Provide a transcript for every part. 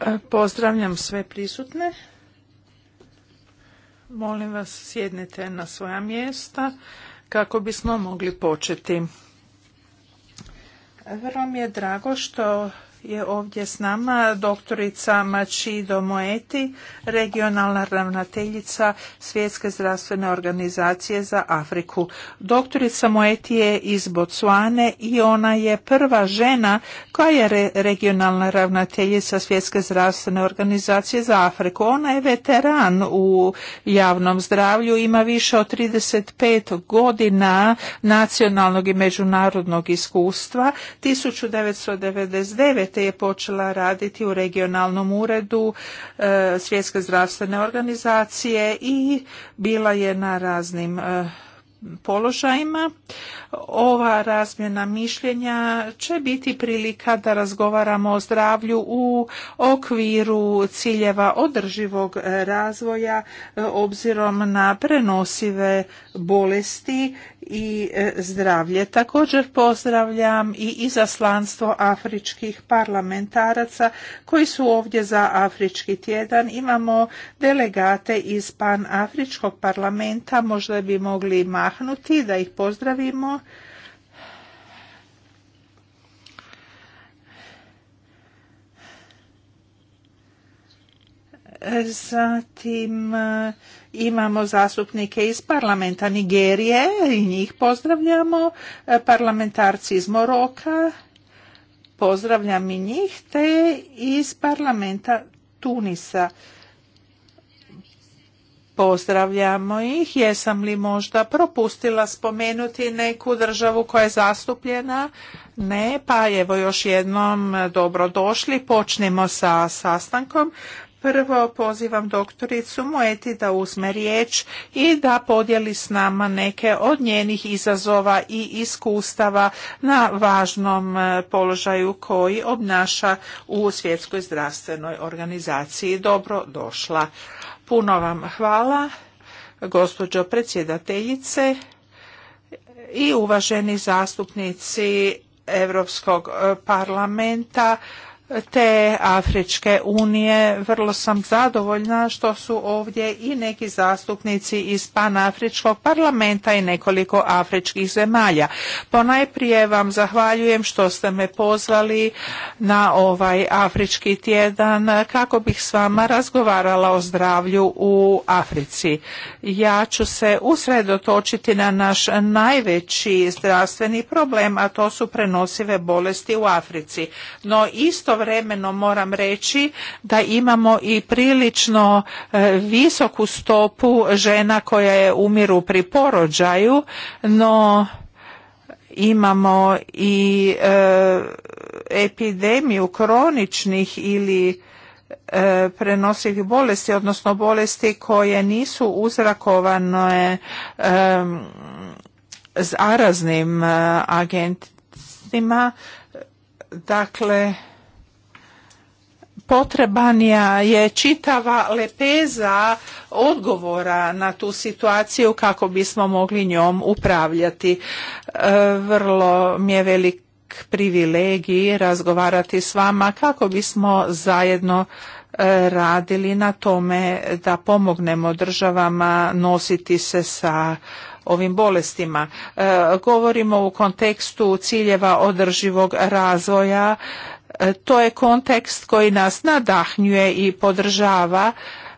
E, pozdravljam sve prisutne. Molim vas sjednite na svoja mjesta kako bismo mogli početi. Vrlo mi je drago što je ovdje s nama doktorica Mačido Moeti, regionalna ravnateljica Svjetske zdravstvene organizacije za Afriku. Doktorica Moeti je iz Botswane i ona je prva žena koja je regionalna ravnateljica Svjetske zdravstvene organizacije za Afriku. Ona je veteran u javnom zdravlju, ima više od 35 godina nacionalnog i međunarodnog iskustva. 1999 te je počela raditi u regionalnom uredu e, Svjetske zdravstvene organizacije i bila je na raznim e, položajima. Ova razmjena mišljenja će biti prilika da razgovaramo o zdravlju u okviru ciljeva održivog razvoja e, obzirom na prenosive bolesti i e, zdravlje. Također pozdravljam i izaslanstvo afričkih parlamentaraca koji su ovdje za Afrički tjedan. Imamo delegate iz Panafričkog parlamenta, možda bi mogli mahnuti da ih pozdravimo. Zatim eh, imamo zastupnike iz parlamenta Nigerije i njih pozdravljamo. Eh, parlamentarci iz Moroka, pozdravljam i njih, te iz parlamenta Tunisa. Pozdravljamo ih. Jesam li možda propustila spomenuti neku državu koja je zastupljena? Ne, pa evo još jednom eh, dobrodošli. Počnemo sa sastankom. Prvo pozivam doktoricu Moeti da uzme riječ i da podijeli s nama neke od njenih izazova i iskustava na važnom e, položaju koji obnaša u Svjetskoj zdravstvenoj organizaciji. Dobro došla. Puno vam hvala, gospođo predsjedateljice i uvaženi zastupnici Europskog e, parlamenta te Afričke unije. Vrlo sam zadovoljna što su ovdje i neki zastupnici iz Panafričkog parlamenta i nekoliko afričkih zemalja. Ponajprije vam zahvaljujem što ste me pozvali na ovaj Afrički tjedan kako bih s vama razgovarala o zdravlju u Africi. Ja ću se usredotočiti na naš najveći zdravstveni problem, a to su prenosive bolesti u Africi. No isto Istovremeno moram reći da imamo i prilično e, visoku stopu žena koje umiru pri porođaju, no imamo i e, epidemiju kroničnih ili e, prenosivih bolesti, odnosno bolesti koje nisu uzrakovane zaraznim e, agentima. Dakle, potrebanija je čitava lepeza odgovora na tu situaciju kako bismo mogli njom upravljati. E, vrlo mi je velik privilegij razgovarati s vama kako bismo zajedno e, radili na tome da pomognemo državama nositi se sa ovim bolestima. E, govorimo u kontekstu ciljeva održivog razvoja E, to je kontekst koji nas nadahnjuje i podržava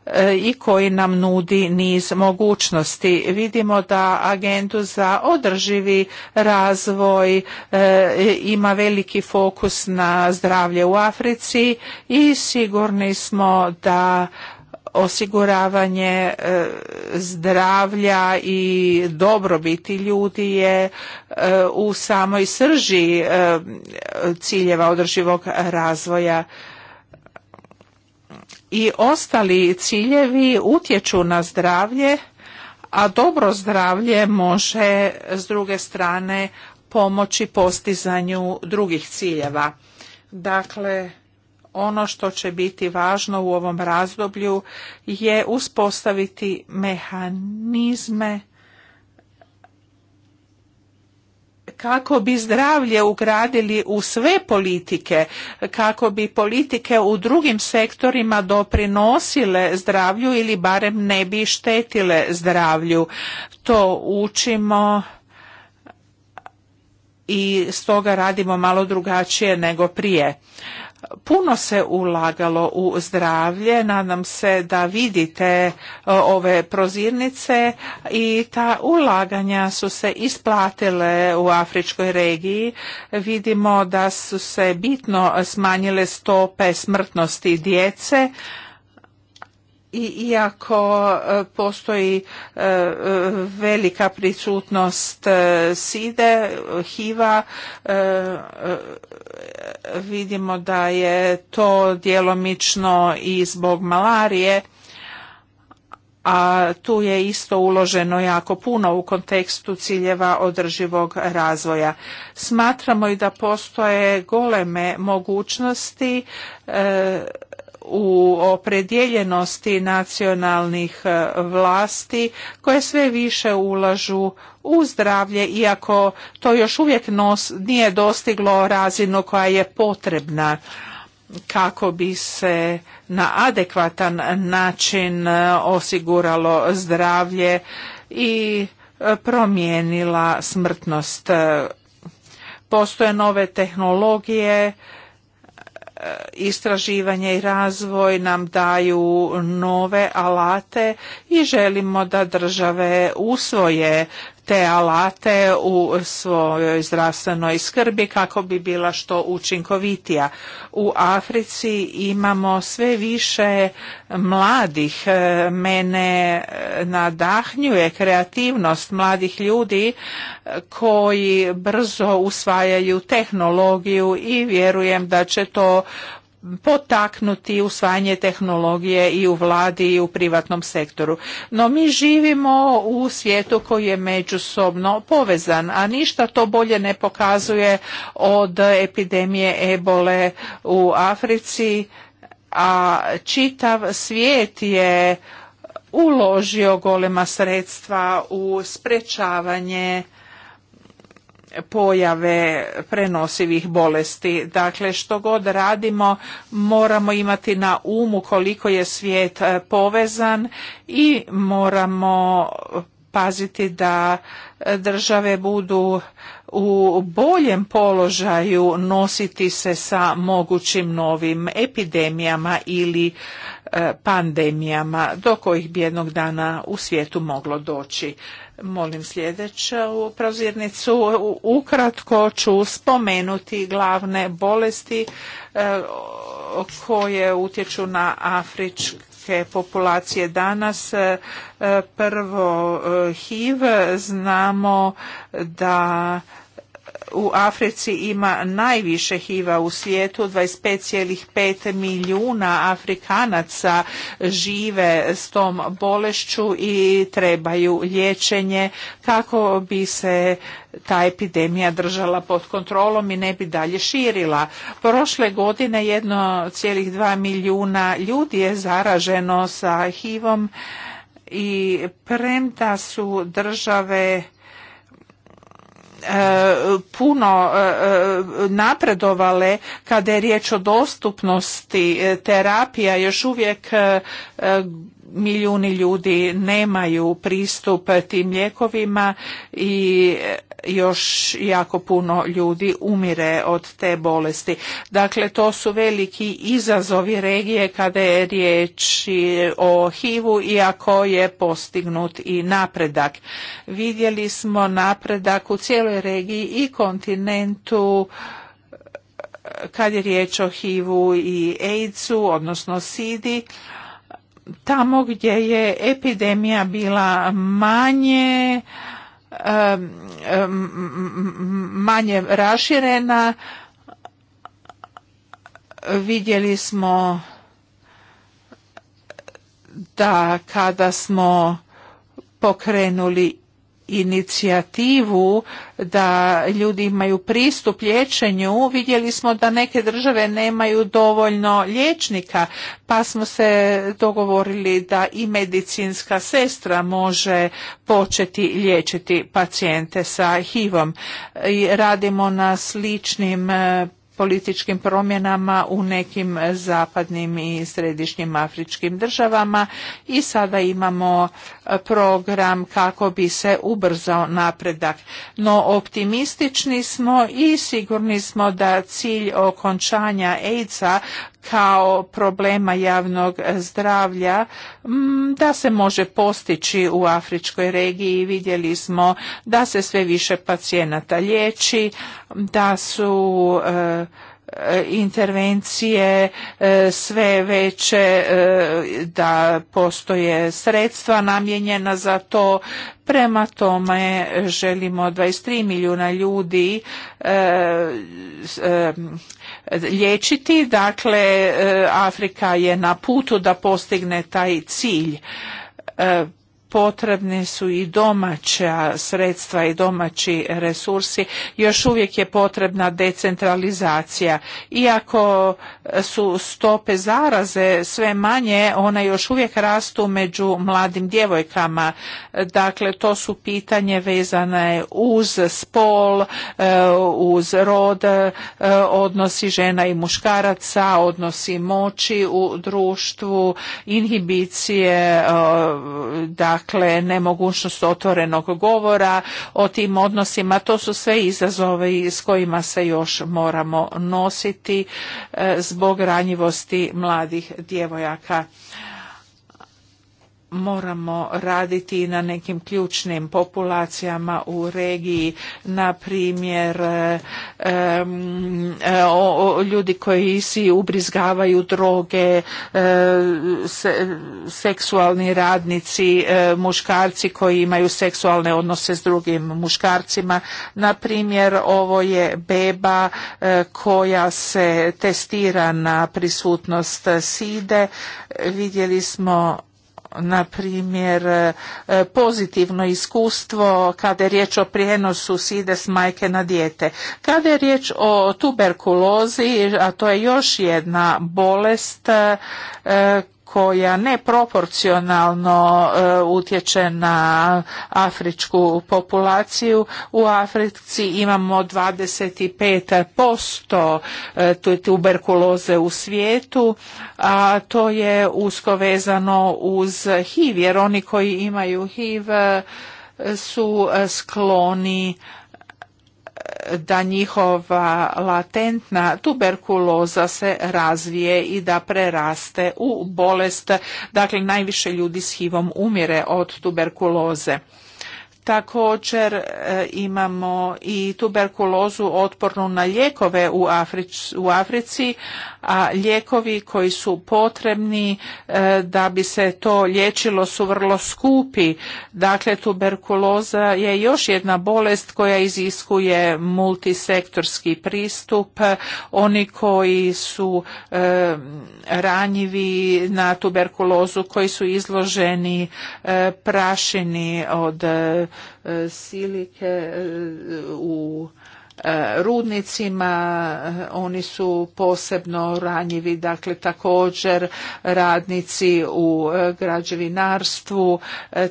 e, i koji nam nudi niz mogućnosti. Vidimo da agendu za održivi razvoj e, ima veliki fokus na zdravlje u Africi i sigurni smo da osiguravanje e, zdravlja i dobrobiti ljudi je e, u samoj srži e, ciljeva održivog razvoja i ostali ciljevi utječu na zdravlje a dobro zdravlje može s druge strane pomoći postizanju drugih ciljeva dakle ono što će biti važno u ovom razdoblju je uspostaviti mehanizme kako bi zdravlje ugradili u sve politike, kako bi politike u drugim sektorima doprinosile zdravlju ili barem ne bi štetile zdravlju. To učimo i stoga radimo malo drugačije nego prije. Puno se ulagalo u zdravlje, nadam se da vidite e, ove prozirnice i ta ulaganja su se isplatile u afričkoj regiji. Vidimo da su se bitno smanjile stope smrtnosti djece i iako e, postoji e, velika prisutnost e, side, hiva, vidimo da je to djelomično i zbog malarije, a tu je isto uloženo jako puno u kontekstu ciljeva održivog razvoja. Smatramo i da postoje goleme mogućnosti u opredjeljenosti nacionalnih e, vlasti koje sve više ulažu u zdravlje iako to još uvijek nos, nije dostiglo razinu koja je potrebna kako bi se na adekvatan način e, osiguralo zdravlje i e, promijenila smrtnost. Postoje nove tehnologije istraživanje i razvoj nam daju nove alate i želimo da države usvoje te alate u svojoj zdravstvenoj skrbi kako bi bila što učinkovitija. U Africi imamo sve više mladih. E, mene e, nadahnjuje kreativnost mladih ljudi e, koji brzo usvajaju tehnologiju i vjerujem da će to potaknuti usvajanje tehnologije i u vladi i u privatnom sektoru. No mi živimo u svijetu koji je međusobno povezan, a ništa to bolje ne pokazuje od epidemije ebole u Africi, a čitav svijet je uložio golema sredstva u sprečavanje pojave prenosivih bolesti. Dakle, što god radimo moramo imati na umu koliko je svijet e, povezan i moramo paziti da države budu u boljem položaju nositi se sa mogućim novim epidemijama ili e, pandemijama do kojih bi jednog dana u svijetu moglo doći. Molim sljedeću prozirnicu. Ukratko ću spomenuti glavne bolesti e, koje utječu na afričke populacije danas. E, prvo e, HIV. Znamo da u Africi ima najviše HIV-a u svijetu, 25,5 milijuna Afrikanaca žive s tom bolešću i trebaju liječenje kako bi se ta epidemija držala pod kontrolom i ne bi dalje širila. Prošle godine 1,2 milijuna ljudi je zaraženo sa HIV-om i premda su države puno e, e, napredovale kada je riječ o dostupnosti e, terapija još uvijek milijuni ljudi nemaju pristup tim lijekovima i još jako puno ljudi umire od te bolesti. Dakle, to su veliki izazovi regije kada je riječ o HIV-u, iako je postignut i napredak. Vidjeli smo napredak u cijeloj regiji i kontinentu kad je riječ o HIV-u i AIDS-u, odnosno SIDI, tamo gdje je epidemija bila manje manje raširena. Vidjeli smo da kada smo pokrenuli inicijativu da ljudi imaju pristup liječenju, vidjeli smo da neke države nemaju dovoljno liječnika, pa smo se dogovorili da i medicinska sestra može početi liječiti pacijente sa HIV-om. Radimo na sličnim eh, političkim promjenama u nekim zapadnim i središnjim afričkim državama i sada imamo e, program kako bi se ubrzao napredak. No optimistični smo i sigurni smo da cilj okončanja AIDS-a kao problema javnog zdravlja mm, da se može postići u afričkoj regiji. Vidjeli smo da se sve više pacijenata liječi, da su e, intervencije e, sve veće e, da postoje sredstva namijenjena za to prema tome želimo 23 milijuna ljudi liječiti. Dakle, e, Afrika je na putu da postigne taj cilj e, potrebni su i domaća sredstva i domaći resursi. Još uvijek je potrebna decentralizacija. Iako su stope zaraze sve manje, one još uvijek rastu među mladim djevojkama. Dakle, to su pitanje vezane uz spol, e, uz rod, e, odnosi žena i muškaraca, odnosi moći u društvu, inhibicije, e, dakle, dakle nemogućnost otvorenog govora o tim odnosima, to su sve izazovi s kojima se još moramo nositi e, zbog ranjivosti mladih djevojaka moramo raditi na nekim ključnim populacijama u regiji na primjer ljudi koji si ubrizgavaju droge e, seksualni radnici e, muškarci koji imaju seksualne odnose s drugim muškarcima na primjer ovo je beba e, koja se testira na prisutnost side vidjeli smo na primjer e, pozitivno iskustvo kada je riječ o prijenosu side s majke na dijete. Kada je riječ o tuberkulozi, a to je još jedna bolest e, koja neproporcionalno e, utječe na afričku populaciju. U Africi imamo 25% e, tuberkuloze u svijetu, a to je usko vezano uz HIV, jer oni koji imaju HIV e, su skloni da njihova latentna tuberkuloza se razvije i da preraste u bolest. Dakle, najviše ljudi s hivom umire od tuberkuloze. Također e, imamo i tuberkulozu otpornu na lijekove u, Africi, a lijekovi koji su potrebni e, da bi se to liječilo su vrlo skupi. Dakle, tuberkuloza je još jedna bolest koja iziskuje multisektorski pristup. Oni koji su e, ranjivi na tuberkulozu, koji su izloženi prašini od silike e, u E, rudnicima, e, oni su posebno ranjivi, dakle također radnici u e, građevinarstvu,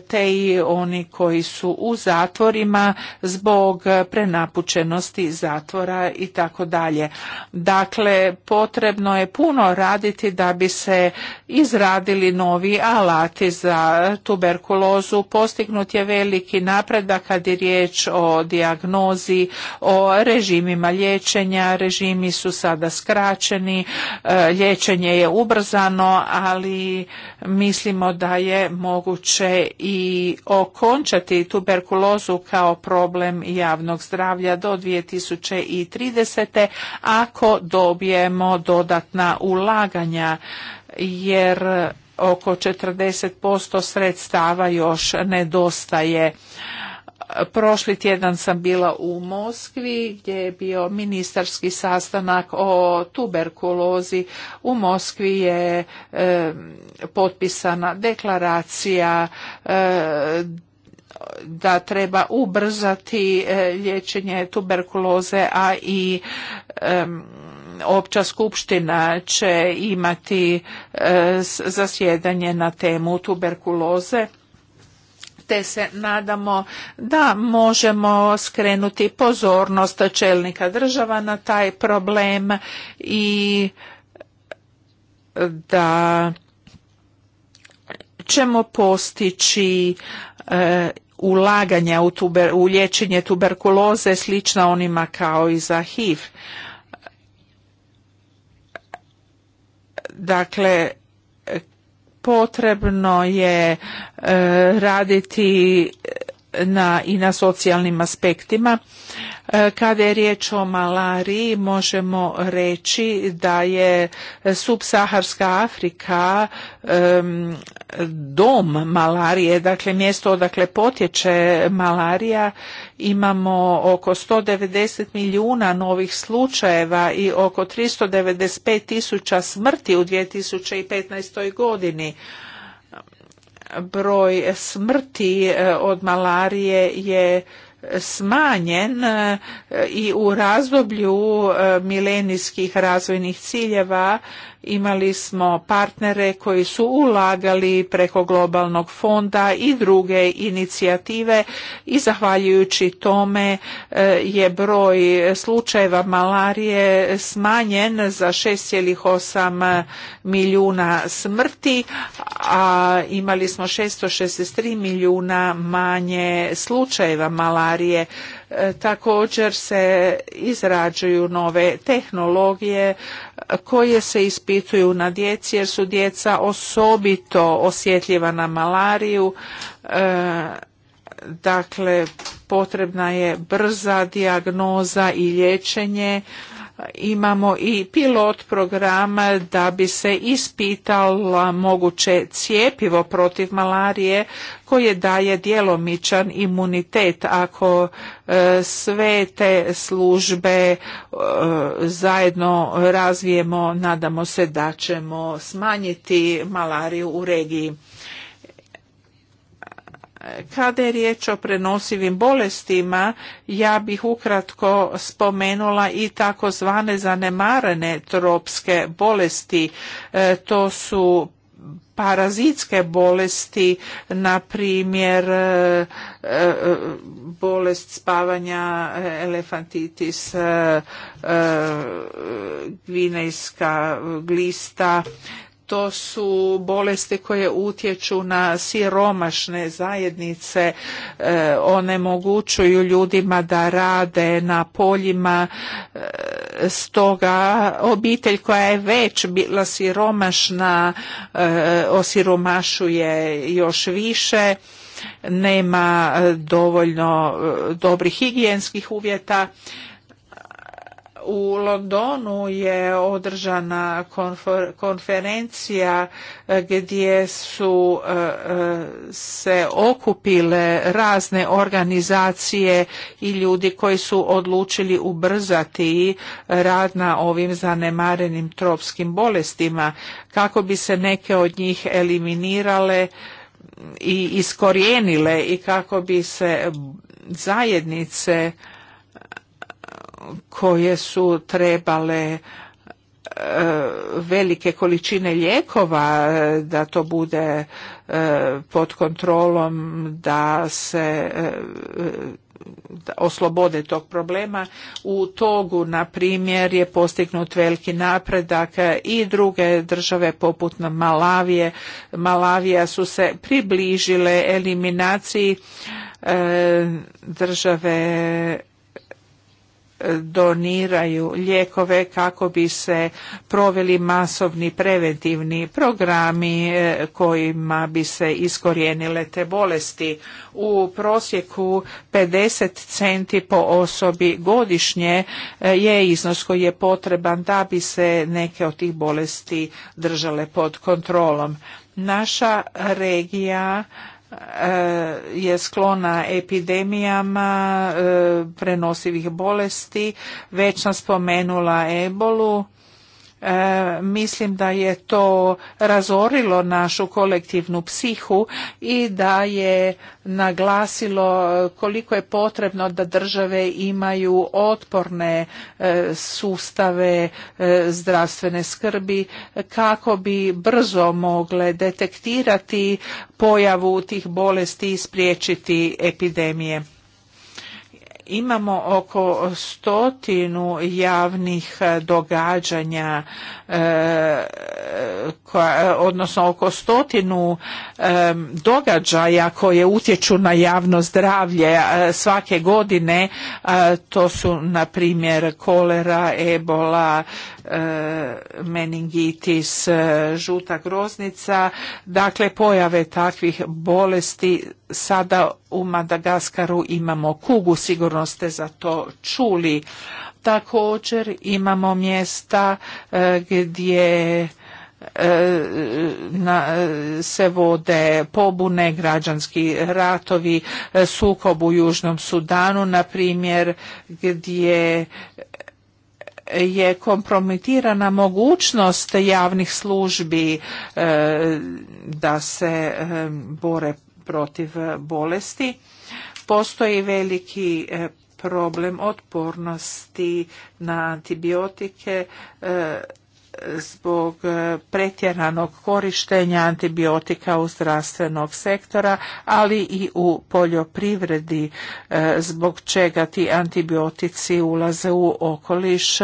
te i oni koji su u zatvorima zbog prenapučenosti zatvora i tako dalje. Dakle, potrebno je puno raditi da bi se izradili novi alati za tuberkulozu. Postignut je veliki napredak kad je riječ o dijagnozi, o režimima liječenja. Režimi su sada skraćeni, e, liječenje je ubrzano, ali mislimo da je moguće i okončati tuberkulozu kao problem javnog zdravlja do 2030. ako dobijemo dodatna ulaganja jer oko 40% sredstava još nedostaje Prošli tjedan sam bila u Moskvi gdje je bio ministarski sastanak o tuberkulozi. U Moskvi je potpisana deklaracija da treba ubrzati e, liječenje tuberkuloze, a i e, opća skupština će imati e, zasjedanje na temu tuberkuloze te se nadamo da možemo skrenuti pozornost čelnika država na taj problem i da ćemo postići e, ulaganja u, u liječenje tuberkuloze slična onima kao i za HIV. Dakle, potrebno je e, raditi na, i na socijalnim aspektima. E, kada je riječ o malariji možemo reći da je subsaharska Afrika dom malarije, dakle mjesto odakle potječe malarija. Imamo oko 190 milijuna novih slučajeva i oko 395 tisuća smrti u 2015. godini broj smrti e, od malarije je smanjen e, i u razdoblju e, milenijskih razvojnih ciljeva Imali smo partnere koji su ulagali preko globalnog fonda i druge inicijative i zahvaljujući tome e, je broj slučajeva malarije smanjen za 6,8 milijuna smrti, a imali smo 663 milijuna manje slučajeva malarije. E, također se izrađuju nove tehnologije koje se ispituju na djeci jer su djeca osobito osjetljiva na malariju. E, dakle, potrebna je brza dijagnoza i liječenje imamo i pilot program da bi se ispitalo moguće cijepivo protiv malarije koje daje djelomičan imunitet ako e, sve te službe e, zajedno razvijemo nadamo se da ćemo smanjiti malariju u regiji kada je riječ o prenosivim bolestima, ja bih ukratko spomenula i takozvane zanemarene tropske bolesti. E, to su parazitske bolesti, na primjer e, e, bolest spavanja, elefantitis, gvinejska glista to su bolesti koje utječu na siromašne zajednice, e, onemogućuju ljudima da rade na poljima, e, stoga obitelj koja je već bila siromašna e, osiromašuje još više, nema dovoljno dobrih higijenskih uvjeta u Londonu je održana konferencija e, gdje su e, e, se okupile razne organizacije i ljudi koji su odlučili ubrzati rad na ovim zanemarenim tropskim bolestima kako bi se neke od njih eliminirale i iskorijenile i kako bi se zajednice koje su trebale e, velike količine lijekova e, da to bude e, pod kontrolom da se oslobode tog problema. U Togu, na primjer, je postignut veliki napredak i druge države poput Malavije. Malavija su se približile eliminaciji države doniraju lijekove kako bi se proveli masovni preventivni programi e, kojima bi se iskorijenile te bolesti. U prosjeku 50 centi po osobi godišnje e, je iznos koji je potreban da bi se neke od tih bolesti držale pod kontrolom. Naša regija E, je sklona epidemijama e, prenosivih bolesti. Već sam spomenula ebolu. E, mislim da je to razorilo našu kolektivnu psihu i da je naglasilo koliko je potrebno da države imaju otporne e, sustave e, zdravstvene skrbi kako bi brzo mogle detektirati pojavu tih bolesti i spriječiti epidemije. Imamo oko stotinu javnih e, događanja, e, e, odnosno oko stotinu događaja koje utječu na javno zdravlje svake godine. To su, na primjer, kolera, ebola, meningitis, žuta groznica. Dakle, pojave takvih bolesti sada u Madagaskaru imamo kugu, sigurno sigurno ste za to čuli. Također imamo mjesta e, gdje e, se vode pobune, građanski ratovi, e, sukob u Južnom Sudanu, na primjer, gdje je kompromitirana mogućnost javnih službi da se bore protiv bolesti postoji veliki e, problem otpornosti na antibiotike e, zbog e, pretjeranog korištenja antibiotika u zdravstvenog sektora, ali i u poljoprivredi e, zbog čega ti antibiotici ulaze u okoliš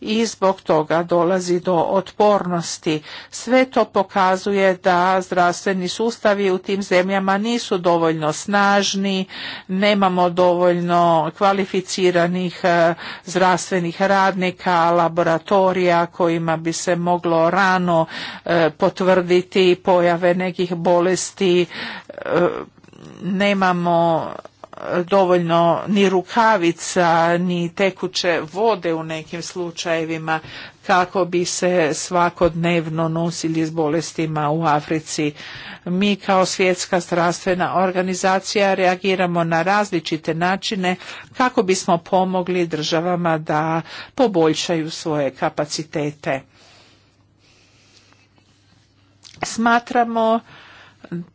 i zbog toga dolazi do otpornosti. Sve to pokazuje da zdravstveni sustavi u tim zemljama nisu dovoljno snažni, nemamo dovoljno kvalificiranih e, zdravstvenih radnika, laboratorija kojima bi se moglo rano e, potvrditi pojave nekih bolesti. E, nemamo dovoljno ni rukavica ni tekuće vode u nekim slučajevima kako bi se svakodnevno nosili s bolestima u Africi. Mi kao svjetska zdravstvena organizacija reagiramo na različite načine kako bismo pomogli državama da poboljšaju svoje kapacitete. Smatramo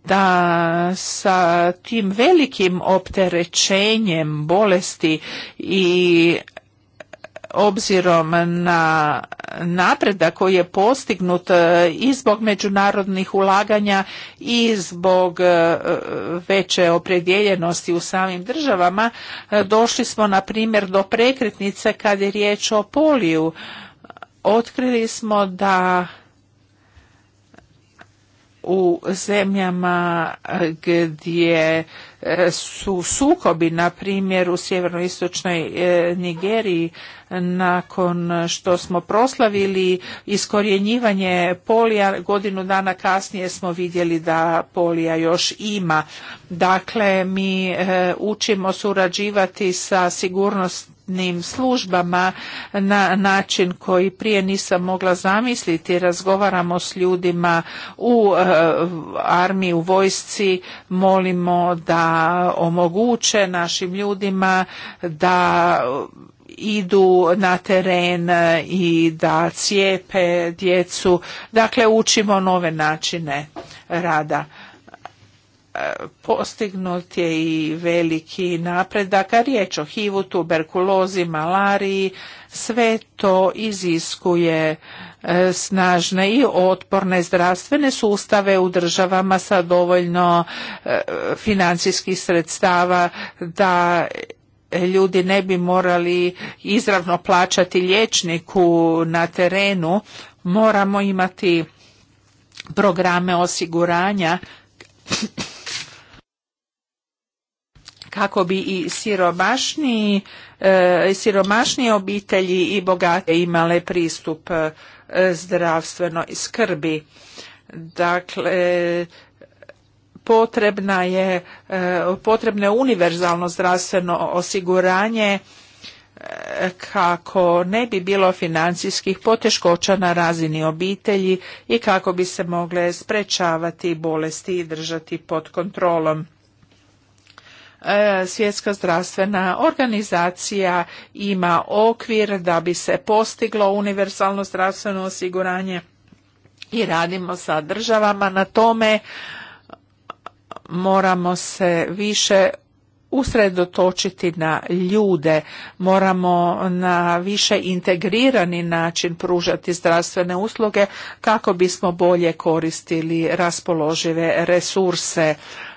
da sa tim velikim opterećenjem bolesti i obzirom na napredak koji je postignut e, i zbog međunarodnih ulaganja i zbog e, veće opredjeljenosti u samim državama, e, došli smo na primjer do prekretnice kad je riječ o poliju. Otkrili smo da u zemljama eh, gdje E, su sukobi, na primjer u sjevernoistočnoj e, Nigeriji, nakon što smo proslavili iskorjenjivanje polija, godinu dana kasnije smo vidjeli da polija još ima. Dakle, mi e, učimo surađivati sa sigurnost službama na način koji prije nisam mogla zamisliti. Razgovaramo s ljudima u armiji, u vojsci, molimo da omoguće našim ljudima da idu na teren i da cijepe djecu. Dakle, učimo nove načine rada. E, postignut je i veliki napredak, a riječ o hiv tuberkulozi, malariji, sve to iziskuje E, snažne i otporne zdravstvene sustave u državama sa dovoljno e, financijskih sredstava da ljudi ne bi morali izravno plaćati liječniku na terenu moramo imati programe osiguranja kako bi i siromašniji, e, siromašni obitelji i bogate imale pristup e, zdravstvenoj skrbi. Dakle, potrebna je, e, potrebno je univerzalno zdravstveno osiguranje kako ne bi bilo financijskih poteškoća na razini obitelji i kako bi se mogle sprečavati bolesti i držati pod kontrolom. E, Svjetska zdravstvena organizacija ima okvir da bi se postiglo univerzalno zdravstveno osiguranje i radimo sa državama na tome. Moramo se više usredotočiti na ljude, moramo na više integrirani način pružati zdravstvene usluge kako bismo bolje koristili raspoložive resurse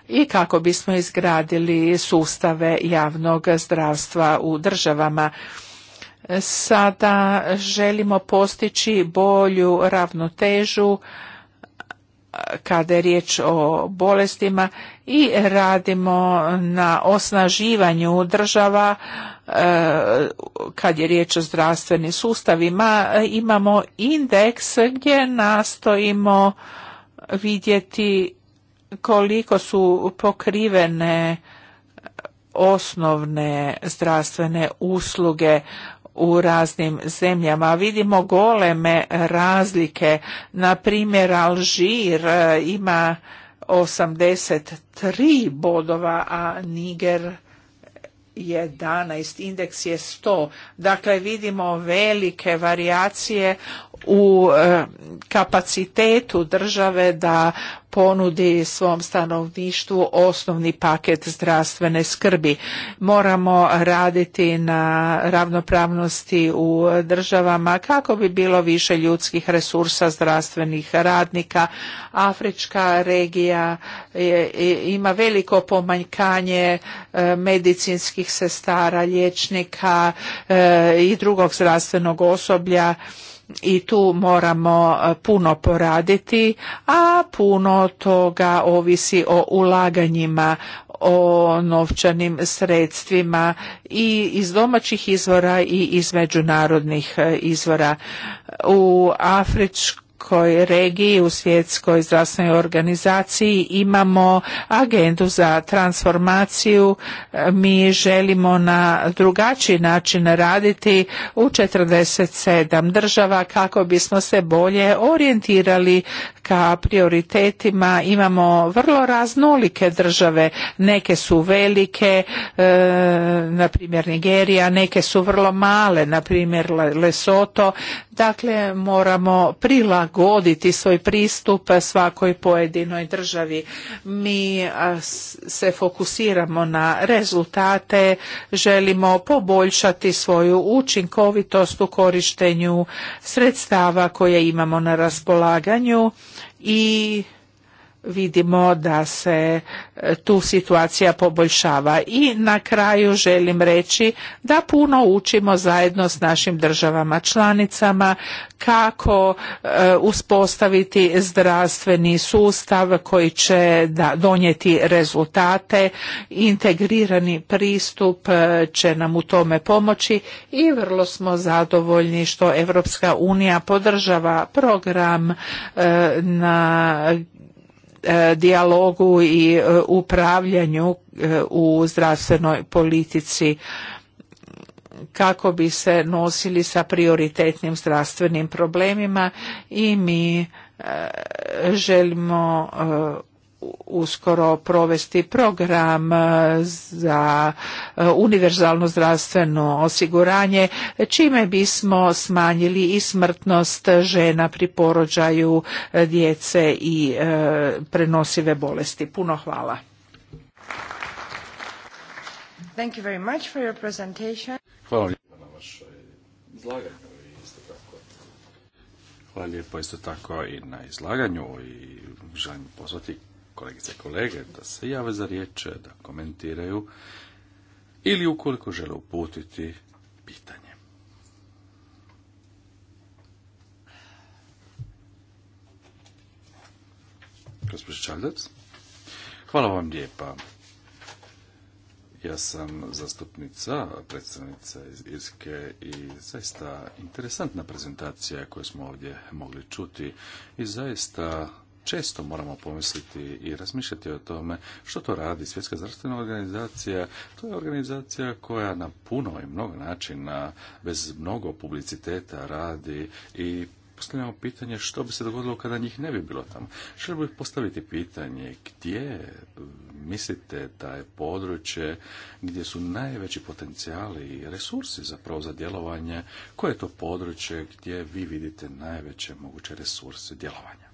i kako bismo izgradili sustave javnog zdravstva u državama. Sada želimo postići bolju ravnotežu kada je riječ o bolestima i radimo na osnaživanju država e, kad je riječ o zdravstvenim sustavima. Imamo indeks gdje nastojimo vidjeti koliko su pokrivene osnovne zdravstvene usluge u raznim zemljama. Vidimo goleme razlike. Na primjer, Alžir e, ima 83 bodova, a Niger 11, indeks je 100. Dakle, vidimo velike varijacije u e, kapacitetu države da ponudi svom stanovništvu osnovni paket zdravstvene skrbi. Moramo raditi na ravnopravnosti u državama kako bi bilo više ljudskih resursa zdravstvenih radnika. Afrička regija ima veliko pomanjkanje e, medicinskih sestara, liječnika e, i drugog zdravstvenog osoblja i tu moramo e, puno poraditi, a puno toga ovisi o ulaganjima o novčanim sredstvima i iz domaćih izvora i iz međunarodnih e, izvora. U Afričkoj svjetskoj regiji, u svjetskoj zdravstvenoj organizaciji imamo agendu za transformaciju. Mi želimo na drugačiji način raditi u 47 država kako bismo se bolje orijentirali ka prioritetima. Imamo vrlo raznolike države. Neke su velike, e, na primjer Nigerija, neke su vrlo male, na primjer Lesoto, Dakle, moramo prilagoditi svoj pristup svakoj pojedinoj državi. Mi se fokusiramo na rezultate, želimo poboljšati svoju učinkovitost u korištenju sredstava koje imamo na raspolaganju i vidimo da se e, tu situacija poboljšava. I na kraju želim reći da puno učimo zajedno s našim državama članicama kako e, uspostaviti zdravstveni sustav koji će donijeti rezultate. Integrirani pristup e, će nam u tome pomoći i vrlo smo zadovoljni što Europska unija podržava program na E, dijalogu i e, upravljanju e, u zdravstvenoj politici kako bi se nosili sa prioritetnim zdravstvenim problemima i mi želimo uskoro provesti program e, za e, univerzalno zdravstveno osiguranje čime bismo smanjili i smrtnost žena pri porođaju e, djece i prenosive bolesti. Puno hvala. Hvala na Hvala lijepo isto tako i na izlaganju i želim pozvati kolegice i kolege da se jave za riječ, da komentiraju ili ukoliko žele uputiti pitanje. Gospodin hvala vam lijepa. Ja sam zastupnica, predstavnica iz Irske i zaista interesantna prezentacija koju smo ovdje mogli čuti i zaista često moramo pomisliti i razmišljati o tome što to radi Svjetska zdravstvena organizacija. To je organizacija koja na puno i mnogo načina, bez mnogo publiciteta radi i postavljamo pitanje što bi se dogodilo kada njih ne bi bilo tamo. Želim bih postaviti pitanje gdje mislite da je područje gdje su najveći potencijali i resursi zapravo za djelovanje, koje je to područje gdje vi vidite najveće moguće resurse djelovanja?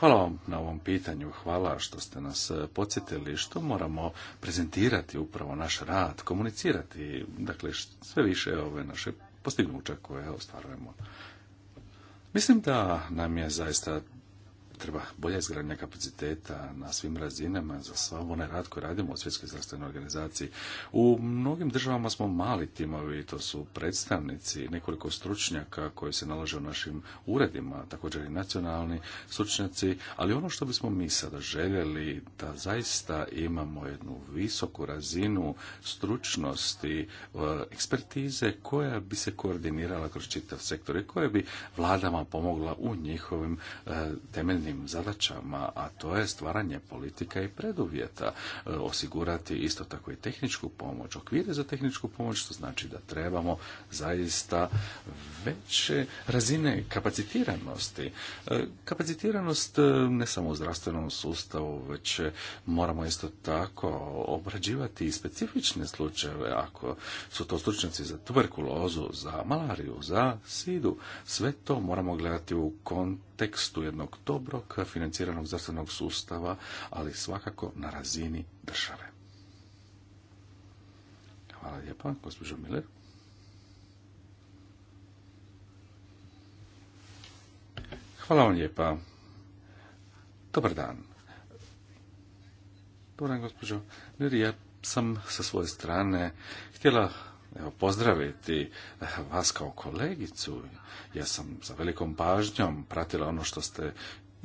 Hvala vam na ovom pitanju, hvala što ste nas e, podsjetili što moramo prezentirati upravo naš rad, komunicirati, dakle sve više ove naše postignuće koje ostvarujemo. Mislim da nam je zaista treba bolja izgradnja kapaciteta na svim razinama za sva onaj rad koji radimo u Svjetskoj zdravstvenoj organizaciji. U mnogim državama smo mali timovi, to su predstavnici, nekoliko stručnjaka koji se nalaze u našim uredima, također i nacionalni stručnjaci, ali ono što bismo mi sada željeli da zaista imamo jednu visoku razinu stručnosti, e, ekspertize koja bi se koordinirala kroz čitav sektor i koja bi vladama pomogla u njihovim e, temeljnim temeljnim zadaćama, a to je stvaranje politika i preduvjeta, e, osigurati isto tako i tehničku pomoć, okvire za tehničku pomoć, što znači da trebamo zaista veće razine kapacitiranosti. E, kapacitiranost e, ne samo u zdravstvenom sustavu, već moramo isto tako obrađivati i specifične slučajeve, ako su to stručnjaci za tuberkulozu, za malariju, za sidu, sve to moramo gledati u kontekstu tekstu jednog dobrog financiranog zdravstvenog sustava, ali svakako na razini države. Hvala lijepa, gospođo Miller. Hvala vam lijepa. Dobar dan. Dobar dan, gospođo. Miller. ja sam sa svoje strane htjela evo, pozdraviti eh, vas kao kolegicu. Ja sam sa velikom pažnjom pratila ono što ste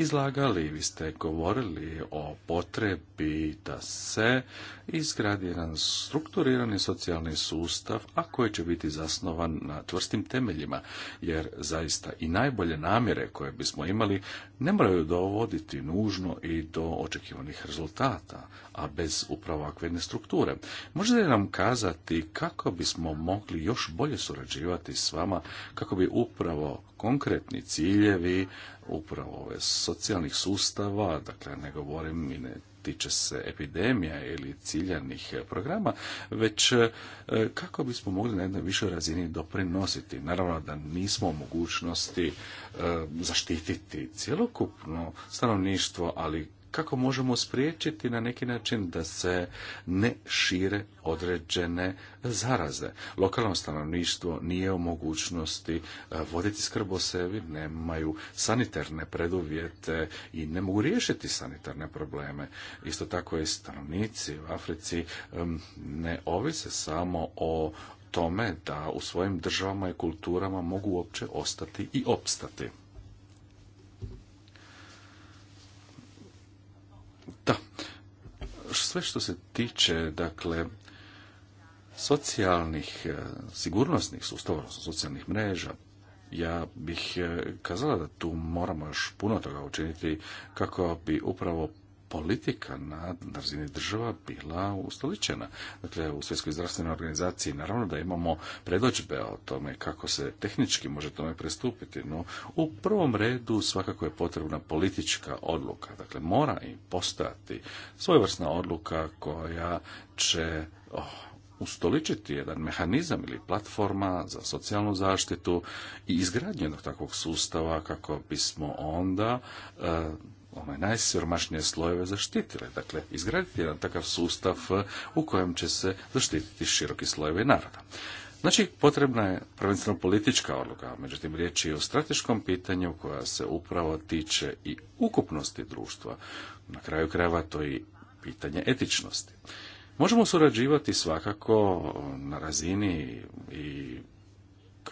izlagali, vi ste govorili o potrebi da se izgradi jedan strukturirani socijalni sustav, a koji će biti zasnovan na tvrstim temeljima, jer zaista i najbolje namjere koje bismo imali ne moraju dovoditi nužno i do očekivanih rezultata, a bez upravo ovakve strukture. Možete li nam kazati kako bismo mogli još bolje surađivati s vama, kako bi upravo konkretni ciljevi upravo ove socijalnih sustava, dakle ne govorim i ne tiče se epidemija ili ciljanih programa, već e, kako bismo mogli na jednoj višoj razini doprinositi. Naravno da nismo u mogućnosti e, zaštititi cjelokupno stanovništvo, ali kako možemo spriječiti na neki način da se ne šire određene zaraze. Lokalno stanovništvo nije u mogućnosti e, voditi skrb o sebi, nemaju sanitarne preduvjete i ne mogu riješiti sanitarne probleme. Isto tako i stanovnici u Africi ne ovise samo o tome da u svojim državama i kulturama mogu uopće ostati i opstati. Da, sve što se tiče, dakle, socijalnih, e, sigurnosnih sustava, socijalnih mreža, ja bih e, kazala da tu moramo još puno toga učiniti kako bi upravo politika na razini država bila ustoličena. Dakle, u Svjetskoj zdravstvenoj organizaciji naravno da imamo predođbe o tome kako se tehnički može tome pristupiti, no u prvom redu svakako je potrebna politička odluka. Dakle, mora i postojati svojevrsna odluka koja će oh, ustoličiti jedan mehanizam ili platforma za socijalnu zaštitu i izgradnju jednog takvog sustava kako bismo onda eh, one najsiromašnije slojeve zaštitile. Dakle, izgraditi jedan takav sustav e, u kojem će se zaštititi široki slojevi naroda. Znači, potrebna je prvenstveno politička odluka, međutim, riječ je o strateškom pitanju koja se upravo tiče i ukupnosti društva. Na kraju krajeva to je i pitanje etičnosti. Možemo surađivati svakako na razini i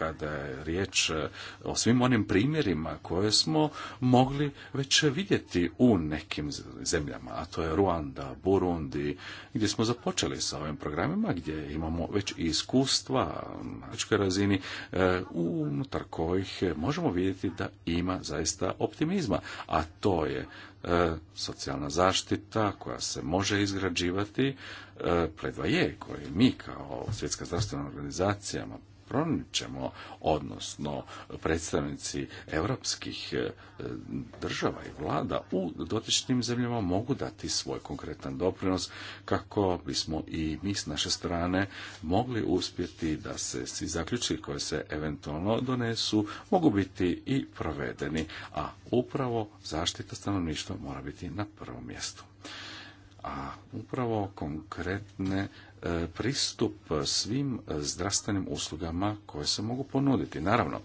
kada je riječ e, o svim onim primjerima koje smo mogli već vidjeti u nekim zemljama, a to je Ruanda, Burundi, gdje smo započeli sa ovim programima, gdje imamo već iskustva na načkoj razini, e, unutar kojih možemo vidjeti da ima zaista optimizma, a to je e, socijalna zaštita koja se može izgrađivati, predva je koje mi kao svjetska zdravstvena organizacija ćemo odnosno predstavnici europskih e, država i vlada u dotičnim zemljama mogu dati svoj konkretan doprinos kako bismo i mi s naše strane mogli uspjeti da se svi zaključki koje se eventualno donesu mogu biti i provedeni, a upravo zaštita stanovništva mora biti na prvom mjestu a upravo konkretne E, pristup svim e, zdravstvenim uslugama koje se mogu ponuditi. Naravno,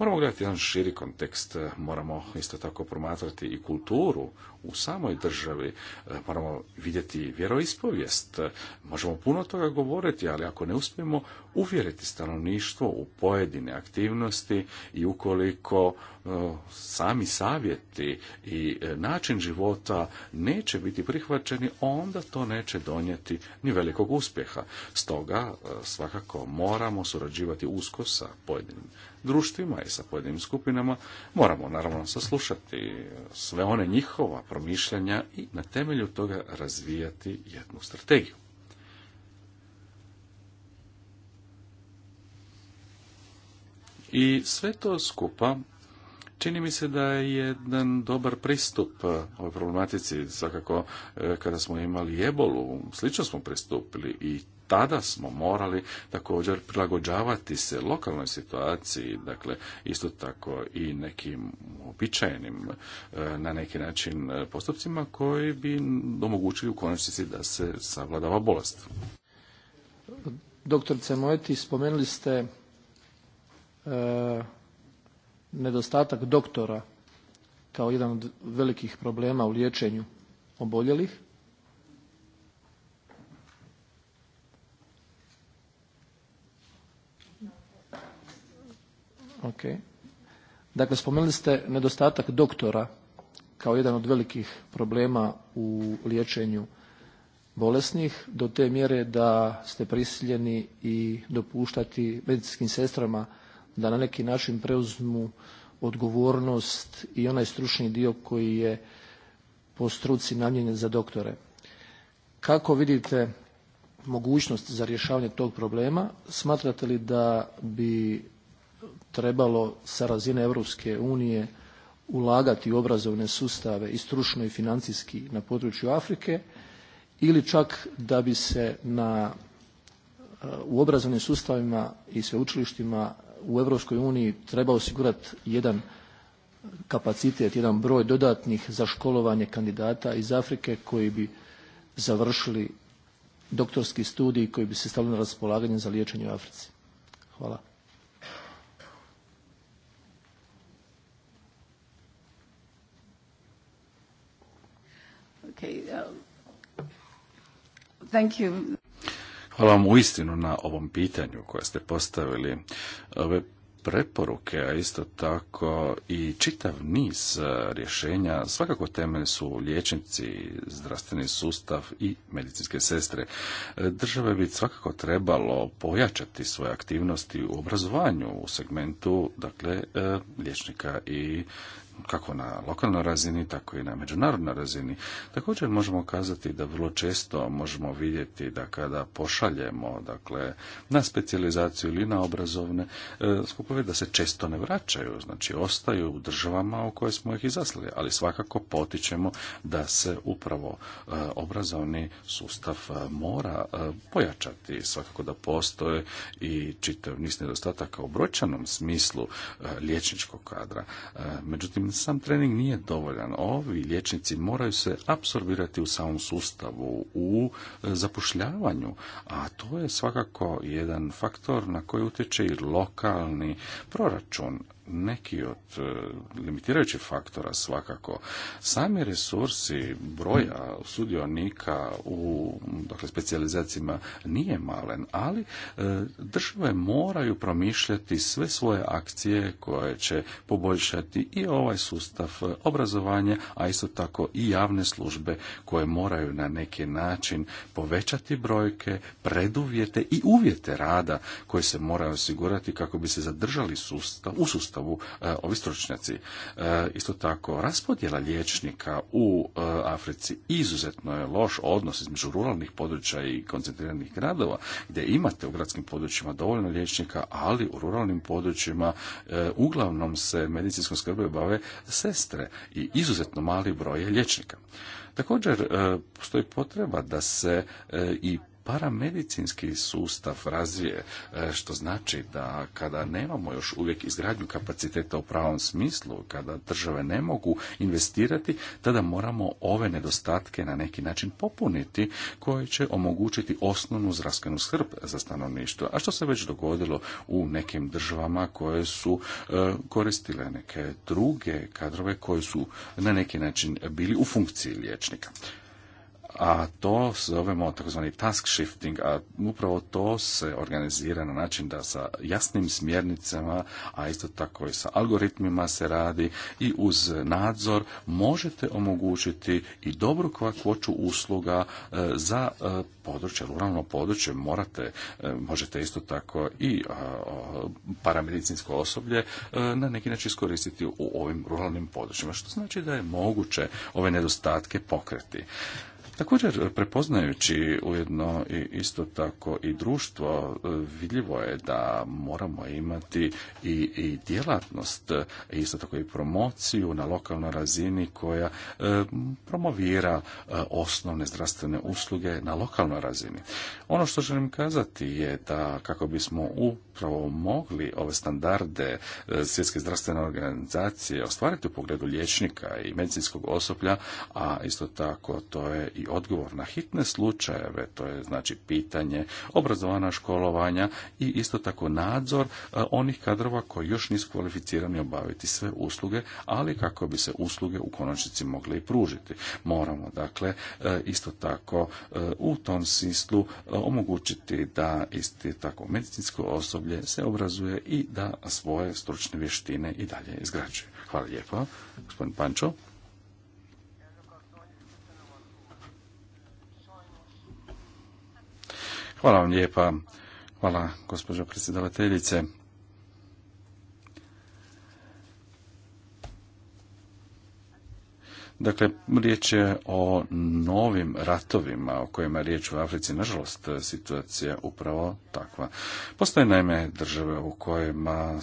Moramo gledati jedan širi kontekst, e, moramo isto tako promatrati i kulturu u samoj državi, e, moramo vidjeti vjeroispovijest, e, možemo puno toga govoriti, ali ako ne uspijemo uvjeriti stanovništvo u pojedine aktivnosti i ukoliko sami savjeti i način života neće biti prihvaćeni, onda to neće donijeti ni velikog uspjeha. Stoga svakako moramo surađivati usko sa pojedinim društvima i sa pojedinim skupinama, moramo naravno saslušati sve one njihova promišljanja i na temelju toga razvijati jednu strategiju. I sve to skupa Čini mi se da je jedan dobar pristup ovoj problematici, svakako e, kada smo imali ebolu, slično smo pristupili i tada smo morali također prilagođavati se lokalnoj situaciji, dakle isto tako i nekim običajnim e, na neki način e, postupcima koji bi omogućili u konačnici da se savladava bolest. Doktorce Mojeti, spomenuli ste e, nedostatak doktora kao jedan od velikih problema u liječenju oboljelih Ok. Dakle, spomenuli ste nedostatak doktora kao jedan od velikih problema u liječenju bolesnih do te mjere da ste prisiljeni i dopuštati medicinskim sestrama da na neki način preuzmu odgovornost i onaj stručni dio koji je po struci namijenjen za doktore. Kako vidite mogućnost za rješavanje tog problema? Smatrate li da bi trebalo sa razine Europske unije ulagati u obrazovne sustave i stručno i financijski na području Afrike ili čak da bi se na, eh, u obrazovnim sustavima i sveučilištima u Europskoj uniji treba osigurati jedan kapacitet, jedan broj dodatnih za školovanje kandidata iz Afrike koji bi završili doktorski studij koji bi se stavili na raspolaganje za liječenje u Africi. Hvala. Um, Hvala vam uistinu na ovom pitanju koje ste postavili. Ove preporuke, a isto tako i čitav niz e, rješenja, svakako temelj su liječnici, zdravstveni sustav i medicinske sestre. E, države bi svakako trebalo pojačati svoje aktivnosti u obrazovanju u segmentu dakle e, liječnika i kako na lokalnoj razini, tako i na međunarodnoj razini. Također možemo kazati da vrlo često možemo vidjeti da kada pošaljemo dakle, na specijalizaciju ili na obrazovne e, skupove, da se često ne vraćaju, znači ostaju u državama u koje smo ih izaslali, ali svakako potičemo da se upravo e, obrazovni sustav e, mora pojačati. Svakako da postoje i čitav niz nedostataka u brojčanom smislu liječničkog kadra. Međutim, sam trening nije dovoljan. Ovi liječnici moraju se apsorbirati u samom sustavu, u e, zapošljavanju, a to je svakako jedan faktor na koji utječe i lokalni proračun neki od e, limitirajućih faktora svakako. Sami resursi broja sudionika u dakle, specijalizacijama nije malen, ali e, države moraju promišljati sve svoje akcije koje će poboljšati i ovaj sustav obrazovanja, a isto tako i javne službe koje moraju na neki način povećati brojke, preduvjete i uvjete rada koje se moraju osigurati kako bi se zadržali sustav, u sustavu sustavu e, ovi stručnjaci. E, isto tako, raspodjela liječnika u e, Africi izuzetno je loš odnos između ruralnih područja i koncentriranih gradova, gdje imate u gradskim područjima dovoljno liječnika, ali u ruralnim područjima uglavnom se medicinskom skrbi bave sestre i izuzetno mali broj je liječnika. Također, postoji potreba da se i paramedicinski sustav razvije, e, što znači da kada nemamo još uvijek izgradnju kapaciteta u pravom smislu, kada države ne mogu investirati, tada moramo ove nedostatke na neki način popuniti koji će omogućiti osnovnu zdravstvenu skrb za stanovništvo. A što se već dogodilo u nekim državama koje su e, koristile neke druge kadrove koji su na neki način bili u funkciji liječnika a to zovemo takozvani task shifting, a upravo to se organizira na način da sa jasnim smjernicama, a isto tako i sa algoritmima se radi i uz nadzor možete omogućiti i dobru kvakvoću usluga e, za e, područje, ruralno područje morate, e, možete isto tako i paramedicinsko osoblje na neki način iskoristiti u ovim ruralnim područjima, što znači da je moguće ove nedostatke pokreti. Također, prepoznajući ujedno i isto tako i društvo, vidljivo je da moramo imati i, i djelatnost, isto tako i promociju na lokalnoj razini koja e, promovira e, osnovne zdravstvene usluge na lokalnoj razini. Ono što želim kazati je da kako bismo upravo mogli ove standarde e, svjetske zdravstvene organizacije ostvariti u pogledu liječnika i medicinskog osoblja, a isto tako to je i odgovor na hitne slučajeve, to je znači pitanje obrazovana školovanja i isto tako nadzor e, onih kadrova koji još nisu kvalificirani obaviti sve usluge, ali kako bi se usluge u konačnici mogle i pružiti. Moramo dakle e, isto tako u tom smislu omogućiti da isti tako medicinsko osoblje se obrazuje i da svoje stručne vještine i dalje izgrađuje. Hvala lijepo, gospodin Pančo. Hvala vam lijepa. Hvala, gospođo predsjedavateljice. Dakle, riječ je o novim ratovima o kojima je riječ u Africi. Nažalost, situacija je upravo takva. Postoje naime države u kojima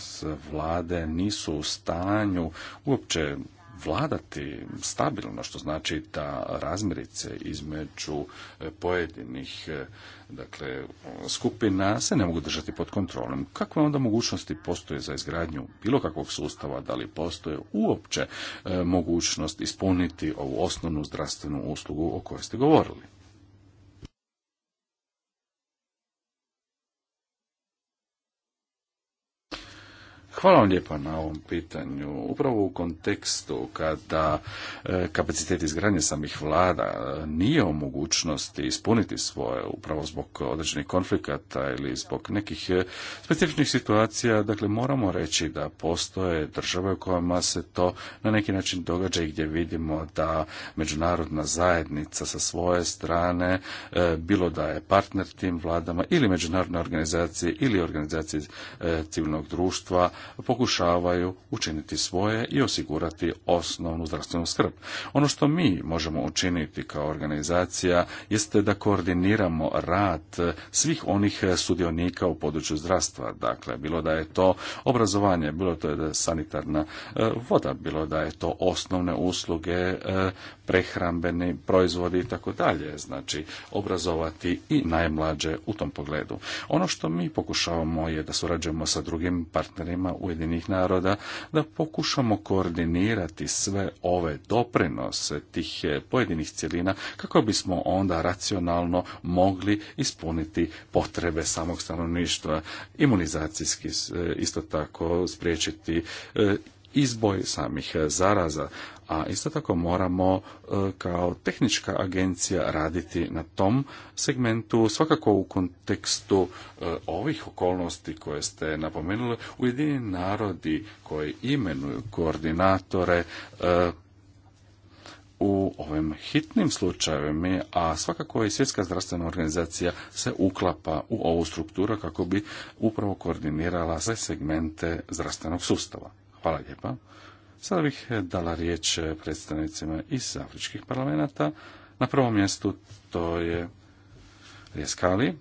vlade nisu u stanju uopće vladati stabilno, što znači da razmirice između e, pojedinih e, dakle, skupina se ne mogu držati pod kontrolom. Kakve onda mogućnosti postoje za izgradnju bilo kakvog sustava, da li postoje uopće e, mogućnost ispuniti ovu osnovnu zdravstvenu uslugu o kojoj ste govorili? Hvala vam lijepa na ovom pitanju. Upravo u kontekstu kada e, kapacitet izgradnje samih vlada nije u mogućnosti ispuniti svoje upravo zbog određenih konflikata ili zbog nekih e, specifičnih situacija, dakle moramo reći da postoje države u kojima se to na neki način događa i gdje vidimo da međunarodna zajednica sa svoje strane, e, bilo da je partner tim vladama ili međunarodne organizacije ili organizacije civilnog društva, pokušavaju učiniti svoje i osigurati osnovnu zdravstvenu skrb. Ono što mi možemo učiniti kao organizacija jeste da koordiniramo rad svih onih sudionika u području zdravstva. Dakle, bilo da je to obrazovanje, bilo to je da je sanitarna e, voda, bilo da je to osnovne usluge, e, prehrambeni proizvodi i tako dalje. Znači, obrazovati i najmlađe u tom pogledu. Ono što mi pokušavamo je da surađujemo sa drugim partnerima Ujedinih naroda da pokušamo koordinirati sve ove doprinose tih eh, pojedinih cjelina kako bismo onda racionalno mogli ispuniti potrebe samog stanovništva, imunizacijski eh, isto tako spriječiti eh, izboj samih zaraza a isto tako moramo e, kao tehnička agencija raditi na tom segmentu, svakako u kontekstu e, ovih okolnosti koje ste napomenuli, ujedini narodi koji imenuju koordinatore e, u ovim hitnim slučajevima, a svakako i Svjetska zdravstvena organizacija se uklapa u ovu strukturu kako bi upravo koordinirala sve segmente zdravstvenog sustava. Hvala lijepa. Sada bih dala riječ predstavnicima iz afričkih parlamenta. Na prvom mjestu to je Rijeskali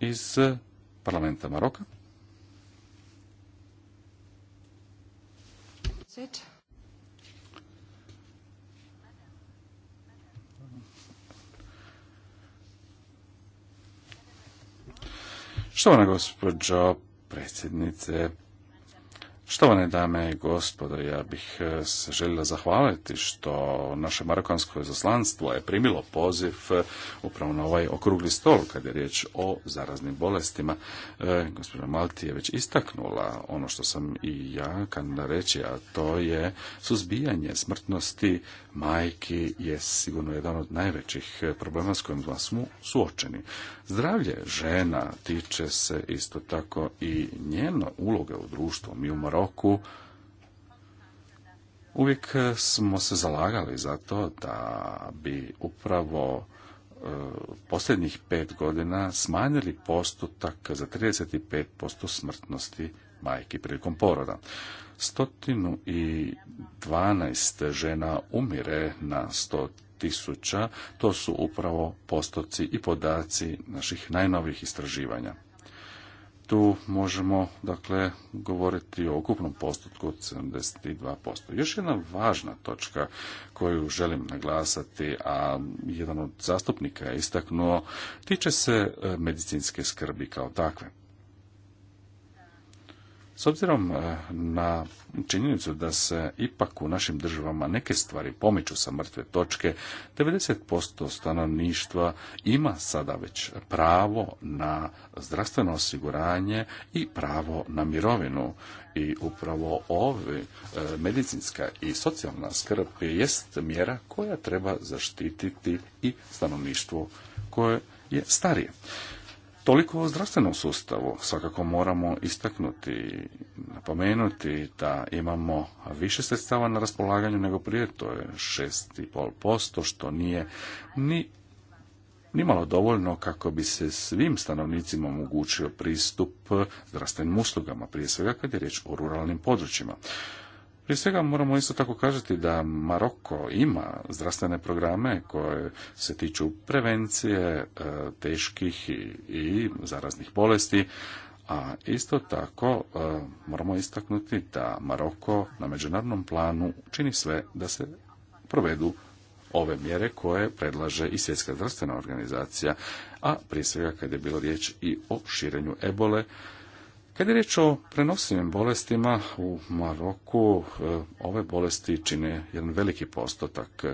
iz parlamenta Maroka. Štovana gospođo predsjednice Štovane dame i gospodo, ja bih e, se željela zahvaliti što naše marokansko izaslanstvo je primilo poziv e, upravo na ovaj okrugli stol kad je riječ o zaraznim bolestima. E, gospođa Malti je već istaknula ono što sam i ja kanda reći, a to je suzbijanje smrtnosti majki je sigurno jedan od najvećih e, problema s kojim smo suočeni. Zdravlje žena tiče se isto tako i njeno uloga u društvu. Mi u roku uvijek smo se zalagali za to da bi upravo e, posljednjih pet godina smanjili postotak za 35% smrtnosti majki prilikom poroda. 112 žena umire na sto tisuća, to su upravo postoci i podaci naših najnovih istraživanja tu možemo dakle govoriti o ukupnom postotku od 72%. Još jedna važna točka koju želim naglasati, a jedan od zastupnika je istaknuo, tiče se e, medicinske skrbi kao takve. S obzirom e, na činjenicu da se ipak u našim državama neke stvari pomiču sa mrtve točke, 90% stanovništva ima sada već pravo na zdravstveno osiguranje i pravo na mirovinu. I upravo ove e, medicinska i socijalna skrb jest mjera koja treba zaštititi i stanovništvo koje je starije. Toliko o zdravstvenom sustavu. Svakako moramo istaknuti, napomenuti da imamo više sredstava na raspolaganju nego prije, to je 6,5%, što nije ni malo dovoljno kako bi se svim stanovnicima omogućio pristup zdravstvenim uslugama, prije svega kad je riječ o ruralnim područjima. Prije svega moramo isto tako kažeti da Maroko ima zdravstvene programe koje se tiču prevencije e, teških i zaraznih bolesti, a isto tako e, moramo istaknuti da Maroko na međunarodnom planu čini sve da se provedu ove mjere koje predlaže i Svjetska zdravstvena organizacija, a prije svega kad je bilo riječ i o širenju ebole, kad je riječ o prenosivim bolestima u Maroku, e, ove bolesti čine jedan veliki postotak.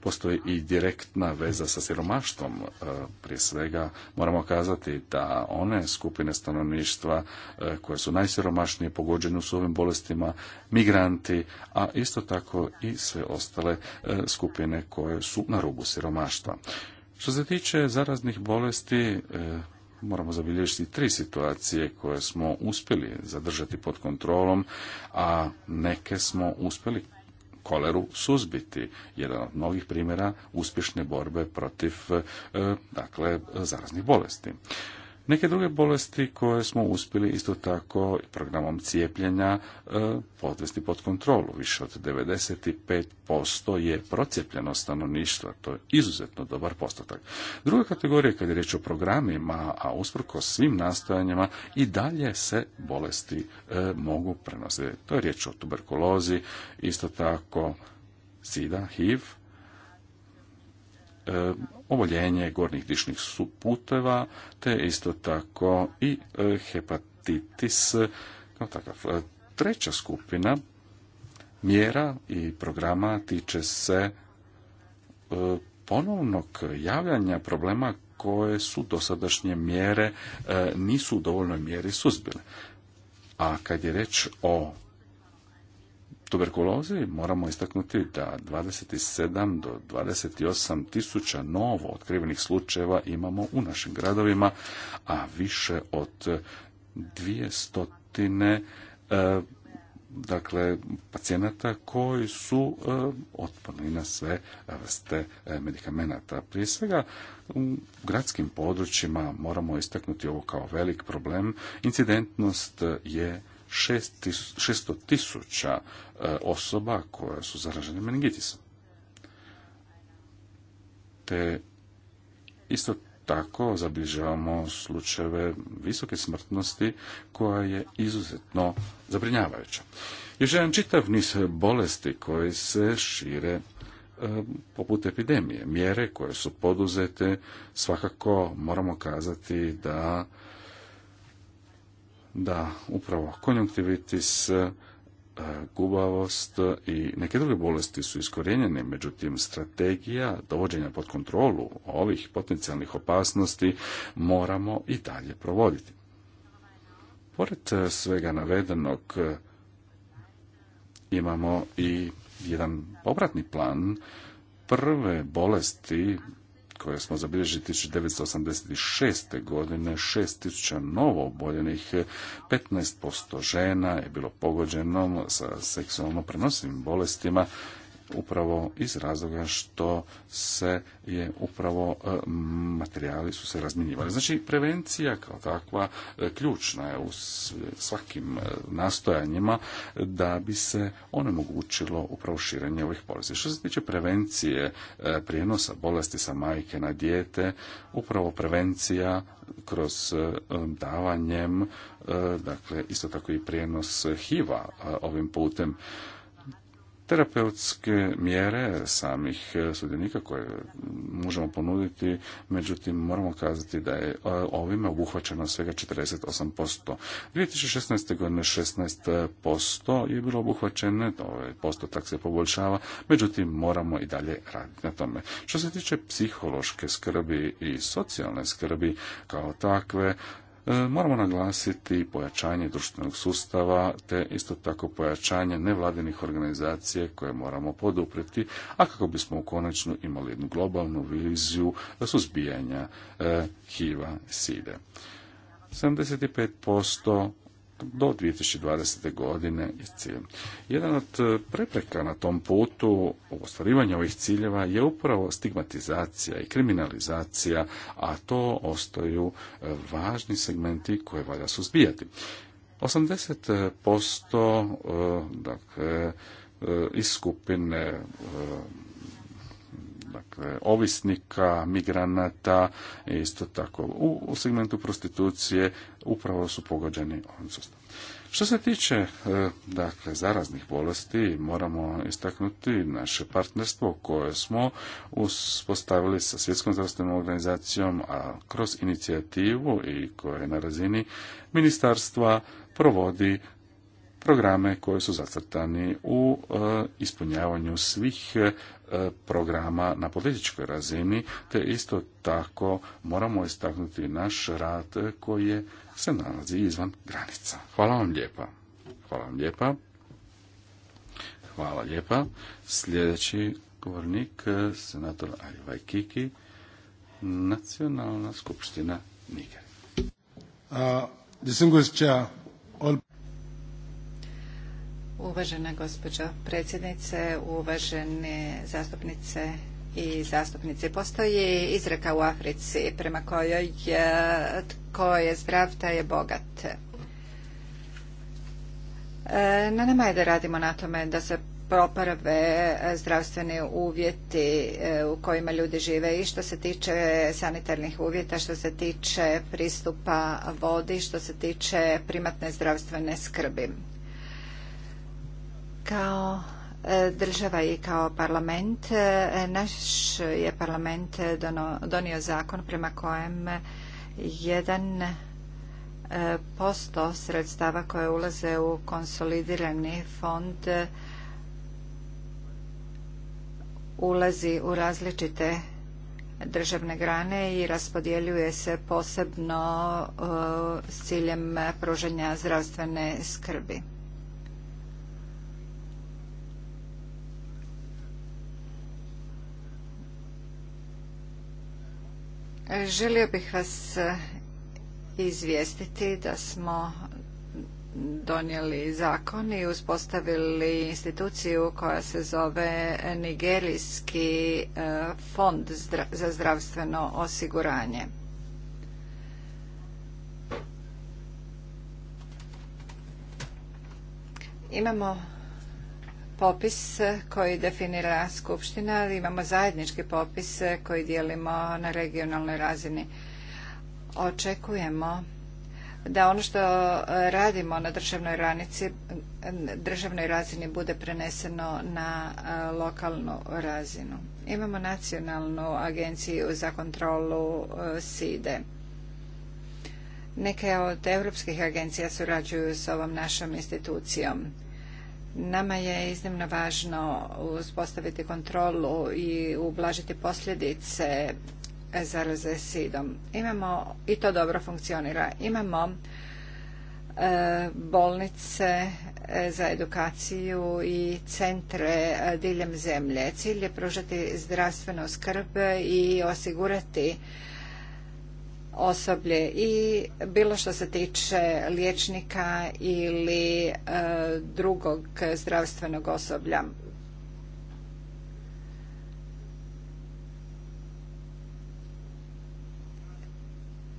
Postoji i direktna veza sa siromaštvom. E, prije svega moramo kazati da one skupine stanovništva e, koje su najsiromašnije pogođene su ovim bolestima, migranti, a isto tako i sve ostale skupine koje su na rubu siromaštva. Što se tiče zaraznih bolesti, moramo zabilježiti tri situacije koje smo uspjeli zadržati pod kontrolom, a neke smo uspjeli koleru suzbiti. Jedan od novih primjera uspješne borbe protiv e, dakle, zaraznih bolesti. Neke druge bolesti koje smo uspjeli isto tako programom cijepljenja e, podvesti pod kontrolu. Više od 95% je procijepljeno stanovništva. To je izuzetno dobar postotak. Druga kategorija kad je riječ o programima, a usprko svim nastojanjima i dalje se bolesti e, mogu prenositi. To je riječ o tuberkulozi, isto tako sida, HIV, e, oboljenje gornjih dišnih puteva, te isto tako i e, hepatitis kao takav. E, treća skupina mjera i programa tiče se e, ponovnog javljanja problema koje su dosadašnje mjere nisu u dovoljnoj mjeri suzbile. A kad je reč o tuberkulozi moramo istaknuti da 27 do 28 tisuća novo otkrivenih slučajeva imamo u našim gradovima, a više od 200 e, dakle pacijenata koji su e, otporni na sve vrste e, medikamenata. Prije svega u gradskim područjima moramo istaknuti ovo kao velik problem. Incidentnost je 600 tisuća e, osoba koje su zaražene meningitisom. Te isto tako zabilježavamo slučajeve visoke smrtnosti koja je izuzetno zabrinjavajuća. Još jedan čitav niz bolesti koje se šire e, poput epidemije. Mjere koje su poduzete, svakako moramo kazati da da upravo konjunktivitis, e, gubavost i neke druge bolesti su iskorijenjene, međutim strategija dovođenja pod kontrolu ovih potencijalnih opasnosti moramo i dalje provoditi. Pored e, svega navedenog e, imamo i jedan obratni plan prve bolesti koje smo zabilježili 1986. godine, 6000 novo oboljenih, 15% žena je bilo pogođeno sa seksualno prenosivim bolestima upravo iz razloga što se je upravo e, materijali su se razminjivali. Znači prevencija kao takva e, ključna je u svakim e, nastojanjima da bi se onemogućilo upravo širenje ovih bolesti. Što se tiče prevencije prijenosa bolesti sa majke na dijete, upravo prevencija kroz davanjem, dakle isto tako i prijenos HIV-a ovim putem terapeutske mjere samih e, sudionika koje možemo ponuditi, međutim moramo kazati da je e, ovime obuhvaćeno svega 48%. 2016. godine 16% je bilo obuhvaćeno, ovaj postotak se poboljšava, međutim moramo i dalje raditi na tome. Što se tiče psihološke skrbi i socijalne skrbi kao takve, E, moramo naglasiti pojačanje društvenog sustava, te isto tako pojačanje nevladinih organizacije koje moramo podupriti, a kako bismo u konačnu imali jednu globalnu viziju suzbijanja e, HIV-a, SIDE. 75% do 2020. godine je cilj. Jedan od e, prepreka na tom putu u ostvarivanju ovih ciljeva je upravo stigmatizacija i kriminalizacija, a to ostaju e, važni segmenti koje valja suzbijati. 80% e, dakle, iz skupine dakle, ovisnika, migranata, isto tako u, segmentu prostitucije upravo su pogođeni ovim sustavom. Što se tiče e, dakle, zaraznih bolesti, moramo istaknuti naše partnerstvo koje smo uspostavili sa Svjetskom zdravstvenom organizacijom, a kroz inicijativu i koje na razini ministarstva provodi programe koje su zacrtani u e, ispunjavanju svih e, programa na političkoj razini, te isto tako moramo istaknuti naš rad koji se nalazi izvan granica. Hvala vam lijepa. Hvala vam lijepa. Hvala lijepa. Sljedeći govornik, e, senator Ajvaj Kiki, Nacionalna skupština Niger. Uh, Uvažena gospođo predsjednice, uvažene zastupnice i zastupnici. Postoji izreka u Africi prema kojoj tko je zdrav, taj je bogat. Na nama je da radimo na tome da se proprave zdravstveni uvjeti e, u kojima ljudi žive i što se tiče sanitarnih uvjeta, što se tiče pristupa vodi, što se tiče primatne zdravstvene skrbi. Kao e, država i kao parlament, e, naš je parlament donio zakon prema kojem jedan e, posto sredstava koje ulaze u konsolidirani fond ulazi u različite državne grane i raspodjeljuje se posebno s ciljem pružanja zdravstvene skrbi. Želio bih vas e, izvijestiti da smo donijeli zakon i uspostavili instituciju koja se zove Nigerijski e, fond za zdravstveno osiguranje. Imamo popis koji definira Skupština, imamo zajednički popis koji dijelimo na regionalnoj razini. Očekujemo da ono što radimo na državnoj, ranici, državnoj razini bude preneseno na e, lokalnu razinu. Imamo nacionalnu agenciju za kontrolu e, SIDE. Neke od europskih agencija surađuju s ovom našom institucijom. Nama je iznimno važno uspostaviti kontrolu i ublažiti posljedice zaraze sidom. Imamo, i to dobro funkcionira, imamo e, bolnice e, za edukaciju i centre e, diljem zemlje. Cilj je pružati zdravstvenu skrb i osigurati osoblje i bilo što se tiče liječnika ili e, drugog zdravstvenog osoblja.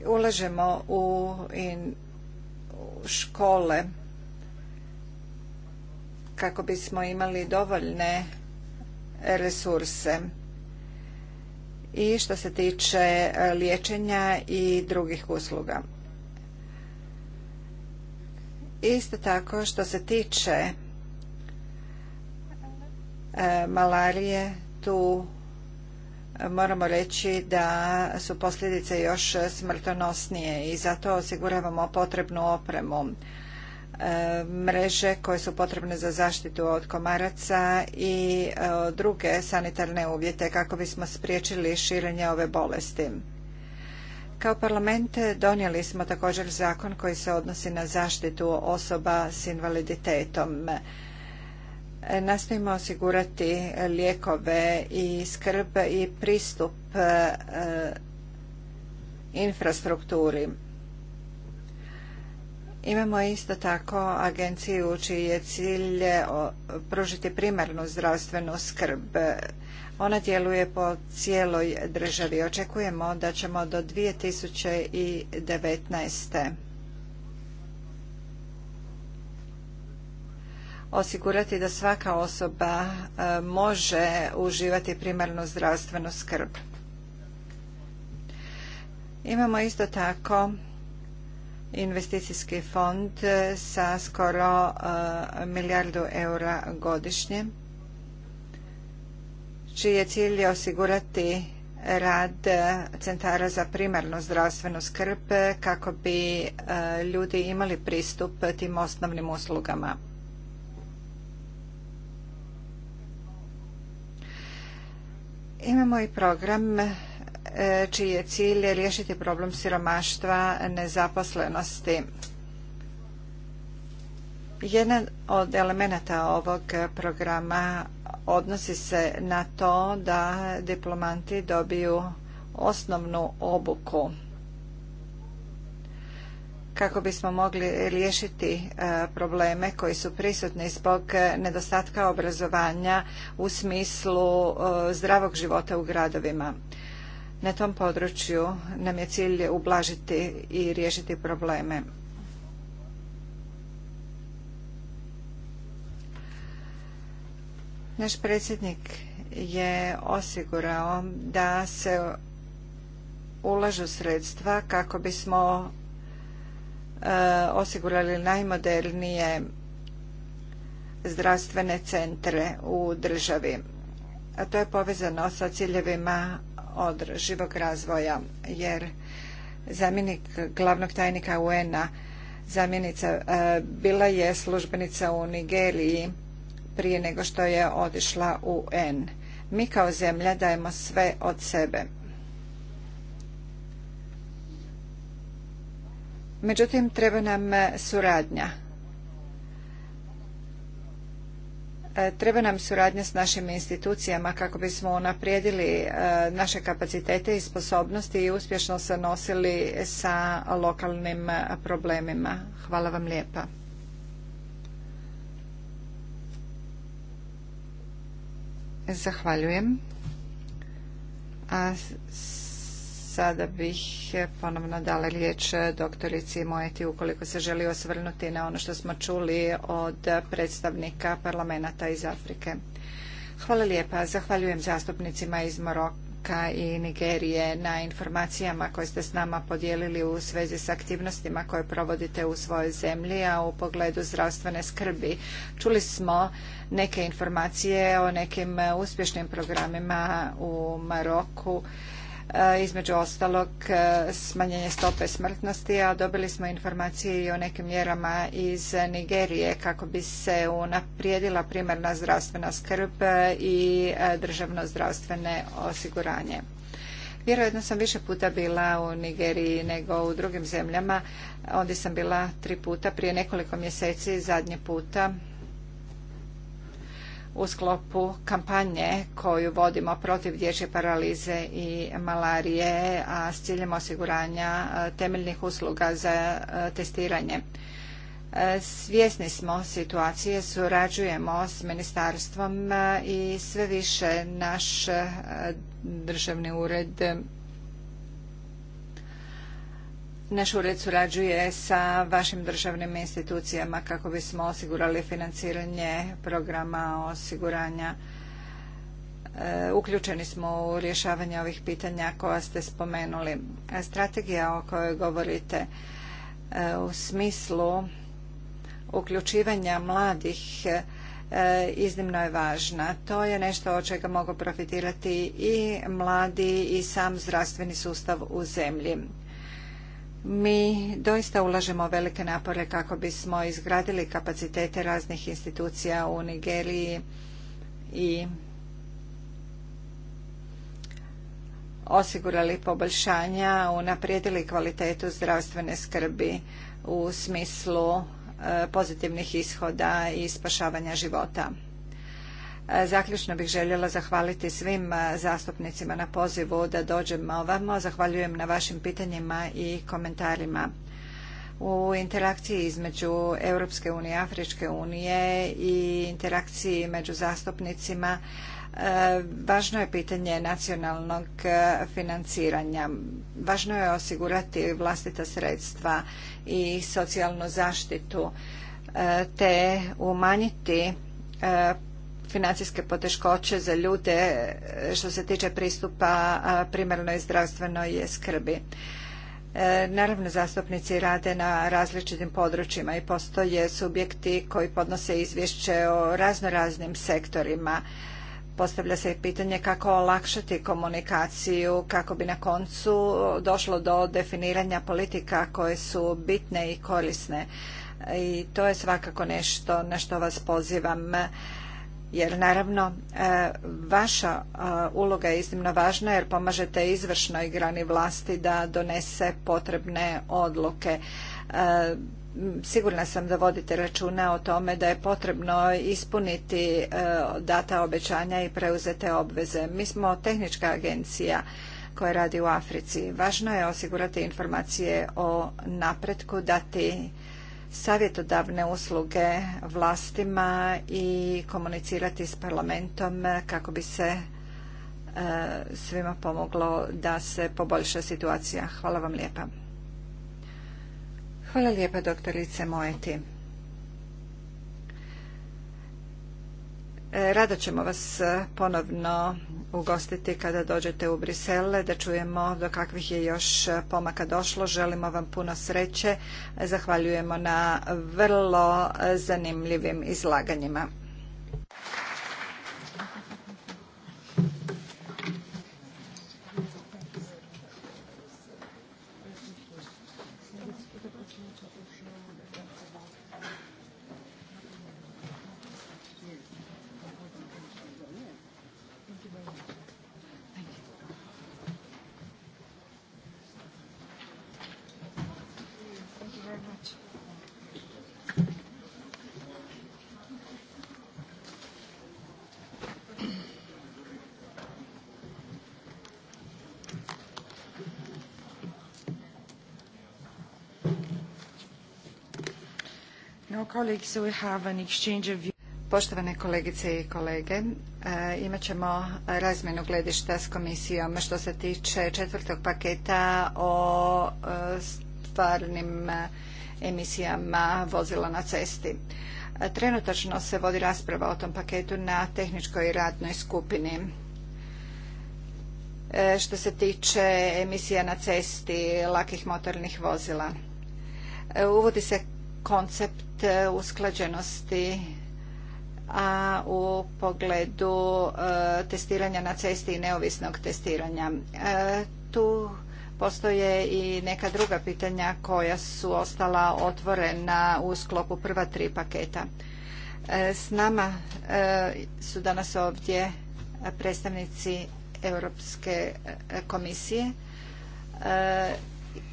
Ulažemo u škole kako bismo imali dovoljne resurse i što se tiče e, liječenja i drugih usluga. Isto tako što se tiče e, malarije, tu moramo reći da su posljedice još smrtonosnije i zato osiguravamo potrebnu opremu E, mreže koje su potrebne za zaštitu od komaraca i e, druge sanitarne uvjete kako bismo spriječili širenje ove bolesti. Kao parlament donijeli smo također zakon koji se odnosi na zaštitu osoba s invaliditetom. E, nastojimo osigurati lijekove i skrb i pristup infrastrukturi Imamo isto tako agenciju čiji je cilj pružiti primarnu zdravstvenu skrb. Ona djeluje po cijeloj državi. Očekujemo da ćemo do 2019. osigurati da svaka osoba e, može uživati primarnu zdravstvenu skrb. Imamo isto tako investicijski fond e, sa skoro e, milijardu eura godišnje, čiji je cilj osigurati rad centara za primarnu zdravstvenu skrb kako bi e, ljudi imali pristup tim osnovnim uslugama. Imamo i program E, čiji je cilj riješiti problem siromaštva, nezaposlenosti. Jedan od elemenata ovog programa odnosi se na to da diplomanti dobiju osnovnu obuku kako bismo mogli riješiti e, probleme koji su prisutni zbog nedostatka obrazovanja u smislu e, zdravog života u gradovima. Na tom području nam je cilj ublažiti i riješiti probleme. Naš predsjednik je osigurao da se ulažu sredstva kako bismo e, osigurali najmodernije zdravstvene centre u državi. A to je povezano sa ciljevima održivog razvoja jer zamjenik glavnog tajnika UN-a zamjenica e, bila je službenica u Nigeriji prije nego što je otišla u UN. Mi kao zemlja dajemo sve od sebe. Međutim, treba nam suradnja E, treba nam suradnja s našim institucijama kako bismo unaprijedili e, naše kapacitete i sposobnosti i uspješno se nosili sa lokalnim e, problemima. Hvala vam lijepa. Zahvaljujem. Sada bih ponovno dala riječ doktorici Mojeti ukoliko se želi osvrnuti na ono što smo čuli od predstavnika parlamenta iz Afrike. Hvala lijepa. Zahvaljujem zastupnicima iz Maroka i Nigerije na informacijama koje ste s nama podijelili u svezi s aktivnostima koje provodite u svojoj zemlji, a u pogledu zdravstvene skrbi. Čuli smo neke informacije o nekim uspješnim programima u Maroku E, između ostalog e, smanjenje stope smrtnosti, a dobili smo informacije i o nekim mjerama iz Nigerije kako bi se unaprijedila primarna zdravstvena skrb i e, državno zdravstvene osiguranje. Vjerojatno sam više puta bila u Nigeriji nego u drugim zemljama. Ondje sam bila tri puta prije nekoliko mjeseci zadnji puta u sklopu kampanje koju vodimo protiv dječje paralize i malarije, a s ciljem osiguranja e, temeljnih usluga za e, testiranje. E, svjesni smo situacije, surađujemo s ministarstvom i sve više naš državni ured naš ured surađuje sa vašim državnim institucijama kako bismo osigurali financiranje programa osiguranja. E, uključeni smo u rješavanje ovih pitanja koja ste spomenuli. Strategija o kojoj govorite e, u smislu uključivanja mladih e, iznimno je važna. To je nešto od čega mogu profitirati i mladi i sam zdravstveni sustav u zemlji. Mi doista ulažemo velike napore kako bismo izgradili kapacitete raznih institucija u Nigeriji i osigurali poboljšanja, unaprijedili kvalitetu zdravstvene skrbi u smislu e, pozitivnih ishoda i spašavanja života. Zaključno bih željela zahvaliti svim zastupnicima na pozivu da dođem ovamo. Zahvaljujem na vašim pitanjima i komentarima. U interakciji između Europske unije i Afričke unije i interakciji među zastupnicima Važno je pitanje nacionalnog financiranja. Važno je osigurati vlastita sredstva i socijalnu zaštitu te umanjiti financijske poteškoće za ljude e, što se tiče pristupa primarnoj zdravstvenoj skrbi. E, naravno, zastupnici rade na različitim područjima i postoje subjekti koji podnose izvješće o raznoraznim sektorima. Postavlja se pitanje kako olakšati komunikaciju, kako bi na koncu došlo do definiranja politika koje su bitne i korisne. I to je svakako nešto na što vas pozivam jer naravno e, vaša e, uloga je iznimno važna jer pomažete izvršnoj grani vlasti da donese potrebne odluke. E, sigurna sam da vodite računa o tome da je potrebno ispuniti data obećanja i preuzete obveze. Mi smo tehnička agencija koja radi u Africi. Važno je osigurati informacije o napretku, dati savjetodavne usluge vlastima i komunicirati s parlamentom kako bi se e, svima pomoglo da se poboljša situacija. Hvala vam lijepa. Hvala lijepa doktorice Mojeti. E, rado ćemo vas e, ponovno ugostiti kada dođete u Brisele, da čujemo do kakvih je još e, pomaka došlo. Želimo vam puno sreće. Zahvaljujemo na vrlo zanimljivim izlaganjima. colleagues, we Poštovane kolegice i kolege, e, imat ćemo razmjenu gledišta s komisijom što se tiče četvrtog paketa o e, stvarnim e, emisijama vozila na cesti. Trenutačno se vodi rasprava o tom paketu na tehničkoj radnoj skupini. Što se tiče emisija na cesti lakih motornih vozila. Uvodi se koncept e, usklađenosti a u pogledu e, testiranja na cesti i neovisnog testiranja. E, tu postoje i neka druga pitanja koja su ostala otvorena u sklopu prva tri paketa. S nama su danas ovdje predstavnici Europske komisije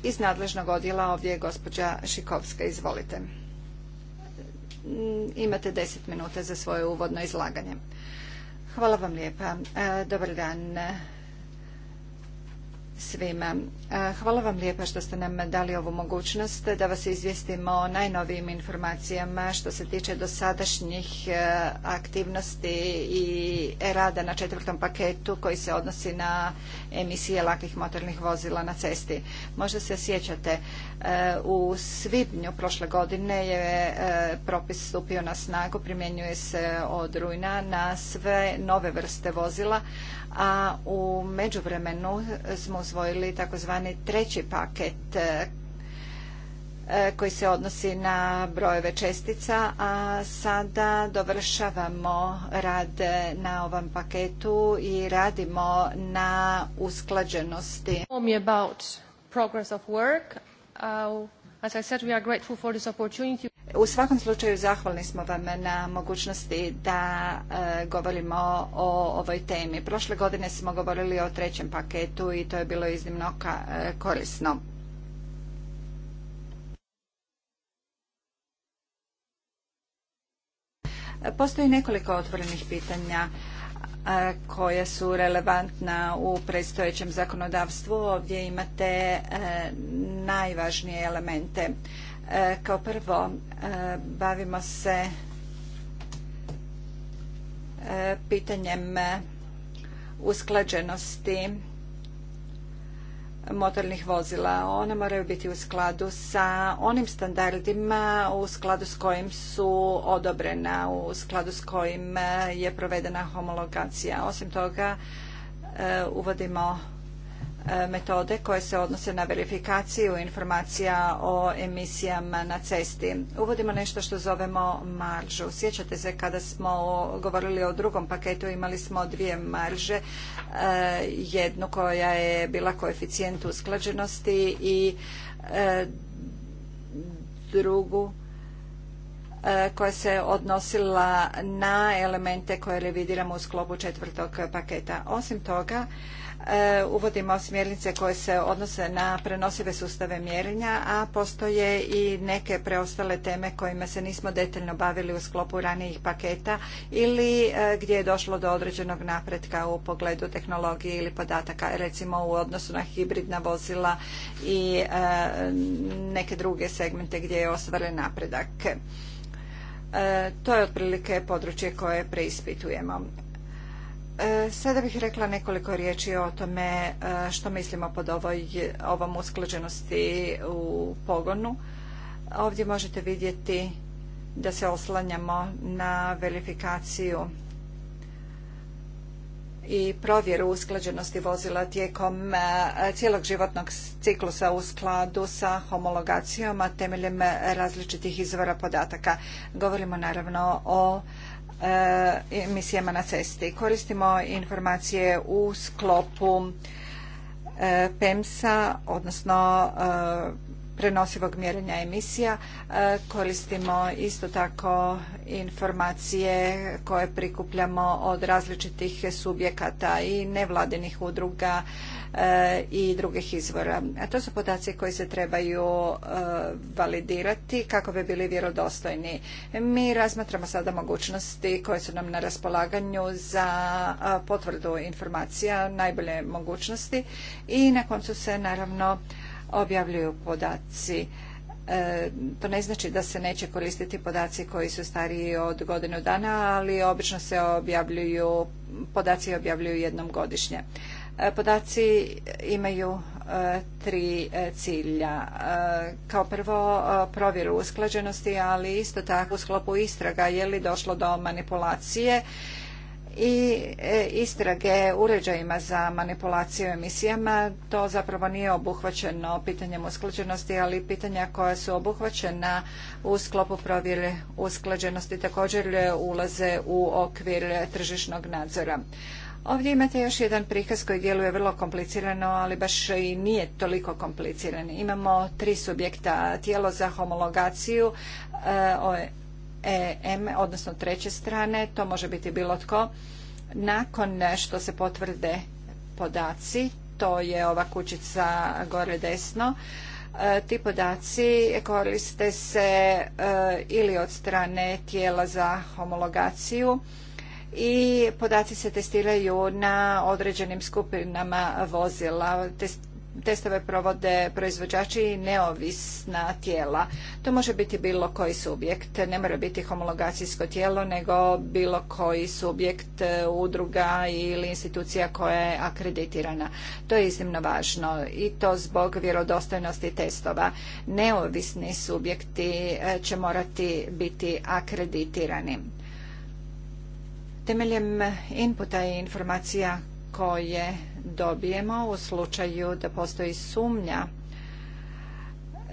iz nadležnog odjela. Ovdje je gospođa Šikovska. Izvolite. Mm, imate deset minuta za svoje uvodno izlaganje. Hvala vam lijepa. E, dobar dan svima. Hvala vam lijepa što ste nam dali ovu mogućnost da vas izvijestimo o najnovijim informacijama što se tiče dosadašnjih e, aktivnosti i rada na četvrtom paketu koji se odnosi na emisije lakih motornih vozila na cesti. Možda se sjećate, e, u svibnju prošle godine je e, propis stupio na snagu, primjenjuje se od rujna na sve nove vrste vozila, a u međuvremenu smo usvojili takozvani treći paket e, koji se odnosi na brojeve čestica, a sada dovršavamo rad na ovom paketu i radimo na usklađenosti. As U svakom slučaju zahvalni smo vam na mogućnosti da e, govorimo o ovoj temi. Prošle godine smo govorili o trećem paketu i to je bilo iznimno e, korisno. Postoji nekoliko otvorenih pitanja koja su relevantna u predstojećem zakonodavstvu. Ovdje imate e, najvažnije elemente. E, kao prvo, e, bavimo se pitanjem usklađenosti motornih vozila. One moraju biti u skladu sa onim standardima u skladu s kojim su odobrena, u skladu s kojim je provedena homologacija. Osim toga, e, uvodimo E, metode koje se odnose na verifikaciju informacija o emisijama na cesti. Uvodimo nešto što zovemo maržu. Sjećate se kada smo govorili o drugom paketu, imali smo dvije marže, e, jednu koja je bila koeficijent usklađenosti i e, drugu E, koja se odnosila na elemente koje revidiramo u sklopu četvrtog paketa. Osim toga, e, uvodimo smjernice koje se odnose na prenosive sustave mjerenja, a postoje i neke preostale teme kojima se nismo detaljno bavili u sklopu ranijih paketa ili e, gdje je došlo do određenog napretka u pogledu tehnologije ili podataka, recimo u odnosu na hibridna vozila i neke druge segmente gdje je ostvaren napredak. E, to je otprilike područje koje preispitujemo. E, sada bih rekla nekoliko riječi o tome e, što mislimo pod ovoj, ovom usklađenosti u pogonu. Ovdje možete vidjeti da se oslanjamo na verifikaciju i provjeru usklađenosti vozila tijekom e, cijelog životnog ciklusa u skladu sa homologacijom, a temeljem različitih izvora podataka. Govorimo naravno o e, emisijama na cesti. Koristimo informacije u sklopu e, PEMSA, odnosno prenosivog mjerenja emisija. E, koristimo isto tako informacije koje prikupljamo od različitih subjekata i nevladinih udruga e, i drugih izvora. A to su podaci koji se trebaju e, validirati kako bi bili vjerodostojni. Mi razmatramo sada mogućnosti koje su nam na raspolaganju za potvrdu informacija, najbolje mogućnosti i na koncu se naravno objavljuju podaci. E, to ne znači da se neće koristiti podaci koji su stariji od godinu dana, ali obično se objavljuju, podaci objavljuju jednom godišnje. E, podaci imaju e, tri cilja. Kao prvo provjeru usklađenosti, ali isto tako u sklopu istraga je li došlo do manipulacije i e, istrage uređajima za manipulaciju emisijama. To zapravo nije obuhvaćeno pitanjem usklađenosti, ali pitanja koja su obuhvaćena u sklopu provjere usklađenosti također ulaze u okvir tržišnog nadzora. Ovdje imate još jedan prikaz koji djeluje vrlo komplicirano, ali baš i nije toliko kompliciran. Imamo tri subjekta, tijelo za homologaciju, e, EM, odnosno treće strane, to može biti bilo tko, nakon što se potvrde podaci, to je ova kućica gore desno, e, ti podaci koriste se e, ili od strane tijela za homologaciju i podaci se testiraju na određenim skupinama vozila testove provode proizvođači i neovisna tijela. To može biti bilo koji subjekt, ne mora biti homologacijsko tijelo, nego bilo koji subjekt, e, udruga ili institucija koja je akreditirana. To je iznimno važno i to zbog vjerodostojnosti testova. Neovisni subjekti e, će morati biti akreditirani. Temeljem inputa i informacija koje dobijemo u slučaju da postoji sumnja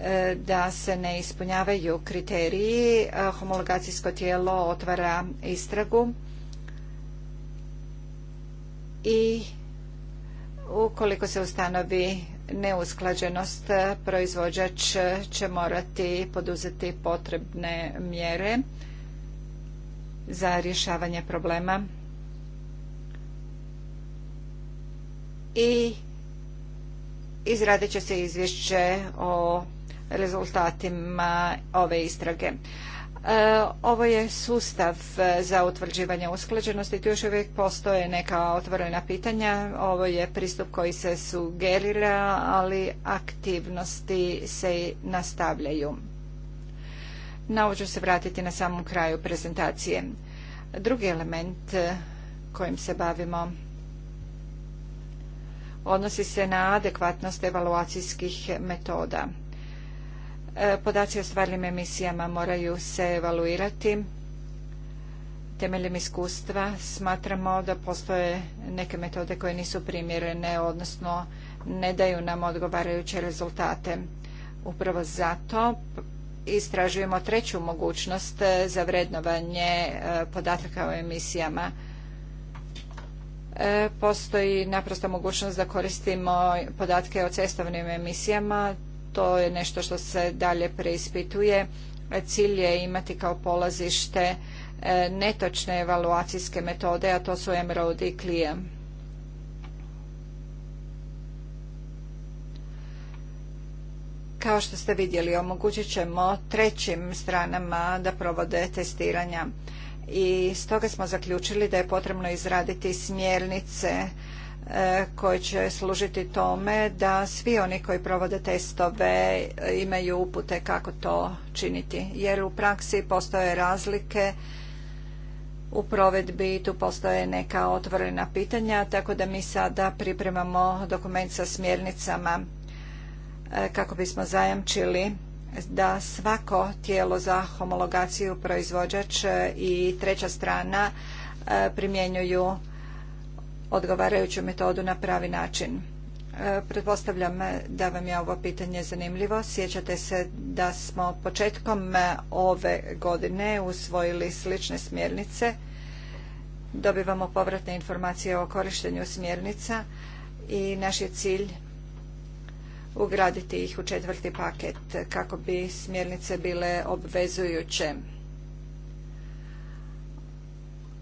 e, da se ne ispunjavaju kriteriji, e, homologacijsko tijelo otvara istragu i ukoliko se ustanovi neusklađenost, proizvođač će morati poduzeti potrebne mjere za rješavanje problema i izradit će se izvješće o rezultatima ove istrage. E, ovo je sustav za utvrđivanje usklađenosti. Tu još uvijek postoje neka otvorena pitanja. Ovo je pristup koji se sugerira, ali aktivnosti se nastavljaju. Na se vratiti na samom kraju prezentacije. Drugi element kojim se bavimo odnosi se na adekvatnost evaluacijskih metoda. E, podaci o stvarnim emisijama moraju se evaluirati temeljem iskustva. Smatramo da postoje neke metode koje nisu primjerene, odnosno ne daju nam odgovarajuće rezultate. Upravo zato istražujemo treću mogućnost za vrednovanje e, podataka o emisijama E, postoji naprosto mogućnost da koristimo podatke o cestovnim emisijama. To je nešto što se dalje preispituje. Cilj je imati kao polazište e, netočne evaluacijske metode, a to su MROD i CLIA. Kao što ste vidjeli, omogućit ćemo trećim stranama da provode testiranja i stoga smo zaključili da je potrebno izraditi smjernice e, koje će služiti tome da svi oni koji provode testove e, imaju upute kako to činiti. Jer u praksi postoje razlike u provedbi, tu postoje neka otvorena pitanja, tako da mi sada pripremamo dokument sa smjernicama e, kako bismo zajamčili da svako tijelo za homologaciju proizvođač i treća strana e, primjenjuju odgovarajuću metodu na pravi način. E, pretpostavljam da vam je ovo pitanje zanimljivo. Sjećate se da smo početkom ove godine usvojili slične smjernice. Dobivamo povratne informacije o korištenju smjernica i naš je cilj ugraditi ih u četvrti paket kako bi smjernice bile obvezujuće.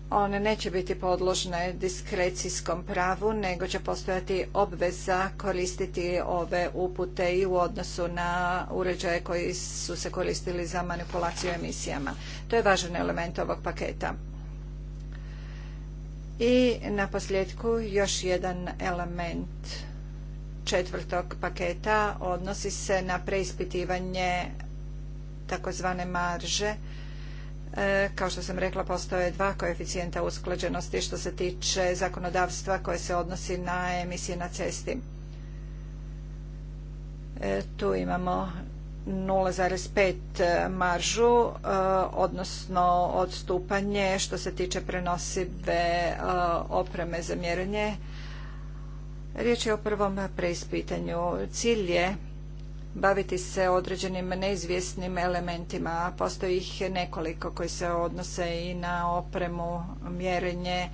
One neće biti podložne diskrecijskom pravu, nego će postojati obveza koristiti ove upute i u odnosu na uređaje koji su se koristili za manipulaciju emisijama. To je važan element ovog paketa. I na posljedku još jedan element četvrtog paketa odnosi se na preispitivanje takozvane marže. E, kao što sam rekla, postoje dva koeficijenta usklađenosti što se tiče zakonodavstva koje se odnosi na emisije na cesti. E, tu imamo 0,5 maržu, e, odnosno odstupanje što se tiče prenosive opreme za mjerenje Riječ je o prvom preispitanju. Cilj je baviti se određenim neizvjesnim elementima. Postoji ih nekoliko koji se odnose i na opremu, mjerenje,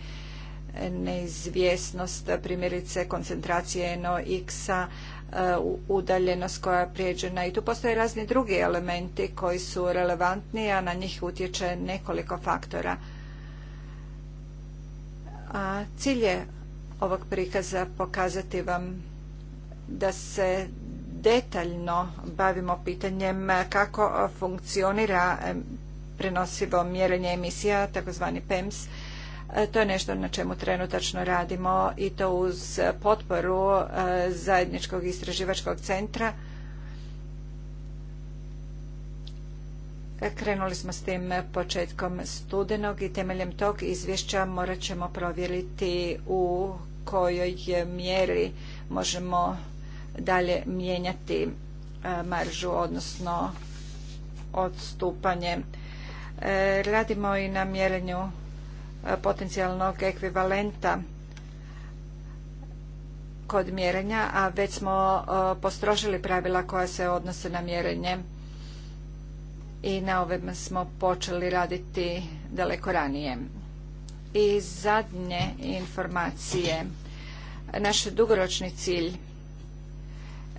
neizvjesnost, primjerice koncentracije NOx-a, e, udaljenost koja je prijeđena i tu postoje razni drugi elementi koji su relevantni, a na njih utječe nekoliko faktora. cilj je ovog prikaza pokazati vam da se detaljno bavimo pitanjem kako funkcionira prenosivo mjerenje emisija, takozvani PEMS. E, to je nešto na čemu trenutačno radimo i to uz potporu e, zajedničkog istraživačkog centra. E, krenuli smo s tim početkom studenog i temeljem tog izvješća morat ćemo provjeriti u kojoj mjeri možemo dalje mijenjati e, maržu, odnosno odstupanje. E, radimo i na mjerenju e, potencijalnog ekvivalenta kod mjerenja, a već smo postrožili pravila koja se odnose na mjerenje i na ovim smo počeli raditi daleko ranije. I zadnje informacije. Naš dugoročni cilj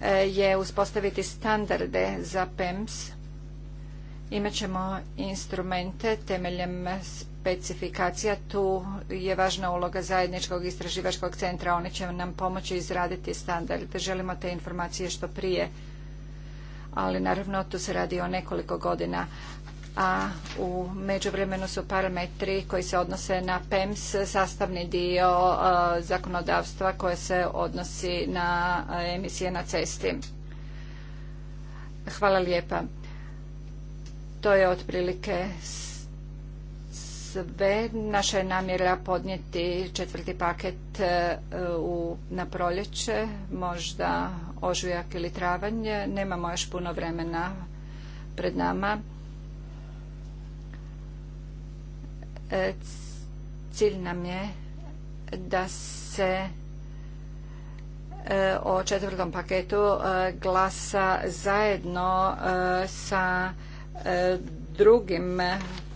e, je uspostaviti standarde za PEMS. Imaćemo instrumente temeljem specifikacija. Tu je važna uloga zajedničkog istraživačkog centra. Oni će nam pomoći izraditi standard. Želimo te informacije što prije, ali naravno tu se radi o nekoliko godina a u međuvremenu su parametri koji se odnose na PEMS sastavni dio e, zakonodavstva koje se odnosi na e, emisije na cesti. Hvala lijepa. To je otprilike sve. Naša je namjera podnijeti četvrti paket e, u, na proljeće, možda ožujak ili travanje Nemamo još puno vremena pred nama. E, cilj nam je da se e, o četvrtom paketu e, glasa zajedno sa drugim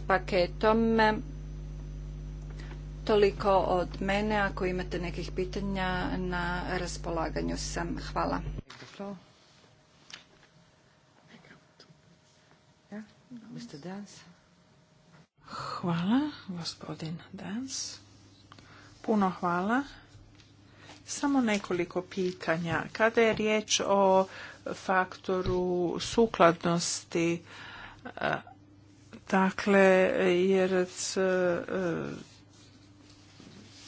paketom. Toliko od mene. Ako imate nekih pitanja, na raspolaganju sam. Hvala. Mr. Dance. Hvala, gospodin Dans. Puno hvala. Samo nekoliko pitanja. Kada je riječ o faktoru sukladnosti, e, dakle, jer e,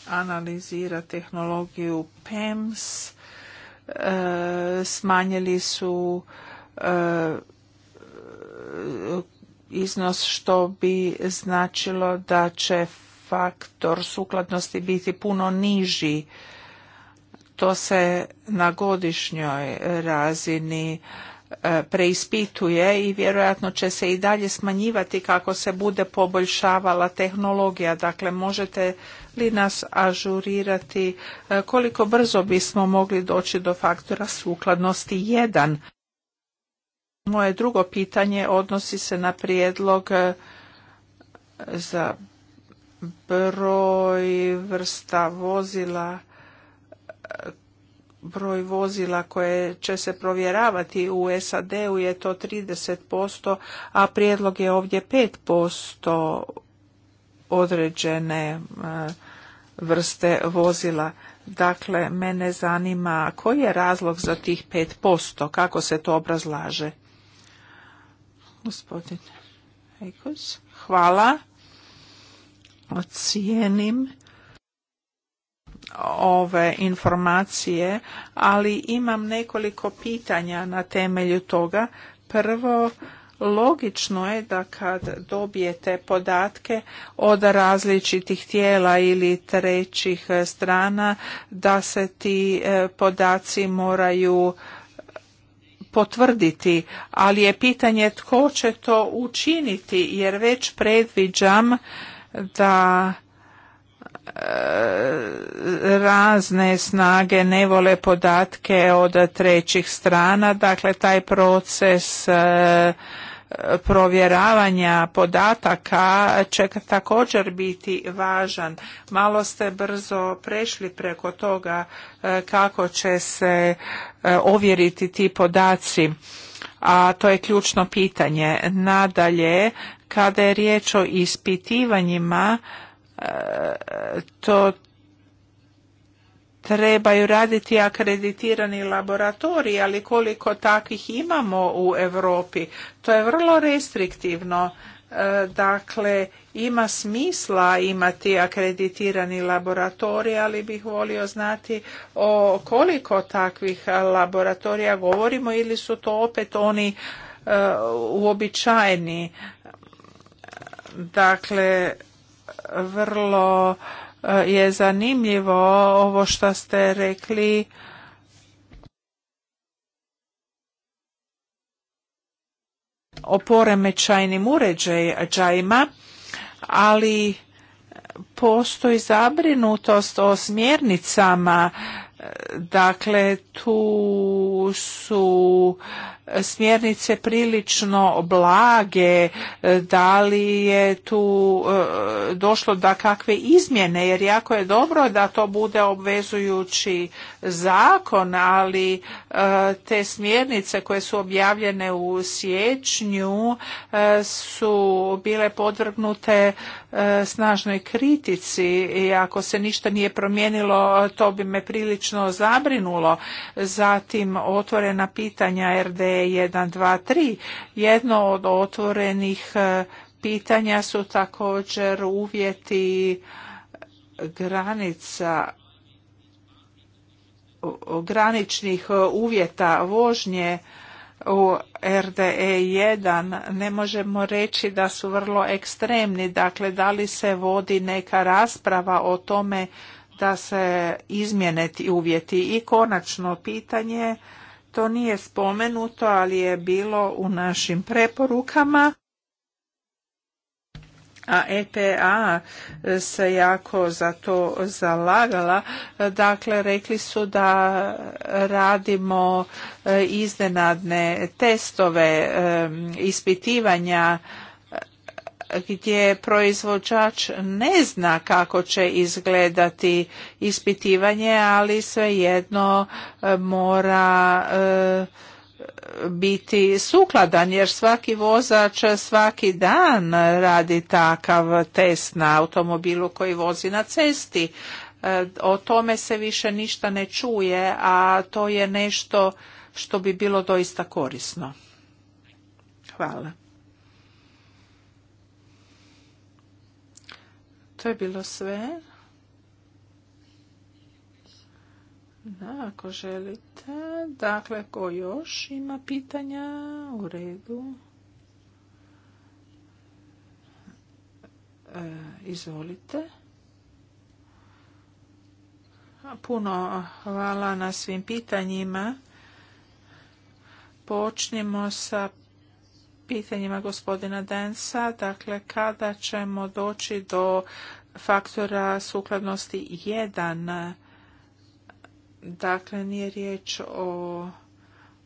analizira tehnologiju PEMS, e, smanjili su iznos što bi značilo da će faktor sukladnosti biti puno niži. To se na godišnjoj razini e, preispituje i vjerojatno će se i dalje smanjivati kako se bude poboljšavala tehnologija. Dakle, možete li nas ažurirati e, koliko brzo bismo mogli doći do faktora sukladnosti 1? Moje drugo pitanje odnosi se na prijedlog e, za broj vrsta vozila e, broj vozila koje će se provjeravati u SAD-u je to 30%, a prijedlog je ovdje 5% određene e, vrste vozila. Dakle, mene zanima koji je razlog za tih 5%, kako se to obrazlaže. Gospodin hvala. Ocijenim ove informacije, ali imam nekoliko pitanja na temelju toga. Prvo, logično je da kad dobijete podatke od različitih tijela ili trećih strana, da se ti eh, podaci moraju potvrditi, ali je pitanje tko će to učiniti jer već predviđam da e, razne snage ne vole podatke od trećih strana, dakle taj proces e, provjeravanja podataka će također biti važan. Malo ste brzo prešli preko toga e, kako će se e, ovjeriti ti podaci, a to je ključno pitanje. Nadalje, kada je riječ o ispitivanjima, e, to trebaju raditi akreditirani laboratoriji, ali koliko takvih imamo u Europi, to je vrlo restriktivno. E, dakle, ima smisla imati akreditirani laboratorij, ali bih volio znati o koliko takvih laboratorija govorimo ili su to opet oni e, uobičajeni. Dakle, vrlo E, je zanimljivo ovo što ste rekli o poremećajnim uređajima, ali postoji zabrinutost o smjernicama e, Dakle, tu su smjernice prilično blage, e, da li je tu e, došlo da kakve izmjene, jer jako je dobro da to bude obvezujući zakon, ali e, te smjernice koje su objavljene u siječnju e, su bile podvrgnute e, snažnoj kritici i ako se ništa nije promijenilo to bi me prilično zabrinulo. Zatim otvorena pitanja RD 123. Jedno od otvorenih pitanja su također uvjeti granica graničnih e, uvjeta vožnje u RDE1 ne možemo reći da su vrlo ekstremni. Dakle, da li se vodi neka rasprava o tome da se izmjene ti uvjeti. I konačno pitanje, to nije spomenuto, ali je bilo u našim preporukama a EPA e, se jako za to zalagala. Dakle, rekli su da radimo e, iznenadne testove, e, ispitivanja gdje proizvođač ne zna kako će izgledati ispitivanje, ali svejedno mora biti sukladan jer svaki vozač svaki dan radi takav test na automobilu koji vozi na cesti. E, o tome se više ništa ne čuje, a to je nešto što bi bilo doista korisno. Hvala. To je bilo sve. Da, ako želite. Dakle, ko još ima pitanja? U redu. E, izvolite. Puno hvala na svim pitanjima. Počnimo sa pitanjima gospodina Densa. Dakle, kada ćemo doći do faktora sukladnosti 1? Dakle, nije riječ o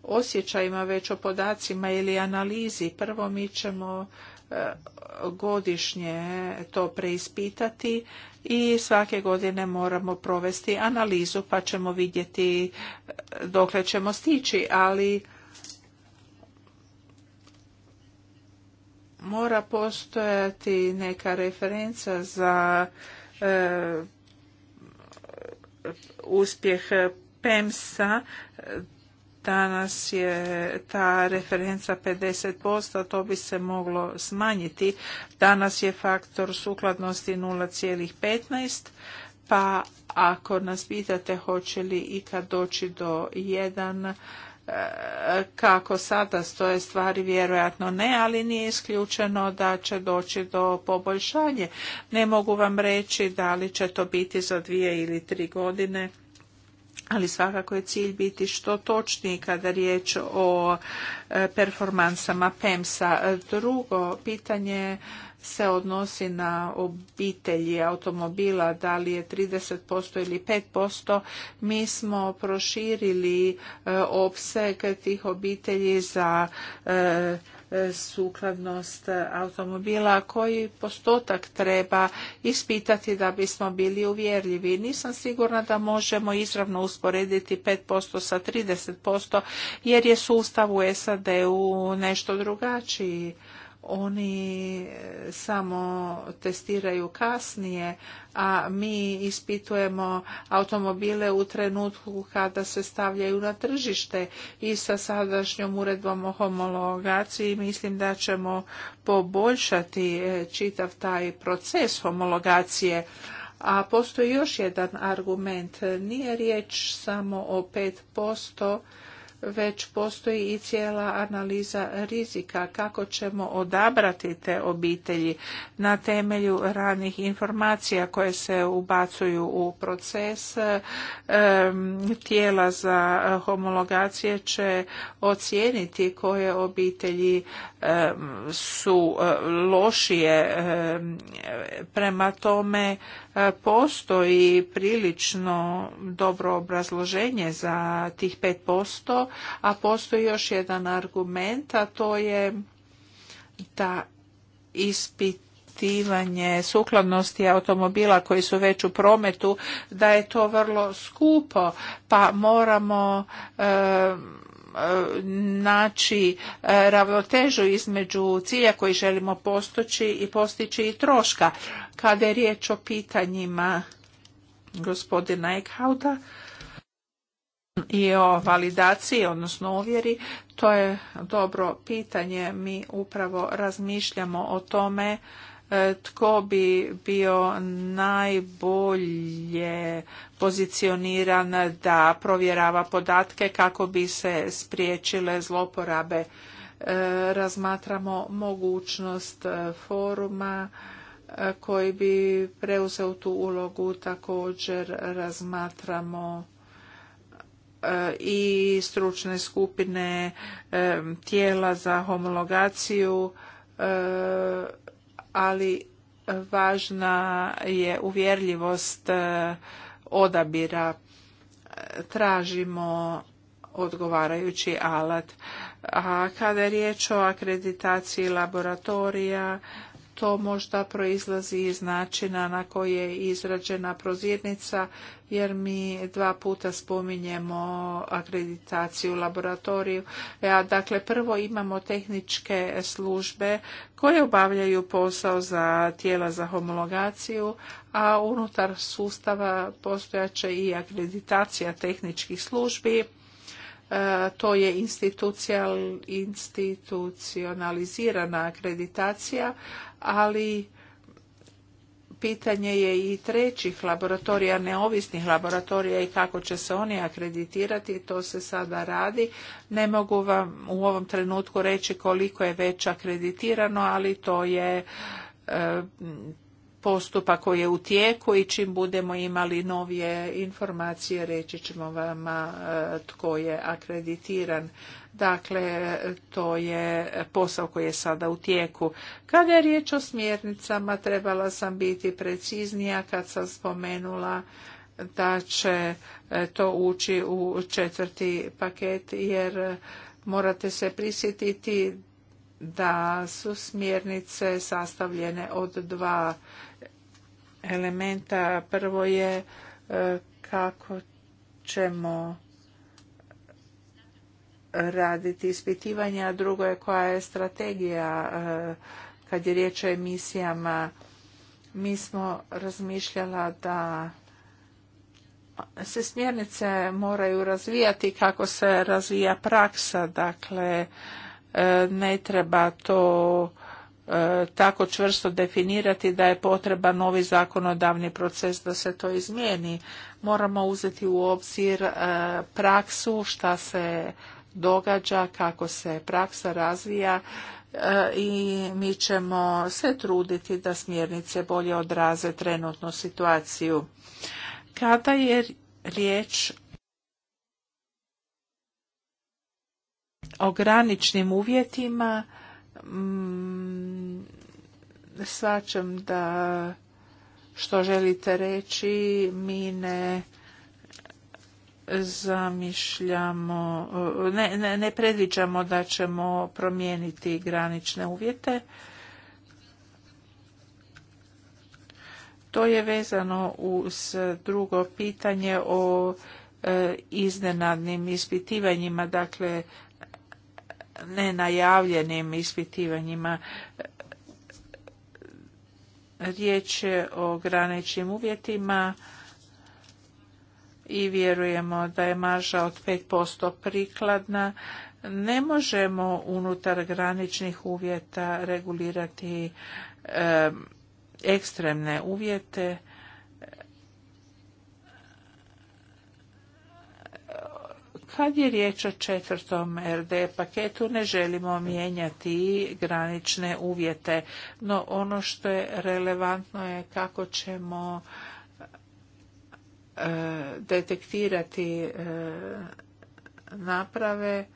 osjećajima, već o podacima ili analizi. Prvo mi ćemo e, godišnje to preispitati i svake godine moramo provesti analizu pa ćemo vidjeti e, dokle ćemo stići, ali mora postojati neka referenca za e, uspjeh PEMSA danas je ta referenca 50%, to bi se moglo smanjiti. Danas je faktor sukladnosti 0,15, pa ako nas pitate hoće li ikad doći do 1, kako sada stoje stvari vjerojatno ne, ali nije isključeno da će doći do poboljšanja. Ne mogu vam reći da li će to biti za dvije ili tri godine, ali svakako je cilj biti što točniji kada je riječ o e, performansama PEMSA. Drugo pitanje se odnosi na obitelji automobila, da li je 30% ili 5%, mi smo proširili e, opseg tih obitelji za e, sukladnost automobila, koji postotak treba ispitati da bismo bili uvjerljivi. Nisam sigurna da možemo izravno usporediti 5% sa 30%, jer je sustav u SAD-u nešto drugačiji oni eh, samo testiraju kasnije, a mi ispitujemo automobile u trenutku kada se stavljaju na tržište i sa sadašnjom uredbom o homologaciji mislim da ćemo poboljšati eh, čitav taj proces homologacije. A postoji još jedan argument, nije riječ samo o 5%, već postoji i cijela analiza rizika kako ćemo odabrati te obitelji na temelju ranih informacija koje se ubacuju u proces. Tijela za homologacije će ocijeniti koje obitelji su e, lošije prema tome e, postoji prilično dobro obrazloženje za tih 5% a postoji još jedan argument, a to je da ispitivanje sukladnosti automobila koji su već u prometu, da je to vrlo skupo, pa moramo e, naći e, ravnotežu između cilja koji želimo postoći i postići i troška. Kada je riječ o pitanjima gospodina Eichhauta, i o validaciji, odnosno uvjeri, to je dobro pitanje. Mi upravo razmišljamo o tome e, tko bi bio najbolje pozicioniran da provjerava podatke kako bi se spriječile zloporabe. E, razmatramo mogućnost e, foruma koji bi preuzeo tu ulogu. Također razmatramo E, i stručne skupine e, tijela za homologaciju, e, ali važna je uvjerljivost odabira. Tražimo odgovarajući alat. A kada je riječ o akreditaciji laboratorija, to možda proizlazi iz načina na koji je izrađena prozirnica, jer mi dva puta spominjemo akreditaciju laboratoriju. Ja, dakle, prvo imamo tehničke službe koje obavljaju posao za tijela za homologaciju, a unutar sustava postojaće i akreditacija tehničkih službi E, to je institucionalizirana akreditacija, ali pitanje je i trećih laboratorija, neovisnih laboratorija i kako će se oni akreditirati, to se sada radi. Ne mogu vam u ovom trenutku reći koliko je već akreditirano, ali to je e, postupak koji je u tijeku i čim budemo imali novije informacije reći ćemo vam tko je akreditiran. Dakle, to je posao koji je sada u tijeku. Kada je riječ o smjernicama, trebala sam biti preciznija kad sam spomenula da će e, to ući u četvrti paket jer morate se prisjetiti da su smjernice sastavljene od dva elementa. Prvo je e, kako ćemo raditi ispitivanja, a drugo je koja je strategija e, kad je riječ o emisijama. Mi smo razmišljala da se smjernice moraju razvijati kako se razvija praksa, dakle e, ne treba to E, tako čvrsto definirati da je potreban novi zakonodavni proces da se to izmijeni. Moramo uzeti u obzir e, praksu, šta se događa, kako se praksa razvija e, i mi ćemo se truditi da smjernice bolje odraze trenutnu situaciju. Kada je riječ o graničnim uvjetima, mm, svačam da što želite reći, mi ne zamišljamo, ne, ne, ne predviđamo da ćemo promijeniti granične uvjete. To je vezano uz drugo pitanje o e, iznenadnim ispitivanjima, dakle nenajavljenim ispitivanjima. Riječ je o graničnim uvjetima i vjerujemo da je marža od 5% prikladna. Ne možemo unutar graničnih uvjeta regulirati ekstremne uvjete Kad je riječ o četvrtom RD paketu, ne želimo mijenjati granične uvjete, no ono što je relevantno je kako ćemo e, detektirati e, naprave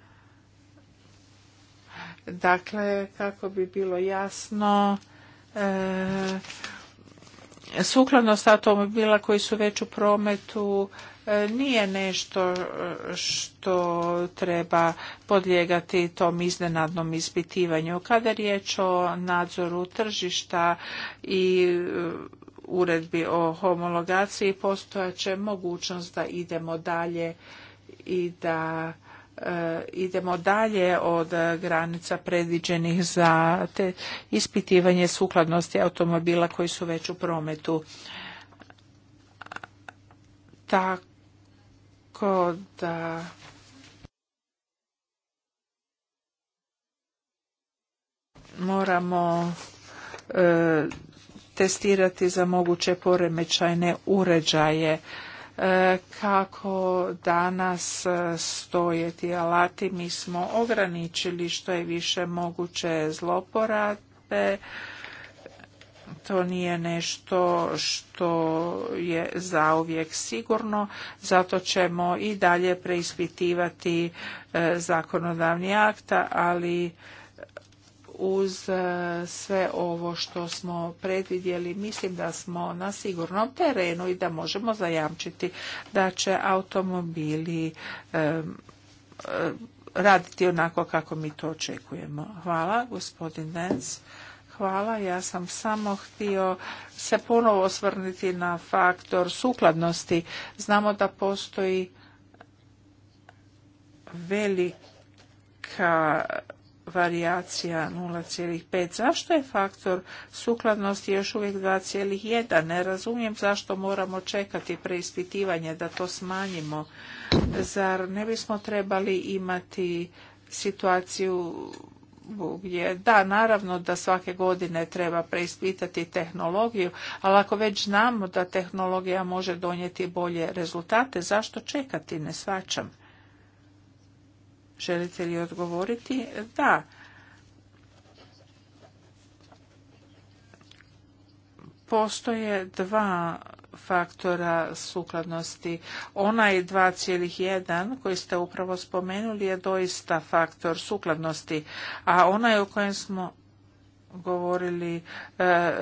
dakle kako bi bilo jasno sukladno e, sukladnost automobila koji su već u prometu E, nije nešto e, što treba podlijegati tom iznenadnom ispitivanju. Kada je riječ o nadzoru tržišta i e, uredbi o homologaciji će mogućnost da idemo dalje i da idemo dalje od granica predviđenih za te ispitivanje sukladnosti automobila koji su već u prometu. Tako tako da moramo e, testirati za moguće poremećajne uređaje e, kako danas e, stoje ti alati mi smo ograničili što je više moguće zloporabe to nije nešto što je zauvijek sigurno, zato ćemo i dalje preispitivati e, zakonodavni akta, ali uz e, sve ovo što smo predvidjeli, mislim da smo na sigurnom terenu i da možemo zajamčiti da će automobili e, raditi onako kako mi to očekujemo. Hvala, gospodin Dens. Hvala, ja sam samo htio se ponovo osvrnuti na faktor sukladnosti. Znamo da postoji velika varijacija 0,5. Zašto je faktor sukladnosti još uvijek 2,1? Ne razumijem zašto moramo čekati preispitivanje da to smanjimo. Zar ne bismo trebali imati situaciju da, naravno da svake godine treba preispitati tehnologiju, ali ako već znamo da tehnologija može donijeti bolje rezultate, zašto čekati, ne svačam. Želite li odgovoriti? Da. Postoje dva faktora sukladnosti. Onaj 2,1 koji ste upravo spomenuli je doista faktor sukladnosti, a onaj o kojem smo govorili e, e,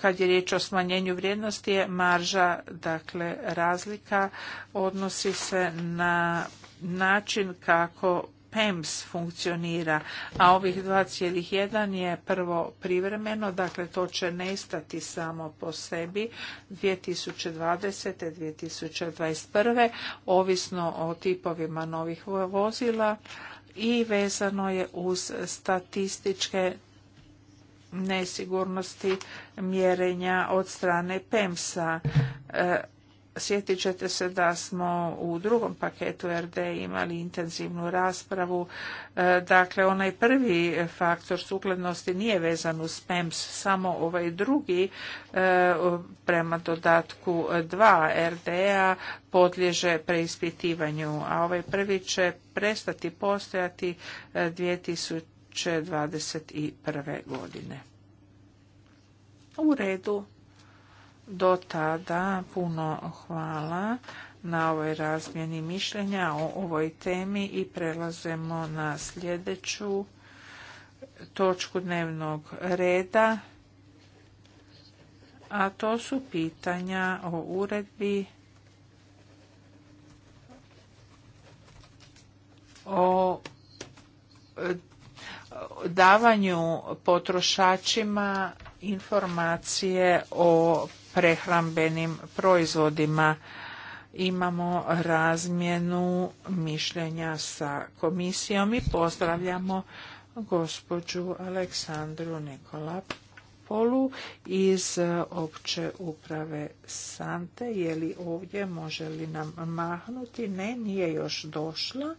kad je riječ o smanjenju vrijednosti je marža, dakle razlika odnosi se na način kako PEMS funkcionira, a ovih 2,1 je prvo privremeno, dakle to će nestati samo po sebi 2020. 2021. ovisno o tipovima novih vozila i vezano je uz statističke nesigurnosti mjerenja od strane PEMS-a. E, Sjetit ćete se da smo u drugom paketu RD imali intenzivnu raspravu. E, dakle, onaj prvi faktor sukladnosti nije vezan uz PEMS, samo ovaj drugi e, prema dodatku 2 RD-a podliježe preispitivanju, a ovaj prvi će prestati postojati 2021. E, godine. U redu. Do tada puno hvala na ovoj razmjeni mišljenja o ovoj temi i prelazemo na sljedeću točku dnevnog reda, a to su pitanja o uredbi o davanju potrošačima informacije o prehrambenim proizvodima. Imamo razmjenu mišljenja sa komisijom i pozdravljamo gospođu Aleksandru Nikola Polu iz opće uprave Sante. Je li ovdje, može li nam mahnuti? Ne, nije još došla.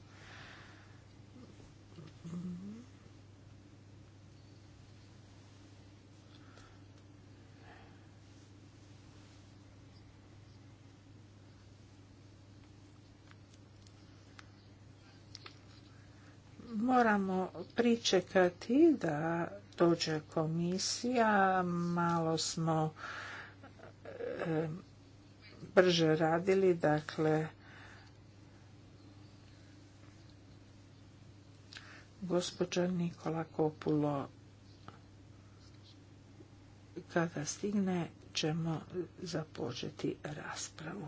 moramo pričekati da dođe komisija. Malo smo brže radili, dakle gospođa Nikola Kopulo kada stigne ćemo započeti raspravu.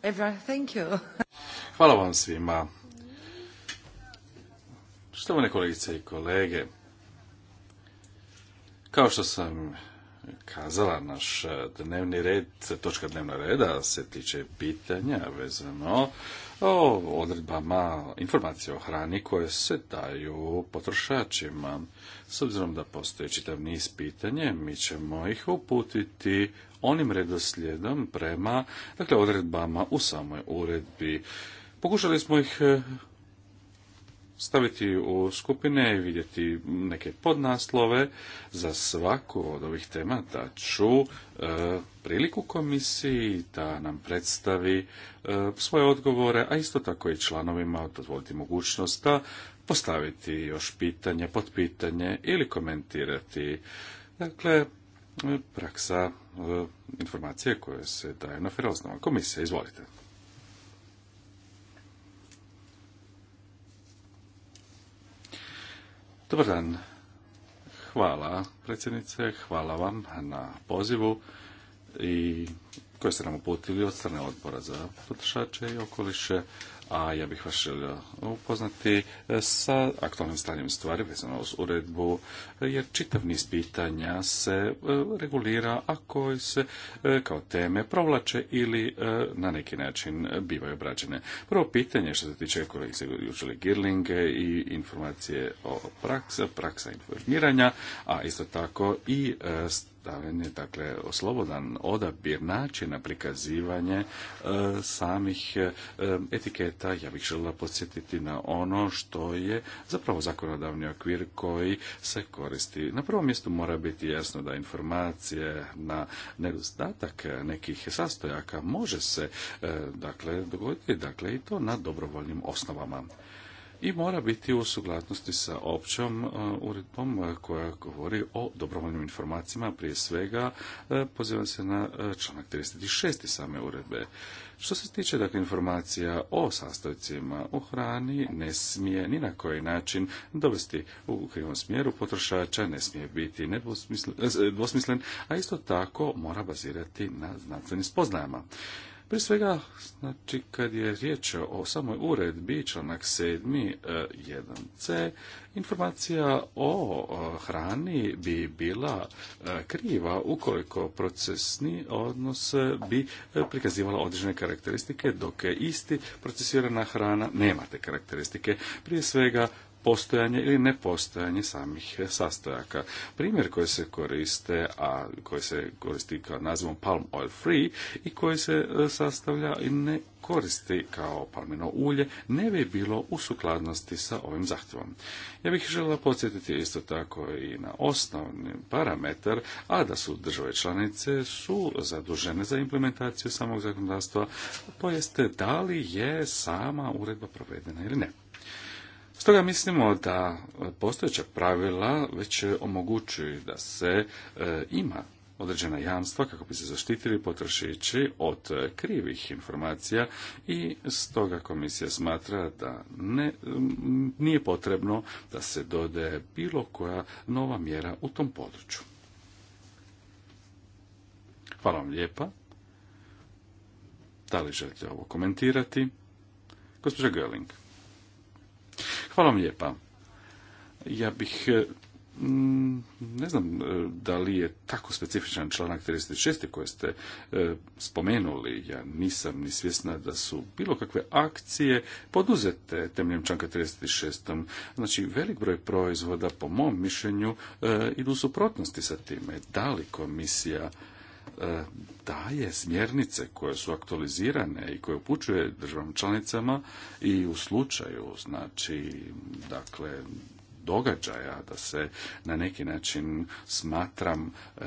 Hvala vam svima. Štovane kolegice i kolege, kao što sam kazala, naš dnevni red, točka dnevna reda se tiče pitanja vezano o odredbama informacije o hrani koje se daju potrošačima. S obzirom da postoje čitav niz pitanja, mi ćemo ih uputiti onim redoslijedom prema dakle, odredbama u samoj uredbi. Pokušali smo ih eh, staviti u skupine i vidjeti neke podnaslove za svaku od ovih tema da ću e, priliku komisiji da nam predstavi e, svoje odgovore, a isto tako i članovima dozvoliti mogućnost da postaviti još pitanje, potpitanje ili komentirati. Dakle, e, praksa informacije koje se daje na feroznom. Komisija, izvolite. Dobar dan. Hvala predsjednice, hvala vam na pozivu i koje ste nam uputili od strane odbora za potršače i okoliše, a ja bih vas želio upoznati e, sa aktualnim stanjem stvari vezano uz uredbu, jer čitav niz pitanja se e, regulira, a koji se e, kao teme provlače ili na neki način bivaju obrađene. Prvo pitanje što se tiče kolegice Jučele Girlinge i informacije o praksa, praksa informiranja, a isto tako i je dakle, slobodan odabir načina prikazivanje samih e, etiketa, ja bih želila podsjetiti na ono što je zapravo zakonodavni okvir koji se koristi. Na prvom mjestu mora biti jasno da informacije na nedostatak nekih sastojaka može se, e, dakle, dogoditi, dakle, i to na dobrovoljnim osnovama i mora biti u suglasnosti sa općom e, uredbom e, koja govori o dobrovoljnim informacijama. Prije svega e, pozivam se na članak 36. same uredbe. Što se tiče dakle, informacija o sastojcima u hrani, ne smije ni na koji način dovesti u krivom smjeru potrošača, ne smije biti nedvosmislen a isto tako mora bazirati na znanstvenim spoznajama. Prije svega, znači, kad je riječ o samoj uredbi, članak 71 e, c informacija o e, hrani bi bila e, kriva ukoliko procesni odnos bi prikazivala određene karakteristike, dok je isti procesirana hrana nema te karakteristike. Prije svega, postojanje ili nepostojanje samih sastojaka. Primjer koji se koriste, a koji se koristi kao nazivom palm oil free i koji se e, sastavlja i ne koristi kao palmino ulje ne bi bilo u sukladnosti sa ovim zahtjevom. Ja bih želila podsjetiti isto tako i na osnovni parametar, a da su države članice su zadužene za implementaciju samog zakonodavstva, to jeste da li je sama uredba provedena ili ne. Stoga mislimo da postojeća pravila već omogućuju da se e, ima određena jamstva kako bi se zaštitili potrošači od e, krivih informacija i stoga komisija smatra da ne, nije potrebno da se dode bilo koja nova mjera u tom području. Hvala vam lijepa. Da li želite ovo komentirati? Gospođa Görling. Hvala vam lijepa. Ja bih e, ne znam e, da li je tako specifičan članak 36. koje ste e, spomenuli. Ja nisam ni svjesna da su bilo kakve akcije poduzete temeljem članka 36. Znači, velik broj proizvoda, po mom mišljenju, idu u suprotnosti sa time. Da li komisija E, daje smjernice koje su aktualizirane i koje upućuje državnim članicama i u slučaju znači dakle događaja, da se na neki način smatram e,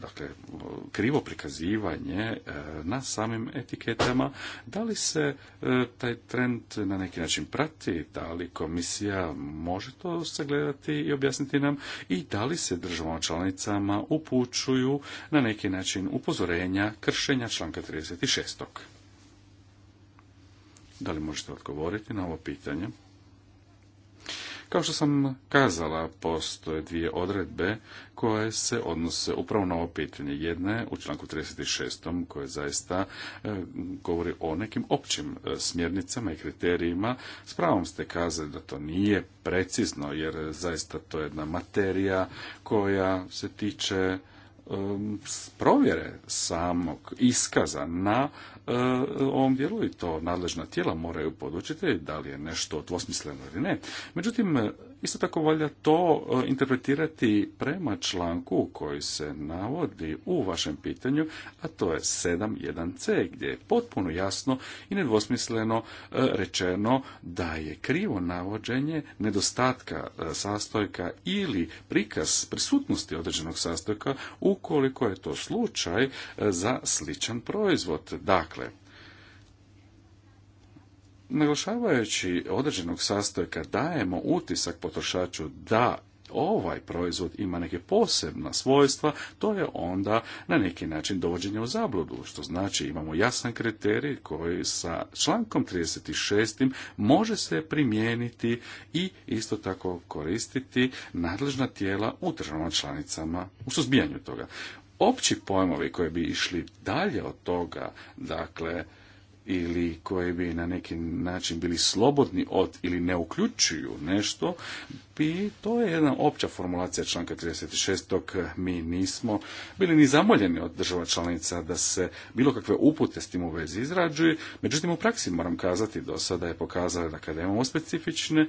dakle, krivo prikazivanje e, na samim etiketama, da li se e, taj trend na neki način prati, da li komisija može to sagledati i objasniti nam i da li se državama članicama upućuju na neki način upozorenja kršenja članka 36. Da li možete odgovoriti na ovo pitanje? Kao što sam kazala, postoje dvije odredbe koje se odnose upravo na ovo pitanje. Jedna je u članku 36. koje zaista e, govori o nekim općim e, smjernicama i kriterijima. S pravom ste kazali da to nije precizno jer zaista to je jedna materija koja se tiče Um, provjere samog iskaza na uh, ovom dijelu i to nadležna tijela moraju podučiti da li je nešto dvosmisleno ili ne. Međutim, Isto tako valja to e, interpretirati prema članku koji se navodi u vašem pitanju, a to je 7.1c gdje je potpuno jasno i nedvosmisleno e, rečeno da je krivo navođenje nedostatka e, sastojka ili prikaz prisutnosti određenog sastojka ukoliko je to slučaj za sličan proizvod. Dakle, Naglašavajući određenog sastojka dajemo utisak potrošaču da ovaj proizvod ima neke posebna svojstva, to je onda na neki način dovođenje u zabludu, što znači imamo jasan kriterij koji sa člankom 36. može se primijeniti i isto tako koristiti nadležna tijela u državama članicama u suzbijanju toga. Opći pojmovi koji bi išli dalje od toga, dakle, ili koji bi na neki način bili slobodni od ili ne uključuju nešto, bi to je jedna opća formulacija članka 36. Mi nismo bili ni zamoljeni od država članica da se bilo kakve upute s tim u vezi izrađuju. Međutim, u praksi moram kazati do sada je pokazala da kada imamo specifične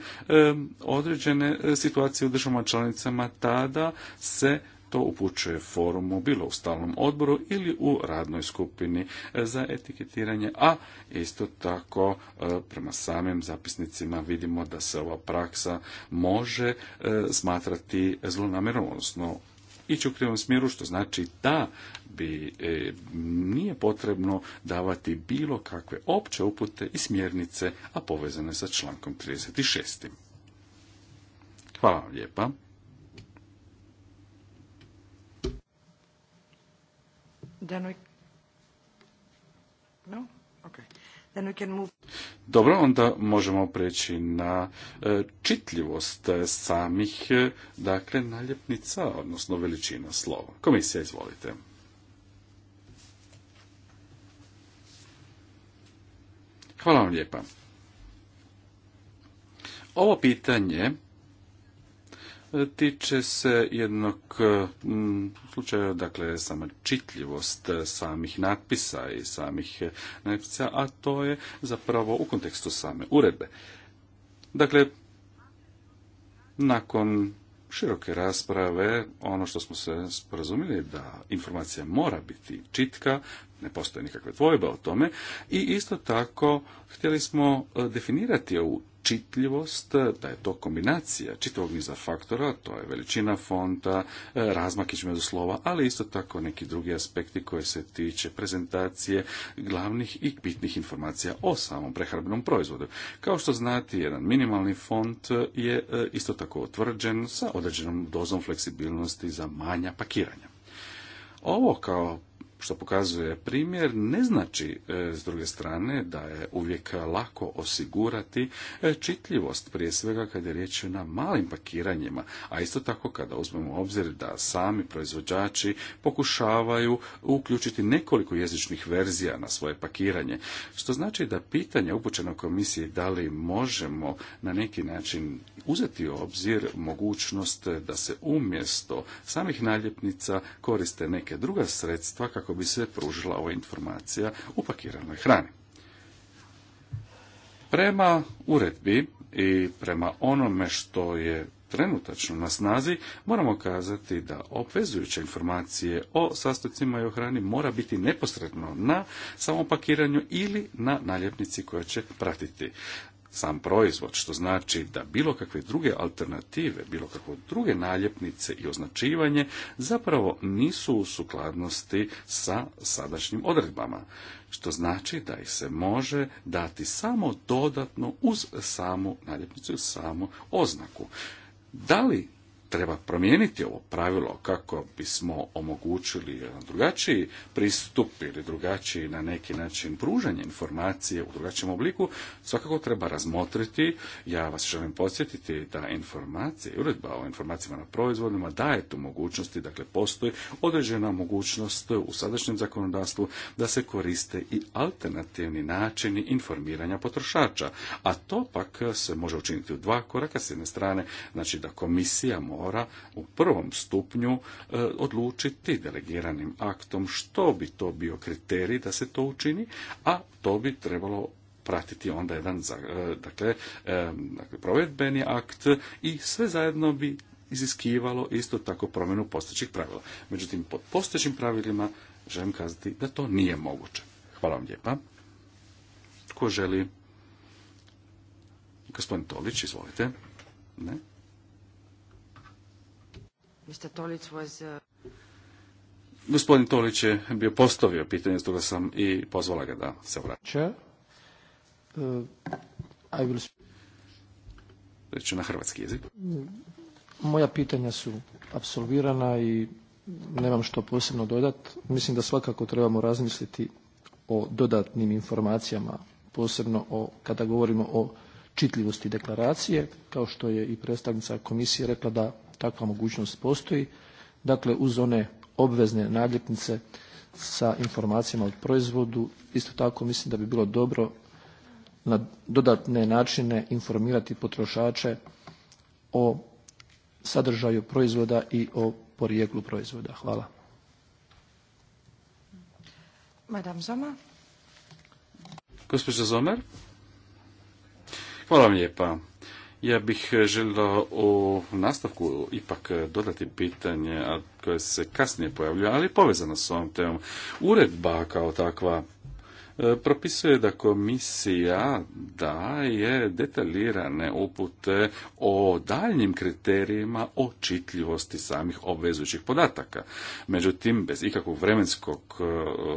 određene e, situacije u državama članicama, tada se to upućuje forumu bilo u stalnom odboru ili u radnoj skupini e, za etiketiranje, a isto tako e, prema samim zapisnicima vidimo da se ova praksa može e, smatrati zlonamjernom, odnosno ići u krivom smjeru, što znači da bi nije potrebno davati bilo kakve opće upute i smjernice, a povezane sa člankom 36. Hvala vam lijepa. Dobro, onda možemo preći na e, čitljivost e, samih, e, dakle, naljepnica, odnosno veličina slova. Komisija, izvolite. Hvala vam lijepa. Ovo pitanje tiče se jednog mm, slučaja, dakle, sama čitljivost samih natpisa i samih e, natpisa, a to je zapravo u kontekstu same uredbe. Dakle, nakon široke rasprave, ono što smo se sporazumili da informacija mora biti čitka, ne postoje nikakve dvojbe o tome. I isto tako htjeli smo e, definirati ovu čitljivost, e, da je to kombinacija čitavog niza faktora, to je veličina fonta, e, razmak između slova, ali isto tako neki drugi aspekti koji se tiče prezentacije glavnih i bitnih informacija o samom prehrambenom proizvodu. Kao što znate, jedan minimalni font je isto tako otvrđen sa određenom dozom fleksibilnosti za manja pakiranja. Ovo kao što pokazuje primjer, ne znači e, s druge strane da je uvijek lako osigurati e, čitljivost, prije svega kad je riječ na malim pakiranjima, a isto tako kada uzmemo u obzir da sami proizvođači pokušavaju uključiti nekoliko jezičnih verzija na svoje pakiranje, što znači da pitanje upućeno komisiji da li možemo na neki način uzeti u obzir mogućnost da se umjesto samih naljepnica koriste neke druga sredstva kako kako bi se pružila ova informacija u pakiranoj hrani. Prema uredbi i prema onome što je trenutačno na snazi, moramo kazati da obvezujuće informacije o sastojcima i o hrani mora biti neposredno na samom pakiranju ili na naljepnici koja će pratiti sam proizvod, što znači da bilo kakve druge alternative, bilo kakve druge naljepnice i označivanje zapravo nisu u sukladnosti sa sadašnjim odredbama, što znači da ih se može dati samo dodatno uz samu naljepnicu, uz samu oznaku. Da li treba promijeniti ovo pravilo kako bismo omogućili drugačiji pristup ili drugačiji na neki način pružanje informacije u drugačijem obliku, svakako treba razmotriti. Ja vas želim podsjetiti da informacije, uredba o informacijama na proizvodima daje tu mogućnosti, dakle postoji određena mogućnost u sadašnjem zakonodavstvu da se koriste i alternativni načini informiranja potrošača, a to pak se može učiniti u dva koraka. S jedne strane, znači da komisija mora mora u prvom stupnju e, odlučiti delegiranim aktom što bi to bio kriterij da se to učini, a to bi trebalo pratiti onda jedan e, dakle, e, dakle provedbeni akt i sve zajedno bi iziskivalo isto tako promjenu postojećih pravila. Međutim, pod postojećim pravilima želim kazati da to nije moguće. Hvala vam lijepa. Tko želi? Gospodin Tolić, izvolite. Ne? Mr. Tolic was, uh, Gospodin Tolić je bio postavio pitanje, stoga sam i pozvala ga da se vraća. Uh, I Reću na hrvatski jezik. Moja pitanja su absolvirana i nemam što posebno dodat. Mislim da svakako trebamo razmisliti o dodatnim informacijama, posebno o, kada govorimo o čitljivosti deklaracije, kao što je i predstavnica komisije rekla da takva mogućnost postoji, dakle uz one obvezne naljepnice sa informacijama o proizvodu, isto tako mislim da bi bilo dobro na dodatne načine informirati potrošače o sadržaju proizvoda i o porijeklu proizvoda. Hvala. Madame Zoma. Zomer. Hvala lijepa. Ja bih želio u nastavku ipak dodati pitanje koje se kasnije pojavljuje, ali povezano s ovom temom. Uredba kao takva E, propisuje da komisija daje detaljirane upute o daljnjim kriterijima čitljivosti samih obvezujućih podataka. Međutim, bez ikakvog vremenskog e,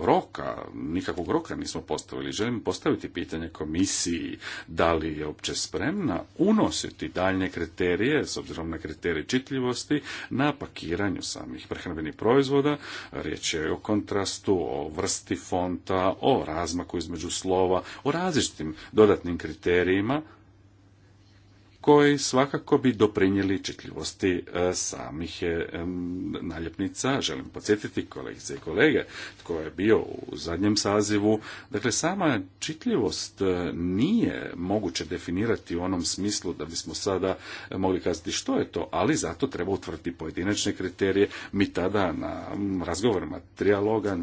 roka, nikakvog roka nismo postavili. Želim postaviti pitanje komisiji da li je uopće spremna unositi daljnje kriterije, s obzirom na kriterije čitljivosti, na pakiranju samih prehrambenih proizvoda. Riječ je o kontrastu, o vrsti fonta, o različitosti razmaku između slova, o različitim dodatnim kriterijima koji svakako bi doprinijeli čitljivosti e, samih e, naljepnica. Želim podsjetiti kolegice i kolege tko je bio u zadnjem sazivu. Dakle, sama čitljivost e, nije moguće definirati u onom smislu da bismo sada mogli kazati što je to, ali zato treba utvrditi pojedinačne kriterije. Mi tada na razgovorima trijaloga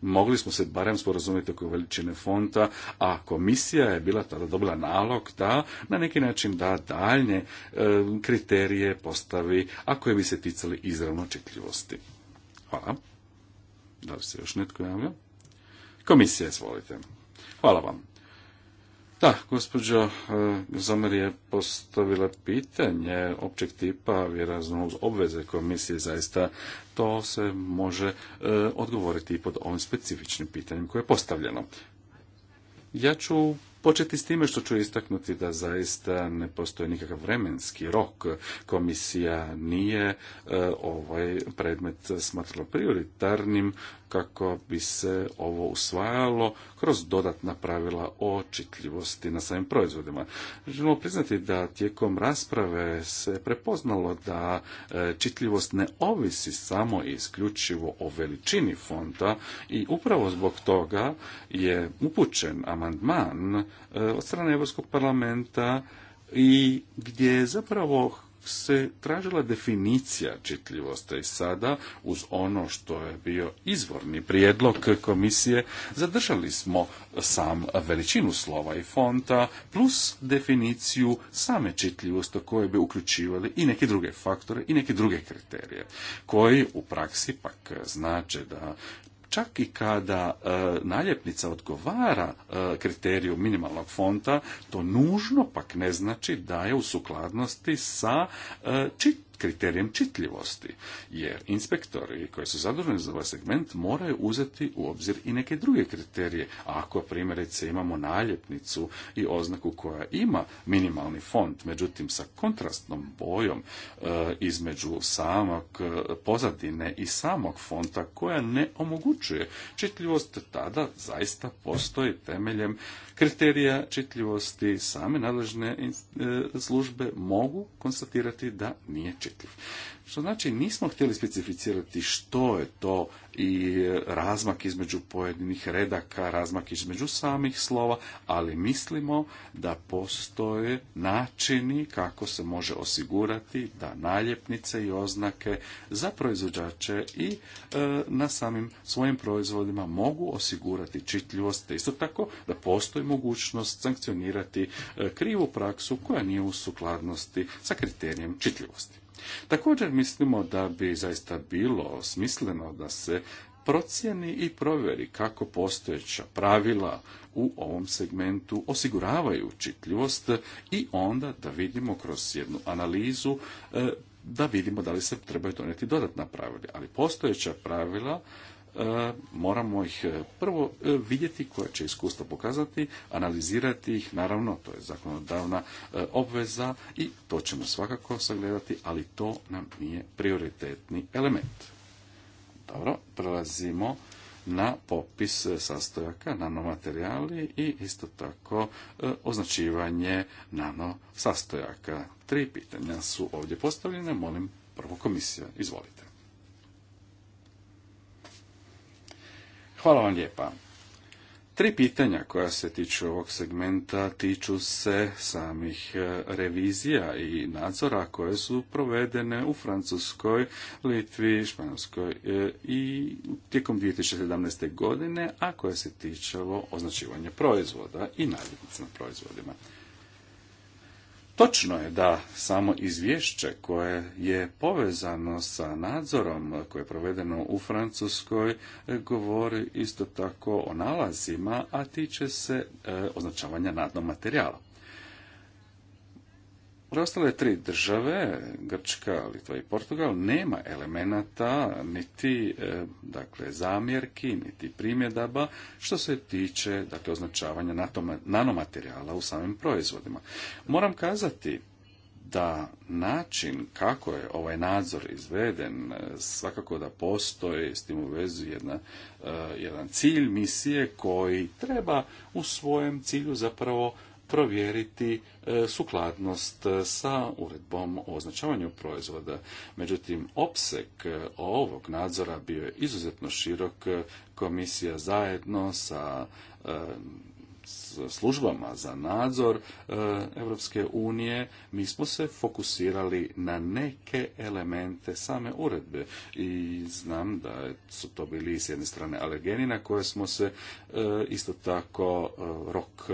mogli smo se barem sporazumjeti oko veličine fonta, a komisija je bila tada dobila nalog da na neki način da daljnje e, kriterije postavi, a koje bi se ticali izravno očekljivosti. Hvala. Da li se još netko javlja? Komisija, izvolite. Hvala vam. Da, gospođo e, Zomer je postavila pitanje općeg tipa, vjerojatno uz obveze komisije, zaista to se može e, odgovoriti i pod ovim specifičnim pitanjem koje je postavljeno. Ja ću početi s time što ću istaknuti da zaista ne postoji nikakav vremenski rok. Komisija nije e, ovaj predmet smatrala prioritarnim kako bi se ovo usvajalo kroz dodatna pravila o čitljivosti na samim proizvodima. Želimo priznati da tijekom rasprave se prepoznalo da e, čitljivost ne ovisi samo i isključivo o veličini fonta i upravo zbog toga je upućen amandman e, od strane Europskog parlamenta i gdje je zapravo se tražila definicija čitljivosti i sada uz ono što je bio izvorni prijedlog komisije zadržali smo sam veličinu slova i fonta plus definiciju same čitljivosti koje bi uključivali i neke druge faktore i neke druge kriterije koji u praksi pak znače da Čak i kada e, naljepnica odgovara e, kriteriju minimalnog fonta, to nužno pak ne znači da je u sukladnosti sa e, čitavim kriterijem čitljivosti, jer inspektori koji su zaduženi za ovaj segment moraju uzeti u obzir i neke druge kriterije. Ako primjerice imamo naljepnicu i oznaku koja ima minimalni fond, međutim sa kontrastnom bojom e, između samog e, pozadine i samog fonta koja ne omogućuje čitljivost, tada zaista postoji temeljem kriterija čitljivosti same nadležne e, službe mogu konstatirati da nije čitljiv. Što znači nismo htjeli specificirati što je to i razmak između pojedinih redaka, razmak između samih slova, ali mislimo da postoje načini kako se može osigurati da naljepnice i oznake za proizvođače i e, na samim svojim proizvodima mogu osigurati čitljivost, te isto tako da postoji mogućnost sankcionirati e, krivu praksu koja nije u sukladnosti sa kriterijem čitljivosti. Također mislimo da bi zaista bilo smisleno da se procjeni i provjeri kako postojeća pravila u ovom segmentu osiguravaju čitljivost i onda da vidimo kroz jednu analizu eh, da vidimo da li se trebaju donijeti dodatna pravila. Ali postojeća pravila E, moramo ih e, prvo e, vidjeti koja će iskustvo pokazati, analizirati ih, naravno, to je zakonodavna obveza i to ćemo svakako sagledati, ali to nam nije prioritetni element. Dobro, prelazimo na popis sastojaka nanomaterijali i isto tako označivanje nanosastojaka. Tri pitanja su ovdje postavljene, molim prvo komisija, izvolite. Hvala vam lijepa. Tri pitanja koja se tiču ovog segmenta tiču se samih e, revizija i nadzora koje su provedene u Francuskoj, Litvi, Španjolskoj e, i tijekom 2017. godine, a koje se tičelo označivanja proizvoda i naljepnica na proizvodima. Točno je da samo izvješće koje je povezano sa nadzorom koje je provedeno u Francuskoj govori isto tako o nalazima, a tiče se e, označavanja nadnog materijala. Preostale tri države, Grčka, Litva i Portugal, nema elemenata niti e, dakle, zamjerki, niti primjedaba što se tiče dakle, označavanja nanomaterijala u samim proizvodima. Moram kazati da način kako je ovaj nadzor izveden, e, svakako da postoji s tim u vezi jedna, e, jedan cilj misije koji treba u svojem cilju zapravo provjeriti e, sukladnost e, sa uredbom o označavanju proizvoda. Međutim, opsek e, ovog nadzora bio je izuzetno širok. Komisija zajedno sa službama za nadzor Europske unije, mi smo se fokusirali na neke elemente same uredbe i znam da su to bili s jedne strane alergeni na koje smo se e, isto tako e, rok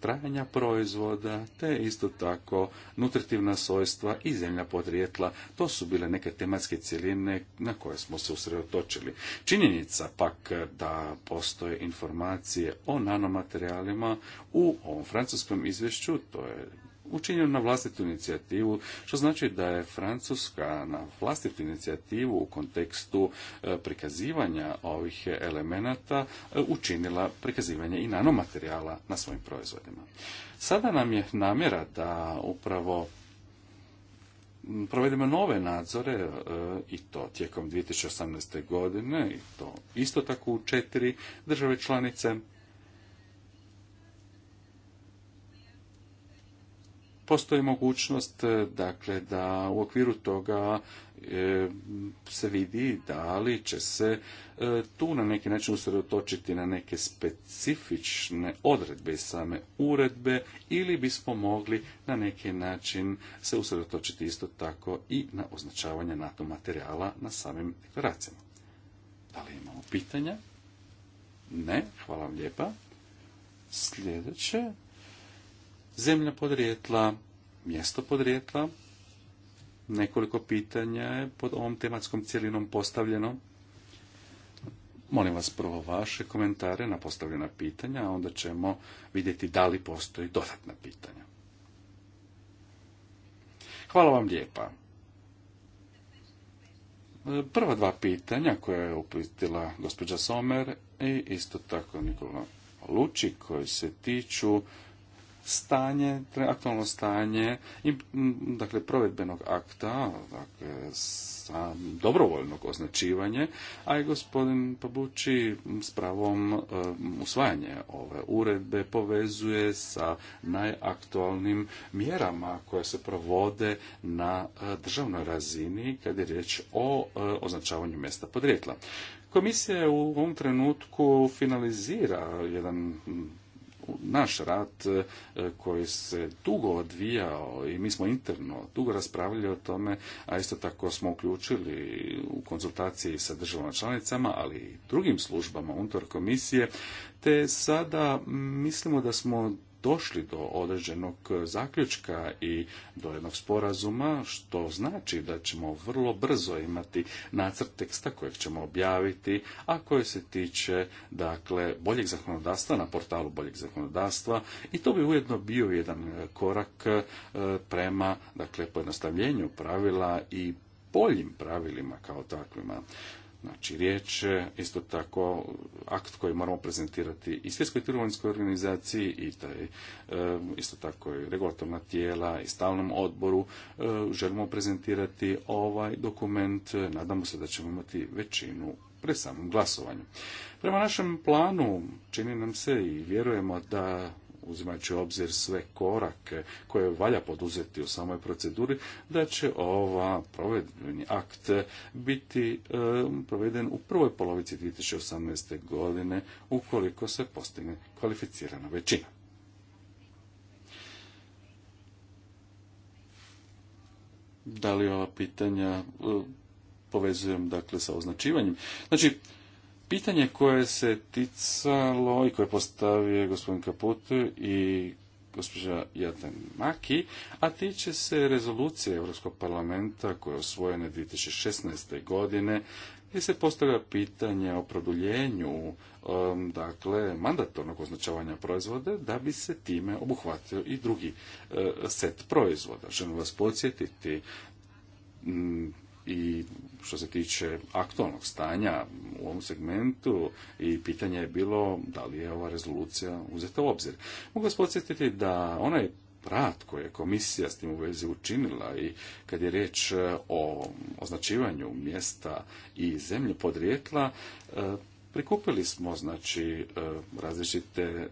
trajanja proizvoda, te isto tako nutritivna svojstva i zemlja podrijetla. To su bile neke tematske cjeline na koje smo se usredotočili. Činjenica pak da postoje informacije o nanomaterijalima u ovom francuskom izvješću, to je učinjeno na vlastitu inicijativu, što znači da je Francuska na vlastitu inicijativu u kontekstu e, prikazivanja ovih elemenata e, učinila prikazivanje i nanomaterijala na svojim proizvodima. Sada nam je namjera da upravo provedemo nove nadzore e, i to tijekom 2018. godine i to isto tako u četiri države članice postoji mogućnost e, dakle da u okviru toga e, se vidi da li će se e, tu na neki način usredotočiti na neke specifične odredbe iz same uredbe ili bismo mogli na neki način se usredotočiti isto tako i na označavanje NATO materijala na samim deklaracijama. Da li imamo pitanja? Ne, hvala vam lijepa. Sljedeće, zemlja podrijetla, mjesto podrijetla. Nekoliko pitanja je pod ovom tematskom cijelinom postavljeno. Molim vas prvo vaše komentare na postavljena pitanja, a onda ćemo vidjeti da li postoji dodatna pitanja. Hvala vam lijepa. Prva dva pitanja koja je uputila gospođa Somer i isto tako Nikola Luči koji se tiču stanje, aktualno stanje i dakle provedbenog akta, dakle dobrovoljnog označivanje, a i gospodin Pabući s pravom e, usvajanje ove uredbe povezuje sa najaktualnim mjerama koje se provode na e, državnoj razini kad je riječ o e, označavanju mjesta podrijetla. Komisija u ovom trenutku finalizira jedan naš rad e, koji se dugo odvijao i mi smo interno dugo raspravljali o tome, a isto tako smo uključili u konzultaciji sa državama članicama, ali i drugim službama unutar komisije, te sada mislimo da smo došli do određenog zaključka i do jednog sporazuma, što znači da ćemo vrlo brzo imati nacrt teksta kojeg ćemo objaviti, a koje se tiče dakle, boljeg zakonodavstva na portalu boljeg zakonodavstva i to bi ujedno bio jedan korak e, prema dakle, pojednostavljenju pravila i boljim pravilima kao takvima. Znači, riječ isto tako akt koji moramo prezentirati i Svjetskoj trgovinskoj organizaciji i taj, e, isto tako i regulatorna tijela i stalnom odboru. E, želimo prezentirati ovaj dokument. Nadamo se da ćemo imati većinu pre samom glasovanju. Prema našem planu čini nam se i vjerujemo da uzimajući u obzir sve korake koje valja poduzeti u samoj proceduri, da će ova provedbeni akt biti proveden u prvoj polovici 2018. godine ukoliko se postigne kvalificirana većina. Da li ova pitanja povezujem dakle sa označivanjem? Znači, Pitanje koje se ticalo i koje postavio gospodin Kaput i gospođa Jatan Maki, a tiče se rezolucije Europskog parlamenta koja je osvojena 2016. godine, gdje se postavlja pitanje o produljenju dakle, mandatornog označavanja proizvoda da bi se time obuhvatio i drugi e, set proizvoda. Želim vas podsjetiti i što se tiče aktualnog stanja u ovom segmentu i pitanje je bilo da li je ova rezolucija uzeta u obzir. Mogu vas podsjetiti da onaj rad koji je komisija s tim u vezi učinila i kad je riječ e, o označivanju mjesta i zemlje podrijetla, e, Prikupili smo znači e, različite e,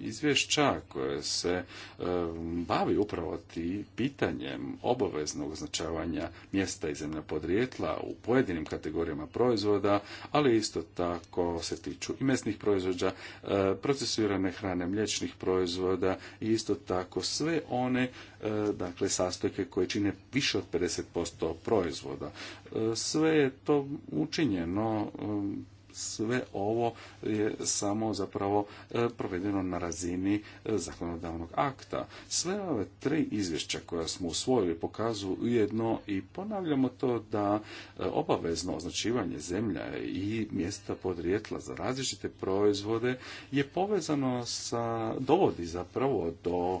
izvješća koje se e, bavi upravo ti pitanjem obaveznog označavanja mjesta i zemlja podrijetla u pojedinim kategorijama proizvoda, ali isto tako se tiču i mesnih proizvođa, procesirane hrane mliječnih proizvoda i isto tako sve one dakle sastojke koje čine više od 50% proizvoda. Sve je to učinjeno sve ovo je samo zapravo e, provedeno na razini e, zakonodavnog akta. Sve ove tri izvješća koja smo usvojili pokazuju ujedno i ponavljamo to da e, obavezno označivanje zemlja i mjesta podrijetla za različite proizvode je povezano sa, dovodi zapravo do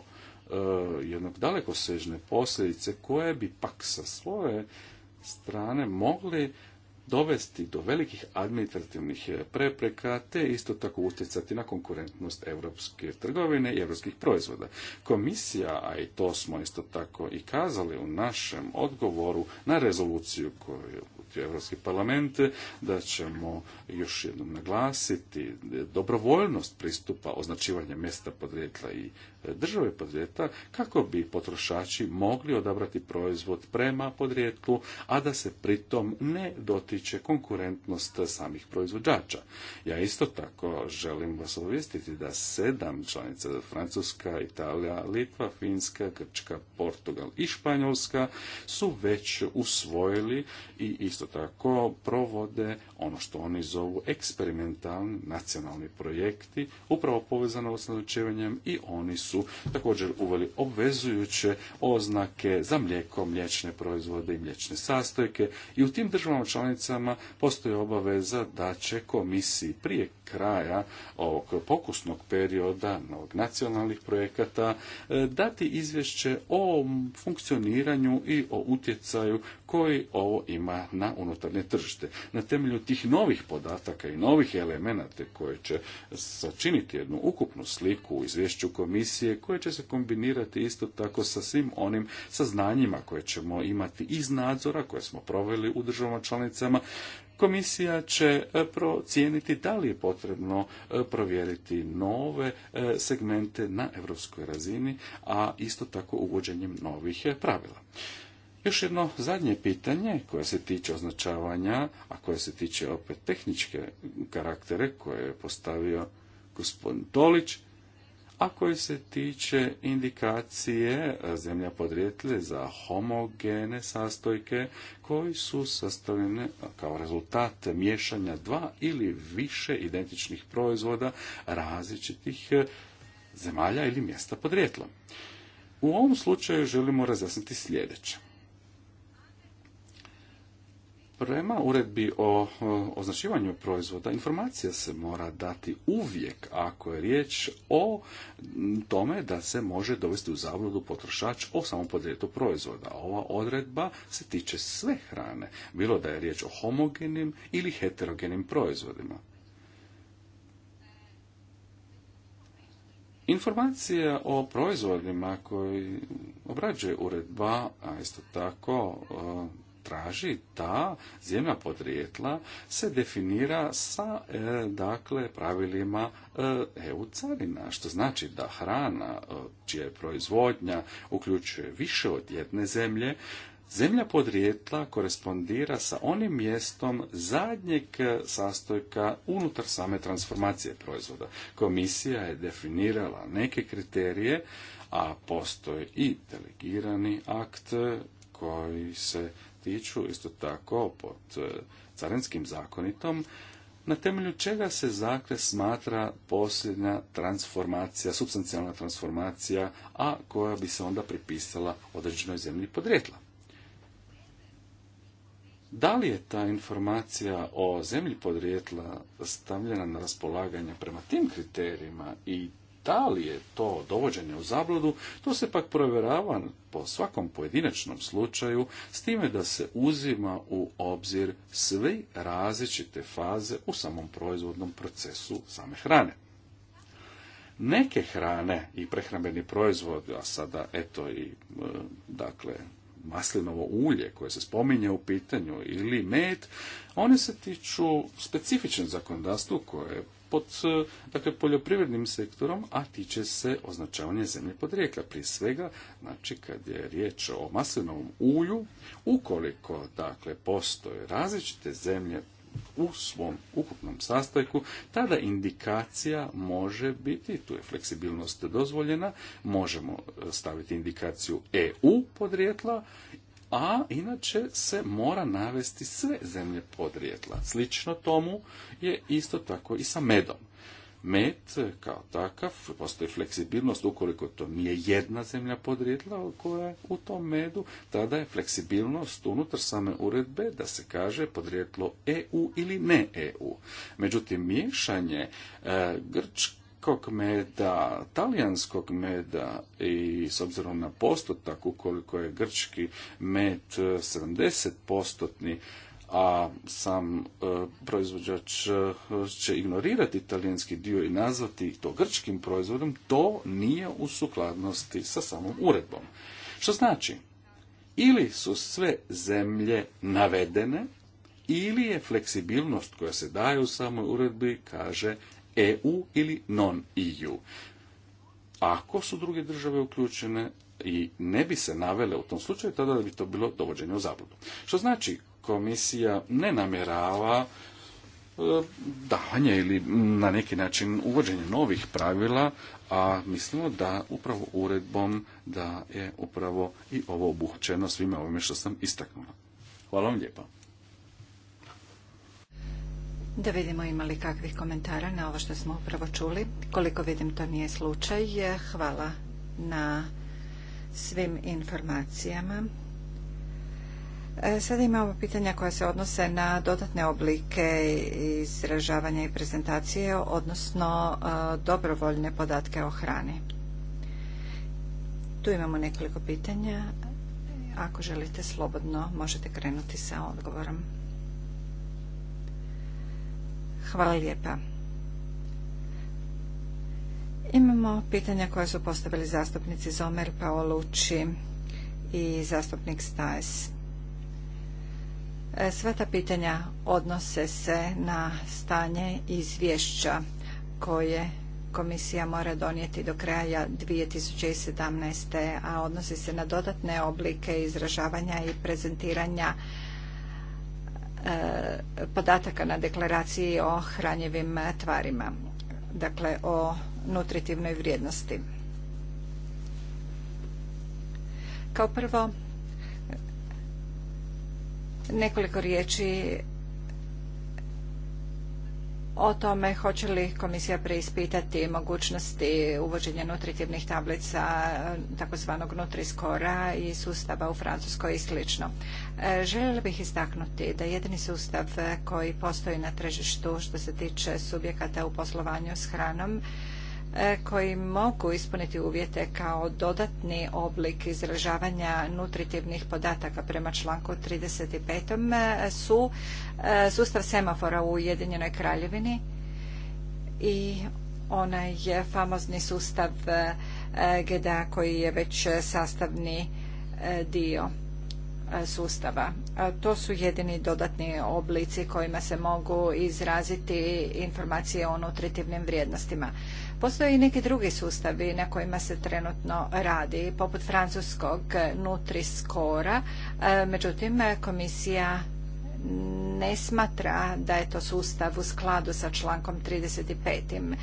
jednog dalekosežne posljedice koje bi pak sa svoje strane mogli dovesti do velikih administrativnih e, prepreka, te isto tako utjecati na konkurentnost europske trgovine i europskih proizvoda. Komisija, a i to smo isto tako i kazali u našem odgovoru na rezoluciju koju je uputio Europski parlament, da ćemo još jednom naglasiti dobrovoljnost pristupa označivanja mjesta podrijetla i e, države podrijetla kako bi potrošači mogli odabrati proizvod prema podrijetlu, a da se pritom ne doti će konkurentnost samih proizvođača. Ja isto tako želim vas obavijestiti da sedam članica Francuska, Italija, Litva, Finska, Grčka, Portugal i Španjolska su već usvojili i isto tako provode ono što oni zovu eksperimentalni nacionalni projekti, upravo povezano s naručivanjem i oni su također uveli obvezujuće oznake za mlijeko, mliječne proizvode i mliječne sastojke i u tim državama članicama članicama postoji obaveza da će komisiji prije kraja ovog pokusnog perioda novog nacionalnih projekata e, dati izvješće o funkcioniranju i o utjecaju koji ovo ima na unutarnje tržište. Na temelju tih novih podataka i novih elemenata koje će sačiniti jednu ukupnu sliku u izvješću komisije koje će se kombinirati isto tako sa svim onim saznanjima koje ćemo imati iz nadzora koje smo proveli u državama članicama Komisija će e, procijeniti da li je potrebno e, provjeriti nove e, segmente na europskoj razini, a isto tako uvođenjem novih pravila. Još jedno zadnje pitanje koje se tiče označavanja, a koje se tiče opet tehničke karaktere koje je postavio gospodin Tolić, a koji se tiče indikacije e, zemlja podrijetle za homogene sastojke koji su sastavljene kao rezultat miješanja dva ili više identičnih proizvoda različitih e, zemalja ili mjesta podrijetla. U ovom slučaju želimo razjasniti sljedeće. Prema uredbi o označivanju proizvoda informacija se mora dati uvijek ako je riječ o tome da se može dovesti u zabludu potrošač o samom podrijetu proizvoda. Ova odredba se tiče sve hrane, bilo da je riječ o homogenim ili heterogenim proizvodima. Informacija o proizvodima koji obrađuje uredba, a isto tako traži da zemlja podrijetla se definira sa e, dakle pravilima e, EU carina, što znači da hrana e, čija je proizvodnja uključuje više od jedne zemlje, Zemlja podrijetla korespondira sa onim mjestom zadnjeg e, sastojka unutar same transformacije proizvoda. Komisija je definirala neke kriterije, a postoje i delegirani akt koji se isto tako pod e, carinskim zakonitom, na temelju čega se zakres smatra posljednja transformacija, substancijalna transformacija, a koja bi se onda pripisala određenoj zemlji podrijetla. Da li je ta informacija o zemlji podrijetla stavljena na raspolaganje prema tim kriterijima i da li je to dovođenje u zabludu, to se pak provjerava po svakom pojedinačnom slučaju, s time da se uzima u obzir sve različite faze u samom proizvodnom procesu same hrane. Neke hrane i prehrambeni proizvod, a sada eto i e, dakle maslinovo ulje koje se spominje u pitanju ili med, one se tiču specifičnom zakonodavstvu koje pod e, dakle, poljoprivrednim sektorom, a tiče se označavanja zemlje podrijetla. Prije svega, znači kad je riječ o maslinovom uju, ukoliko dakle postoje različite zemlje u svom ukupnom sastojku, tada indikacija može biti, tu je fleksibilnost dozvoljena, možemo e, staviti indikaciju EU podrijetla a inače se mora navesti sve zemlje podrijetla. Slično tomu je isto tako i sa medom. Med kao takav, postoji fleksibilnost ukoliko to nije jedna zemlja podrijetla koja je u tom medu, tada je fleksibilnost unutar same uredbe da se kaže podrijetlo EU ili ne EU. Međutim, miješanje e, da meda, talijanskog meda i s obzirom na postotak ukoliko je grčki med 70 e, postotni, a sam e, proizvođač e, će ignorirati talijanski dio i nazvati to grčkim proizvodom, to nije u sukladnosti sa samom uredbom. Što znači, ili su sve zemlje navedene, ili je fleksibilnost koja se daje u samoj uredbi, kaže EU ili non-EU. Ako su druge države uključene i ne bi se navele u tom slučaju, tada bi to bilo dovođenje u zabludu. Što znači, komisija ne namjerava e, davanje ili na neki način uvođenje novih pravila, a mislimo da upravo uredbom da je upravo i ovo obuhvaćeno svime ovime što sam istaknula. Hvala vam lijepa. Da vidimo ima li kakvih komentara na ovo što smo upravo čuli. Koliko vidim to nije slučaj. Hvala na svim informacijama. E, Sada imamo pitanja koja se odnose na dodatne oblike izražavanja i prezentacije, odnosno e, dobrovoljne podatke o hrani. Tu imamo nekoliko pitanja. Ako želite slobodno možete krenuti sa odgovorom. Hvala lijepa. Imamo pitanja koja su postavili zastupnici Zomer, Paolucci i zastupnik Stajs. E, sva ta pitanja odnose se na stanje izvješća koje komisija mora donijeti do kraja 2017. a odnosi se na dodatne oblike izražavanja i prezentiranja Eh, podataka na deklaraciji o hranjivim eh, tvarima, dakle o nutritivnoj vrijednosti. Kao prvo, nekoliko riječi o tome hoće li komisija preispitati mogućnosti uvođenja nutritivnih tablica e, takozvanog nutriskora i sustava u Francuskoj i slično. E, željela bih istaknuti da jedini sustav koji postoji na tržištu što se tiče subjekata u poslovanju s hranom E, koji mogu ispuniti uvjete kao dodatni oblik izražavanja nutritivnih podataka prema članku 35. E, su e, sustav semafora u Ujedinjenoj kraljevini i onaj famozni sustav GDA koji je već sastavni dio E, sustava. To su jedini dodatni oblici kojima se mogu izraziti informacije o nutritivnim vrijednostima. Postoje i neki drugi sustavi na kojima se trenutno radi, poput francuskog Nutri-Skora, e, međutim komisija ne smatra da je to sustav u skladu sa člankom 35.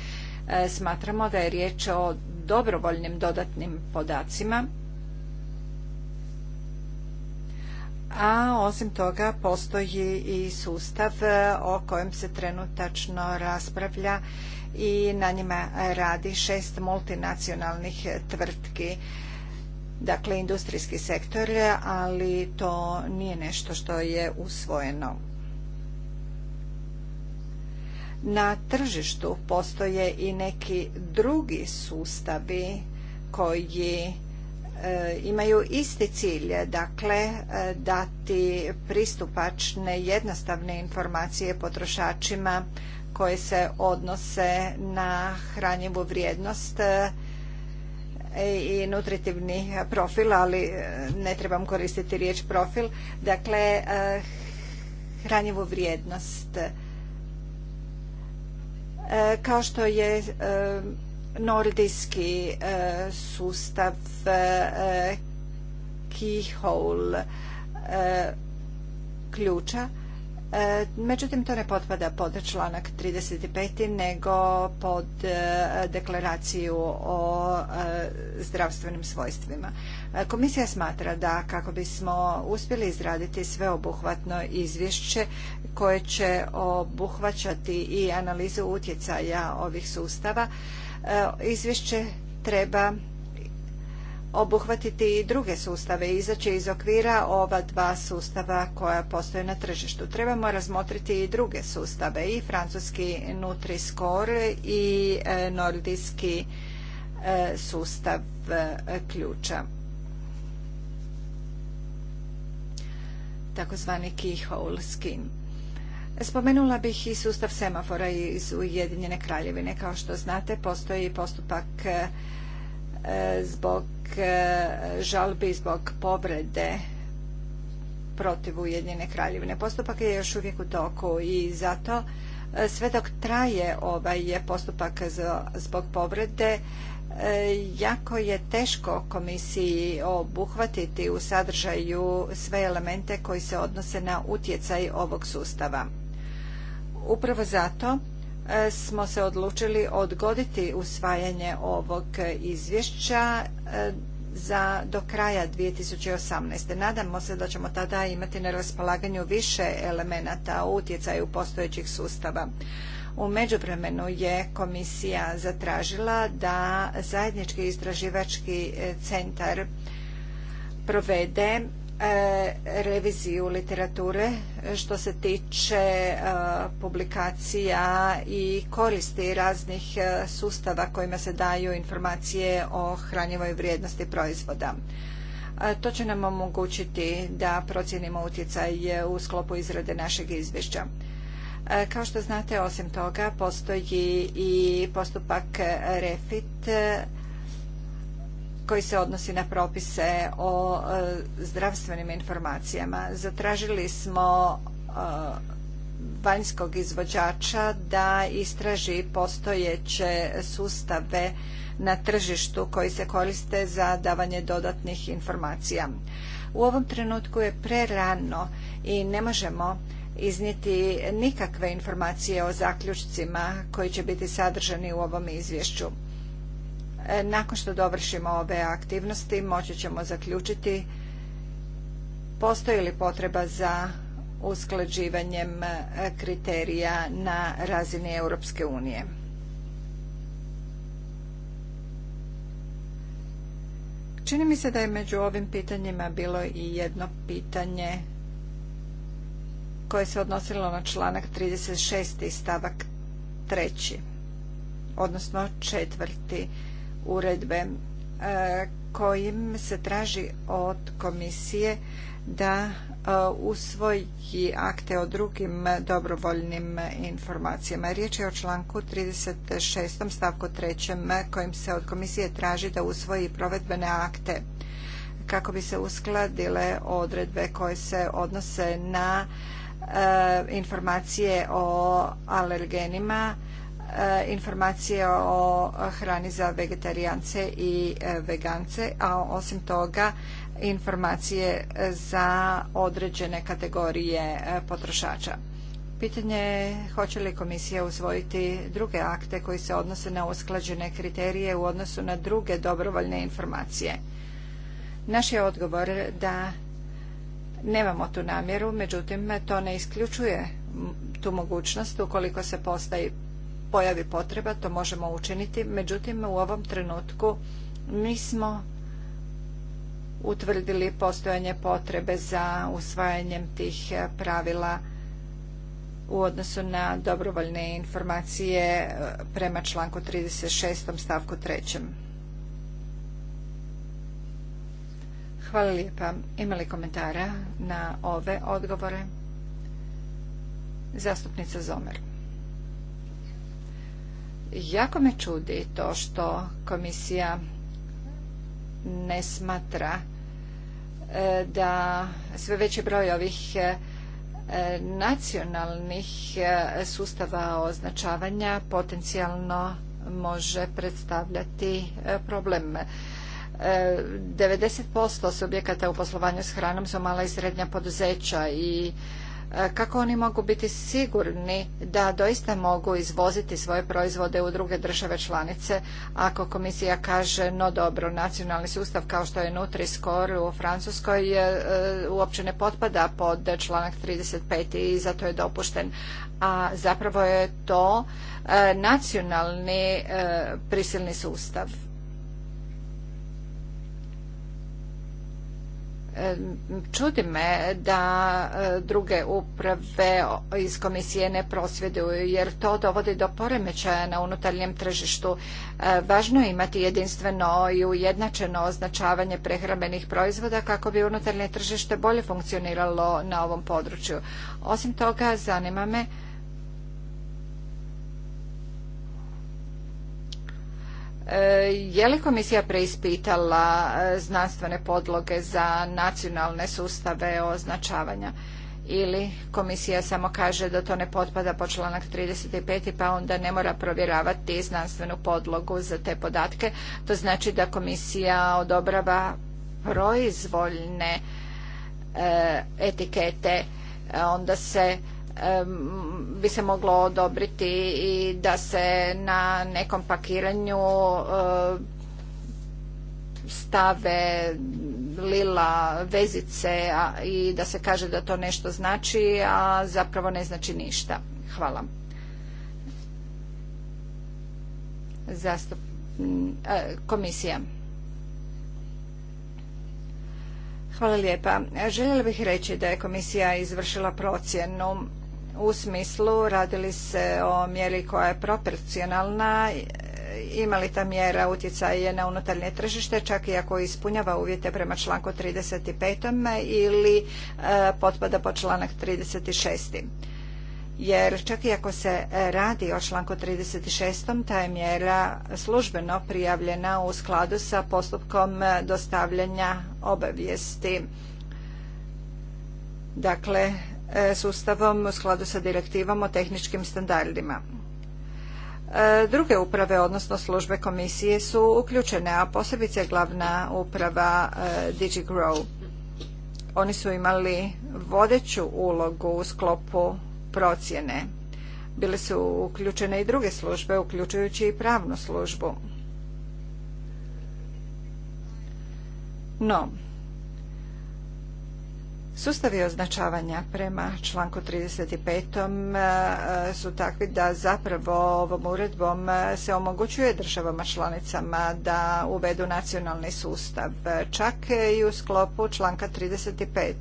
E, smatramo da je riječ o dobrovoljnim dodatnim podacima a osim toga postoji i sustav e, o kojem se trenutačno raspravlja i na njima radi šest multinacionalnih tvrtki dakle industrijski sektor, ali to nije nešto što je usvojeno. Na tržištu postoje i neki drugi sustavi koji E, imaju isti cilj, dakle e, dati pristupačne jednostavne informacije potrošačima koje se odnose na hranjivu vrijednost e, i nutritivni profil, ali ne trebam koristiti riječ profil, dakle hranjivu vrijednost. Kao što je nordijski e, sustav e, keyhole e, ključa. Međutim, to ne potpada pod članak 35. nego pod deklaraciju o zdravstvenim svojstvima. Komisija smatra da kako bismo uspjeli izraditi sveobuhvatno izvješće koje će obuhvaćati i analizu utjecaja ovih sustava, E, izvješće treba obuhvatiti i druge sustave, izaći iz okvira ova dva sustava koja postoje na tržištu. Trebamo razmotriti i druge sustave, i francuski nutri i e, nordijski e, sustav ključa. Takozvani keyhole scheme. Spomenula bih i sustav semafora iz Ujedinjene kraljevine. Kao što znate, postoji postupak e, e, zbog e, žalbi, zbog povrede protiv Ujedinjene kraljevine. Postupak je još uvijek u toku i zato sve dok traje ovaj postupak zbog povrede, jako je teško komisiji obuhvatiti u sadržaju sve elemente koji se odnose na utjecaj ovog sustava. Upravo zato e, smo se odlučili odgoditi usvajanje ovog izvješća e, za do kraja 2018. Nadamo se da ćemo tada imati na raspolaganju više elemenata o utjecaju postojećih sustava. U međuvremenu je komisija zatražila da zajednički istraživački centar provede E, reviziju literature e, što se tiče e, publikacija i koristi raznih sustava kojima se daju informacije o hranjivoj vrijednosti proizvoda. To će nam omogućiti da procijenimo utjecaj u sklopu izrade našeg izvješća. Kao što znate, osim toga, postoji i postupak REFIT, koji se odnosi na propise o e, zdravstvenim informacijama. Zatražili smo e, vanjskog izvođača da istraži postojeće sustave na tržištu koji se koriste za davanje dodatnih informacija. U ovom trenutku je prerano i ne možemo iznijeti nikakve informacije o zaključcima koji će biti sadržani u ovom izvješću. E, nakon što dovršimo ove aktivnosti moći ćemo zaključiti postoji li potreba za usklađivanjem e, kriterija na razini Europske unije. Čini mi se da je među ovim pitanjima bilo i jedno pitanje koje se odnosilo na članak 36. stavak 3. odnosno četvrti uredbe e, kojim se traži od komisije da e, usvoji akte o drugim dobrovoljnim informacijama. Riječ je o članku 36. stavku 3. kojim se od komisije traži da usvoji provedbene akte kako bi se uskladile odredbe koje se odnose na e, informacije o alergenima Eh, informacije o hrani za vegetarijance i eh, vegance, a osim toga informacije za određene kategorije eh, potrošača. Pitanje je hoće li komisija usvojiti druge akte koji se odnose na usklađene kriterije u odnosu na druge dobrovoljne informacije. Naš je odgovor da nemamo tu namjeru, međutim to ne isključuje tu mogućnost ukoliko se postavi pojavi potreba to možemo učiniti, međutim u ovom trenutku smo utvrdili postojanje potrebe za usvajanjem tih e, pravila u odnosu na dobrovoljne informacije e, prema članku 36. stavku 3. Hvala lijepa. Ima li komentara na ove odgovore? Zastupnica Zomer. Jako me čudi to što komisija ne smatra e, da sve veći broj ovih e, nacionalnih e, sustava označavanja potencijalno može predstavljati problem. 90% subjekata u poslovanju s hranom su mala i srednja poduzeća i E, kako oni mogu biti sigurni da doista mogu izvoziti svoje proizvode u druge države članice ako komisija kaže no dobro nacionalni sustav kao što je nutri u Francuskoj e, e, uopće ne potpada pod članak 35 i zato je dopušten a zapravo je to nacionalni prisilni sustav Čudi me da e, druge uprave iz komisije ne prosvjeduju jer to dovodi do poremećaja na unutarnjem tržištu. E, važno je imati jedinstveno i ujednačeno označavanje prehrambenih proizvoda kako bi unutarnje tržište bolje funkcioniralo na ovom području. Osim toga, zanima me E, je li komisija preispitala e, znanstvene podloge za nacionalne sustave označavanja? Ili komisija samo kaže da to ne potpada po članak 35. pa onda ne mora provjeravati znanstvenu podlogu za te podatke. To znači da komisija odobrava proizvoljne e, etikete. Onda se bi se moglo odobriti i da se na nekom pakiranju e, stave lila vezice i da se kaže da to nešto znači, a zapravo ne znači ništa. Hvala. Zastup... E, komisija. Hvala lijepa. Željela bih reći da je komisija izvršila procjenu u smislu radili se o mjeri koja je proporcionalna ima li ta mjera utjecaje na unutarnje tržište čak i ako ispunjava uvjete prema članku 35. ili e, potpada po članak 36. Jer čak i ako se radi o članku 36. ta je mjera službeno prijavljena u skladu sa postupkom dostavljanja obavijesti. Dakle, E, sustavom u skladu sa direktivom o tehničkim standardima. E, druge uprave, odnosno službe komisije, su uključene, a posebice glavna uprava e, DigiGrow. Oni su imali vodeću ulogu u sklopu procjene. Bile su uključene i druge službe, uključujući i pravnu službu. No, Sustavi označavanja prema članku 35. E, su takvi da zapravo ovom uredbom e, se omogućuje državama članicama da uvedu nacionalni sustav, čak i u sklopu članka 35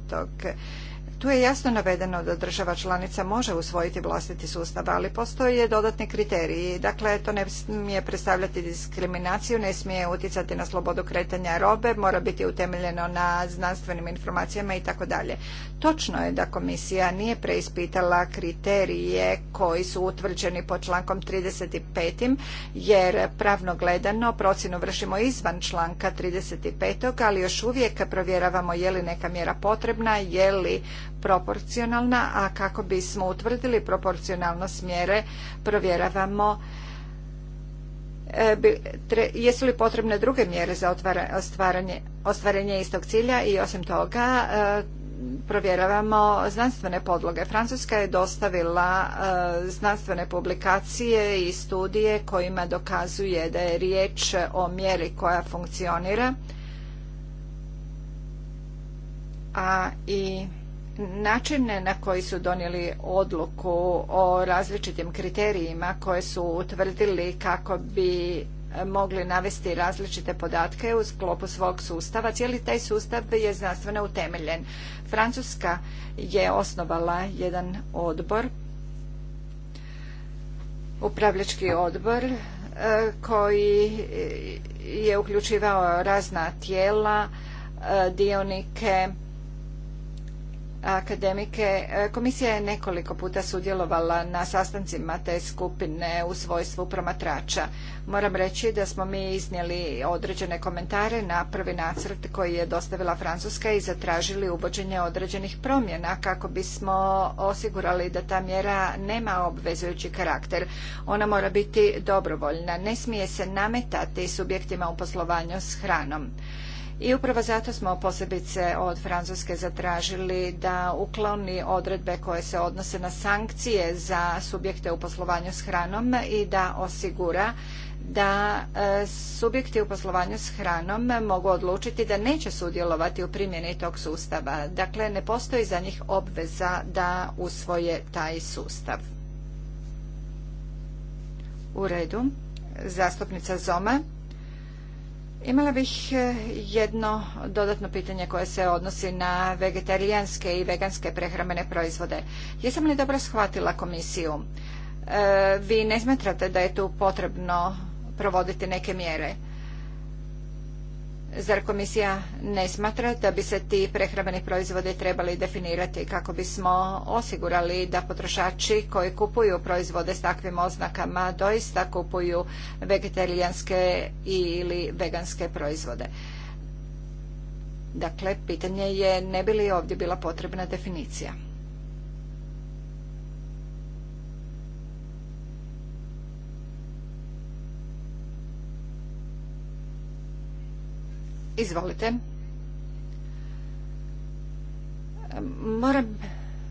tu je jasno navedeno da država članica može usvojiti vlastiti sustav, ali postoje dodatni kriteriji. Dakle, to ne smije predstavljati diskriminaciju, ne smije utjecati na slobodu kretanja robe, mora biti utemeljeno na znanstvenim informacijama i tako dalje. Točno je da komisija nije preispitala kriterije koji su utvrđeni po člankom 35. jer pravno gledano procjenu vršimo izvan članka 35. ali još uvijek provjeravamo je li neka mjera potrebna, je li proporcionalna, a kako bismo utvrdili proporcionalnost mjere provjeravamo e, jesu li potrebne druge mjere za ostvarenje istog cilja i osim toga e, provjeravamo znanstvene podloge. Francuska je dostavila e, znanstvene publikacije i studije kojima dokazuje da je riječ o mjeri koja funkcionira, a i načine na koji su donijeli odluku o različitim kriterijima koje su utvrdili kako bi e, mogli navesti različite podatke u sklopu svog sustava. Cijeli taj sustav je znanstveno utemeljen. Francuska je osnovala jedan odbor, upravljački odbor, e, koji je uključivao razna tijela, e, dionike, akademike. E, komisija je nekoliko puta sudjelovala na sastancima te skupine u svojstvu promatrača. Moram reći da smo mi iznijeli određene komentare na prvi nacrt koji je dostavila Francuska i zatražili uvođenje određenih promjena kako bismo osigurali da ta mjera nema obvezujući karakter. Ona mora biti dobrovoljna, ne smije se nametati subjektima u poslovanju s hranom. I upravo zato smo posebice od Francuske zatražili da ukloni odredbe koje se odnose na sankcije za subjekte u poslovanju s hranom i da osigura da e, subjekti u poslovanju s hranom mogu odlučiti da neće sudjelovati u primjeni tog sustava. Dakle, ne postoji za njih obveza da usvoje taj sustav. U redu. Zastupnica Zoma. Imala bih e, jedno dodatno pitanje koje se odnosi na vegetarijanske i veganske prehrambene proizvode. Jesam li dobro shvatila komisiju? E, vi ne smatrate da je tu potrebno provoditi neke mjere? Zar komisija ne smatra da bi se ti prehrambeni proizvodi trebali definirati kako bismo osigurali da potrošači koji kupuju proizvode s takvim oznakama doista kupuju vegetarijanske ili veganske proizvode? Dakle, pitanje je ne bi li ovdje bila potrebna definicija. Izvolite. Moram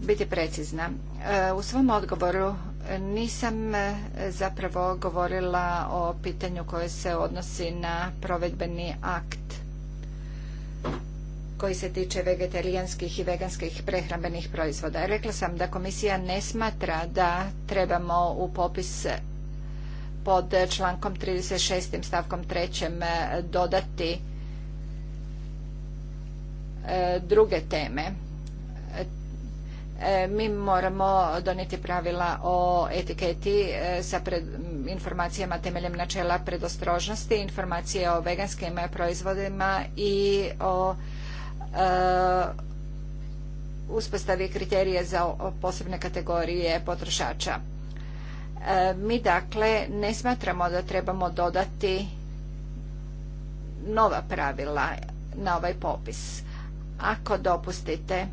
biti precizna. E, u svom odgovoru nisam e, zapravo govorila o pitanju koje se odnosi na provedbeni akt koji se tiče vegetarijanskih i veganskih prehrambenih proizvoda. Rekla sam da komisija ne smatra da trebamo u popis pod člankom 36. stavkom 3. E, dodati E, druge teme. E, mi moramo donijeti pravila o etiketi e, sa informacijama temeljem načela predostrožnosti, informacije o veganskim proizvodima i o uspostavi kriterije za posebne kategorije potrošača. mi dakle ne smatramo da trebamo dodati nova pravila na ovaj popis ako dopustite,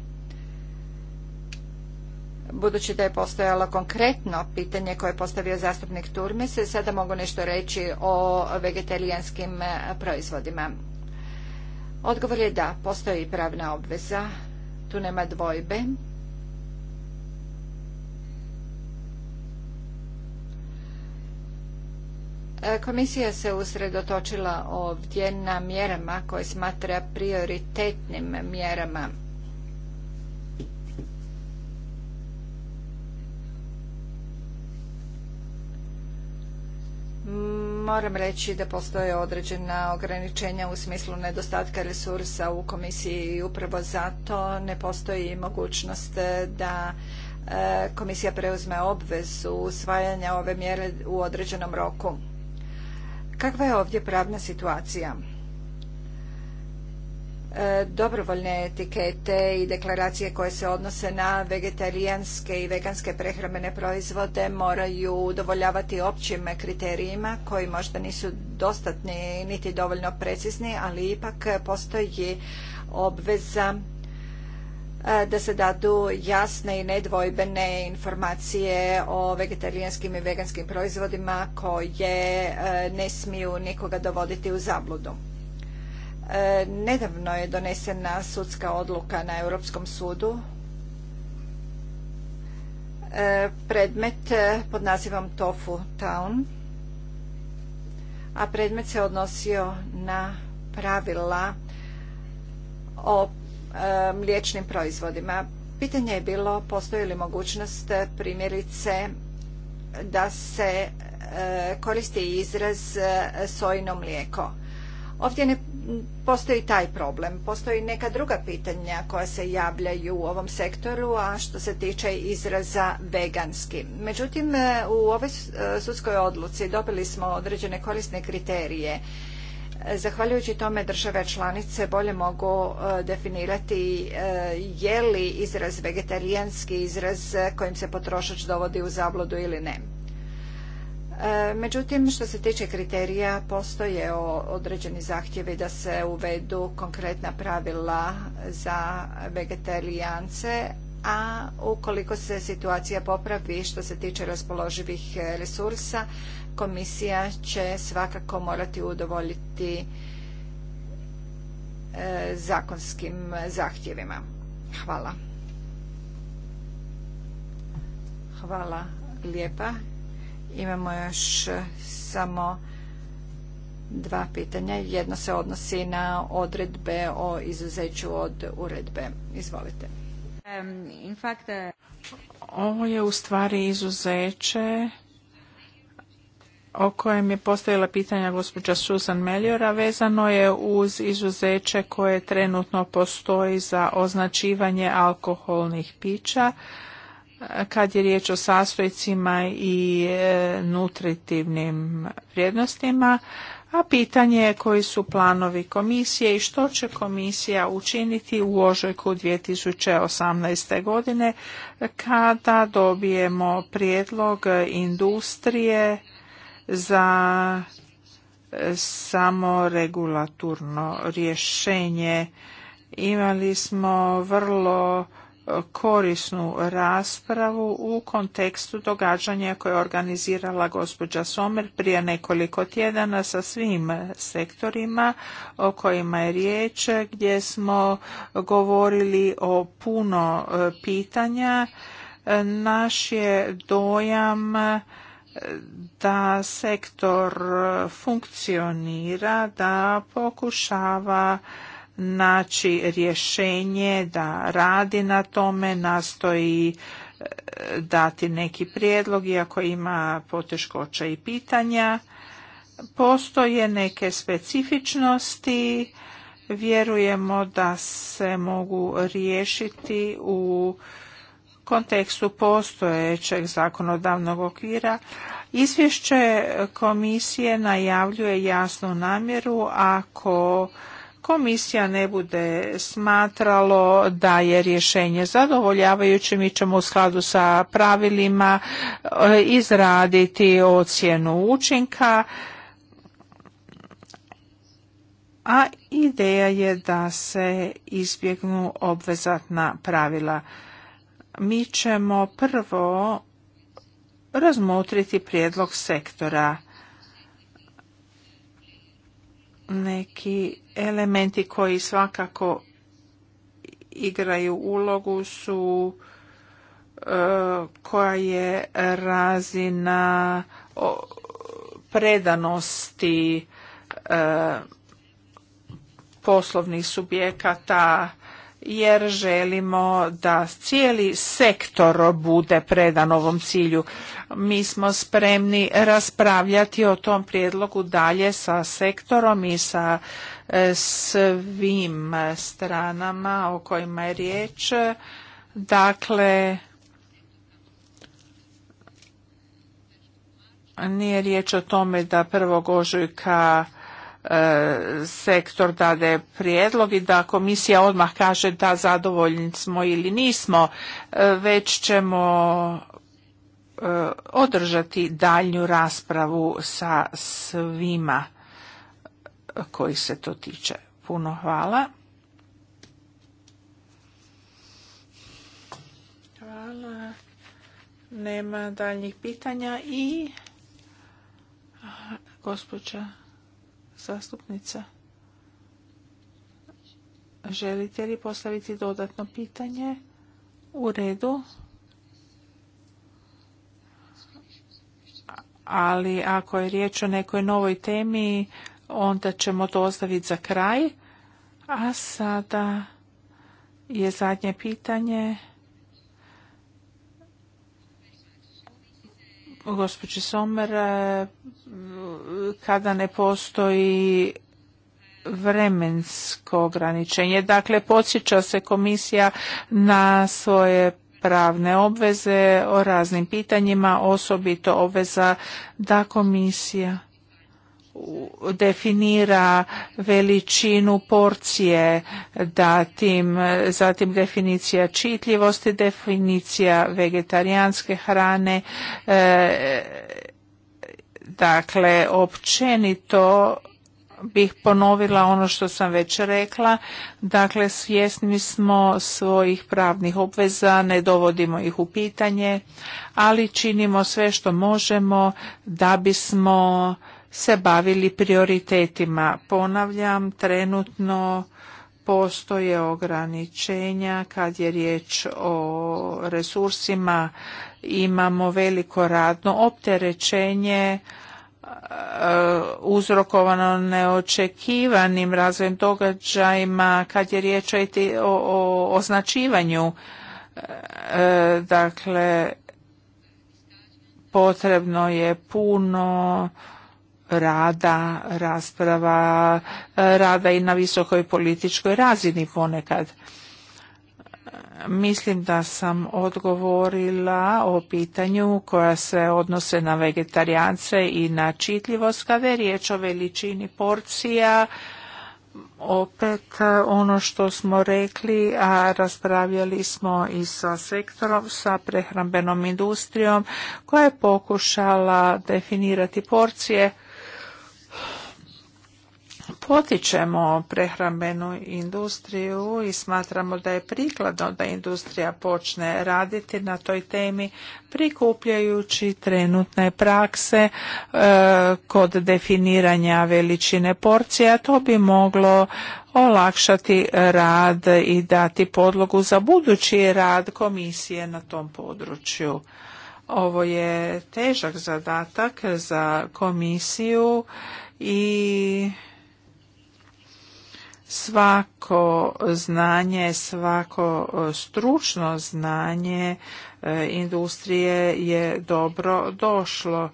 budući da je postojalo konkretno pitanje koje je postavio zastupnik Turmes, sada mogu nešto reći o vegetarijanskim e, proizvodima. Odgovor je da, postoji pravna obveza, tu nema dvojbe E, komisija se usredotočila ovdje na mjerama koje smatra prioritetnim mjerama. Moram reći da postoje određena ograničenja u smislu nedostatka resursa u komisiji i upravo zato ne postoji mogućnost da e, komisija preuzme obvezu usvajanja ove mjere u određenom roku. Kakva je ovdje pravna situacija? E, dobrovoljne etikete i deklaracije koje se odnose na vegetarijanske i veganske prehrambene proizvode moraju udovoljavati općim kriterijima koji možda nisu dostatni niti dovoljno precizni, ali ipak postoji obveza E, da se dadu jasne i nedvojbene informacije o vegetarijanskim i veganskim proizvodima koje e, ne smiju nikoga dovoditi u zabludu. E, nedavno je donesena sudska odluka na Europskom sudu predmet pod nazivom Tofu Town, a predmet se odnosio na pravila o mliječnim proizvodima. Pitanje je bilo postoji li mogućnost eh, primjerice da se eh, koristi izraz eh, sojino mlijeko. Ovdje ne postoji taj problem. Postoji neka druga pitanja koja se javljaju u ovom sektoru, a što se tiče izraza veganski. Međutim, u ovoj sudskoj odluci dobili smo određene korisne kriterije Zahvaljujući tome države članice bolje mogu e, definirati e, je li izraz vegetarijanski izraz kojim se potrošač dovodi u zabludu ili ne. E, međutim, što se tiče kriterija, postoje određeni zahtjevi da se uvedu konkretna pravila za vegetarijance, a ukoliko se situacija popravi što se tiče raspoloživih resursa, komisija će svakako morati udovoljiti e, zakonskim zahtjevima. Hvala. Hvala lijepa. Imamo još samo dva pitanja. Jedno se odnosi na odredbe o izuzeću od uredbe. Izvolite. Um, uh, Ovo je u stvari izuzeće o kojem je postavila pitanja gospođa Susan Meliora vezano je uz izuzeće koje trenutno postoji za označivanje alkoholnih pića kad je riječ o sastojcima i e, nutritivnim vrijednostima, a pitanje je koji su planovi komisije i što će komisija učiniti u ožujku 2018. godine kada dobijemo prijedlog industrije za e, samoregulaturno rješenje. Imali smo vrlo e, korisnu raspravu u kontekstu događanja koje je organizirala gospođa Somer prije nekoliko tjedana sa svim sektorima o kojima je riječ gdje smo govorili o puno e, pitanja. Naš je dojam da sektor funkcionira, da pokušava naći rješenje, da radi na tome, nastoji e, dati neki prijedlog iako ima poteškoća i pitanja. Postoje neke specifičnosti, vjerujemo da se mogu riješiti u kontekstu postojećeg zakonodavnog okvira izvješće komisije najavljuje jasnu namjeru ako komisija ne bude smatralo da je rješenje zadovoljavajuće, mi ćemo u skladu sa pravilima eh, izraditi ocjenu učinka, a ideja je da se izbjegnu obvezatna pravila mi ćemo prvo razmotriti prijedlog sektora. Neki elementi koji svakako igraju ulogu su e, koja je razina predanosti e, poslovnih subjekata jer želimo da cijeli sektor bude predan ovom cilju. Mi smo spremni raspravljati o tom prijedlogu dalje sa sektorom i sa e, svim stranama o kojima je riječ. Dakle, nije riječ o tome da prvog ožujka sektor dade prijedlog i da komisija odmah kaže da zadovoljni smo ili nismo, e, već ćemo e, održati daljnju raspravu sa svima koji se to tiče. Puno hvala. Hvala. Nema daljnjih pitanja i gospođa zastupnica. Želite li postaviti dodatno pitanje? U redu. Ali ako je riječ o nekoj novoj temi, onda ćemo to ostaviti za kraj. A sada je zadnje pitanje gospođe Somer, e, kada ne postoji vremensko ograničenje. Dakle, podsjeća se komisija na svoje pravne obveze o raznim pitanjima, osobito obveza da komisija definira veličinu porcije, datim, zatim definicija čitljivosti, definicija vegetarijanske hrane, e, dakle općenito bih ponovila ono što sam već rekla. Dakle, svjesni smo svojih pravnih obveza, ne dovodimo ih u pitanje, ali činimo sve što možemo da bismo se bavili prioritetima. Ponavljam, trenutno postoje ograničenja kad je riječ o resursima. Imamo veliko radno opterećenje e, uzrokovano neočekivanim razvojem događajima kad je riječ o, o označivanju. E, dakle, potrebno je puno rada, rasprava, eh, rada i na visokoj političkoj razini ponekad. Mislim da sam odgovorila o pitanju koja se odnose na vegetarijance i na čitljivost kada je riječ o veličini porcija. Opet ono što smo rekli, a raspravljali smo i sa sektorom, sa prehrambenom industrijom koja je pokušala definirati porcije potičemo prehrambenu industriju i smatramo da je prikladno da industrija počne raditi na toj temi prikupljajući trenutne prakse e, kod definiranja veličine porcija. To bi moglo olakšati rad i dati podlogu za budući rad komisije na tom području. Ovo je težak zadatak za komisiju i svako znanje, svako e, stručno znanje e, industrije je dobro došlo.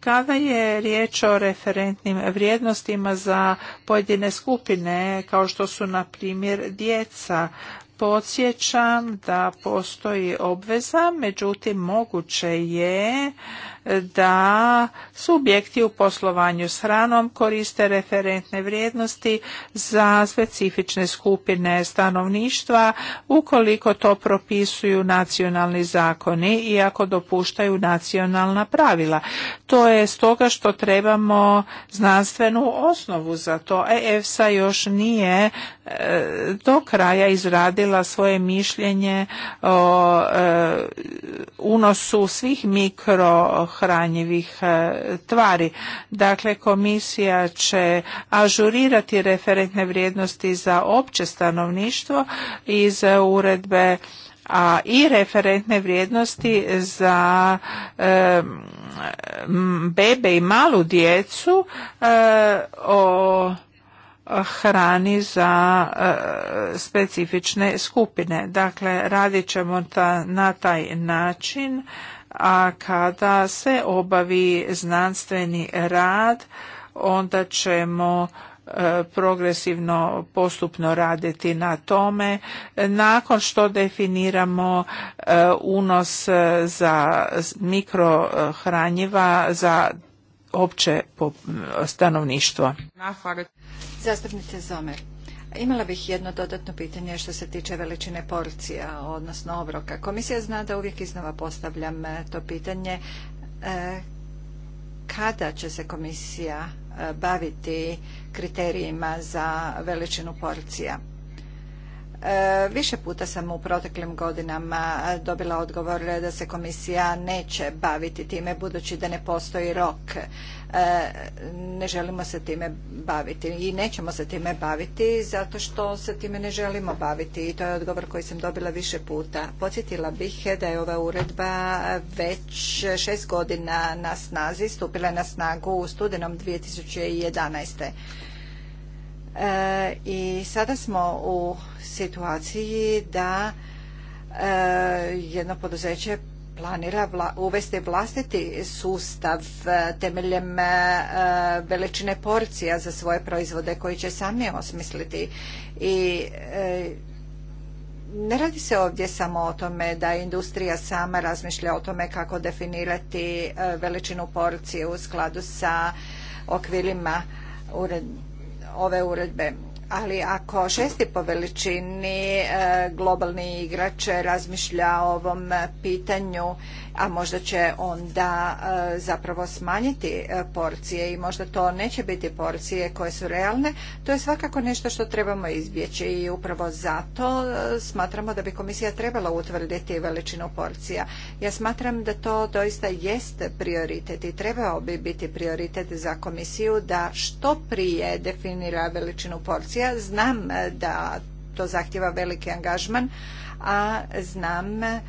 Kada je riječ o referentnim vrijednostima za pojedine skupine, kao što su na primjer djeca, podsjećam da postoji obveza, međutim moguće je da subjekti u poslovanju s hranom koriste referentne vrijednosti za specifične skupine stanovništva ukoliko to propisuju nacionalni zakoni i ako dopuštaju nacionalna pravila. To je stoga što trebamo znanstvenu osnovu za to. E, EFSA još nije e, do kraja izradila svoje mišljenje o e, unosu svih mikro hranjivih e, tvari. Dakle, komisija će ažurirati referentne vrijednosti za opće stanovništvo iz uredbe a i referentne vrijednosti za e, bebe i malu djecu e, o hrani za specifične skupine. Dakle, radit ćemo ta, na taj način a kada se obavi znanstveni rad onda ćemo e, progresivno postupno raditi na tome nakon što definiramo e, unos e, za mikrohranjiva za opće stanovništvo. Zastupnice Zomer, Imala bih jedno dodatno pitanje što se tiče veličine porcija, odnosno obroka. Komisija zna da uvijek iznova postavljam e, to pitanje. E, kada će se komisija e, baviti kriterijima za veličinu porcija? Više puta sam u proteklim godinama dobila odgovor da se komisija neće baviti time budući da ne postoji rok. E, ne želimo se time baviti i nećemo se time baviti zato što se time ne želimo baviti i to je odgovor koji sam dobila više puta. Podsjetila bih da je ova uredba već šest godina na snazi, stupila je na snagu u studenom 2011. E, I sada smo u situaciji da e, jedno poduzeće planira uvesti vlastiti sustav e, temeljem e, e, veličine porcija za svoje proizvode koji će sami osmisliti i ne radi se ovdje samo o tome da industrija sama razmišlja o tome kako definirati veličinu porcije u skladu sa okvirima ove uredbe ali ako šesti po veličini e, globalni igrač razmišlja o ovom pitanju, a možda će onda e, zapravo smanjiti e, porcije i možda to neće biti porcije koje su realne, to je svakako nešto što trebamo izbjeći i upravo zato smatramo da bi komisija trebala utvrditi veličinu porcija. Ja smatram da to doista jest prioritet i trebao bi biti prioritet za komisiju da što prije definira veličinu porcije ja Znam eh, da to zahtjeva veliki angažman, a znam eh,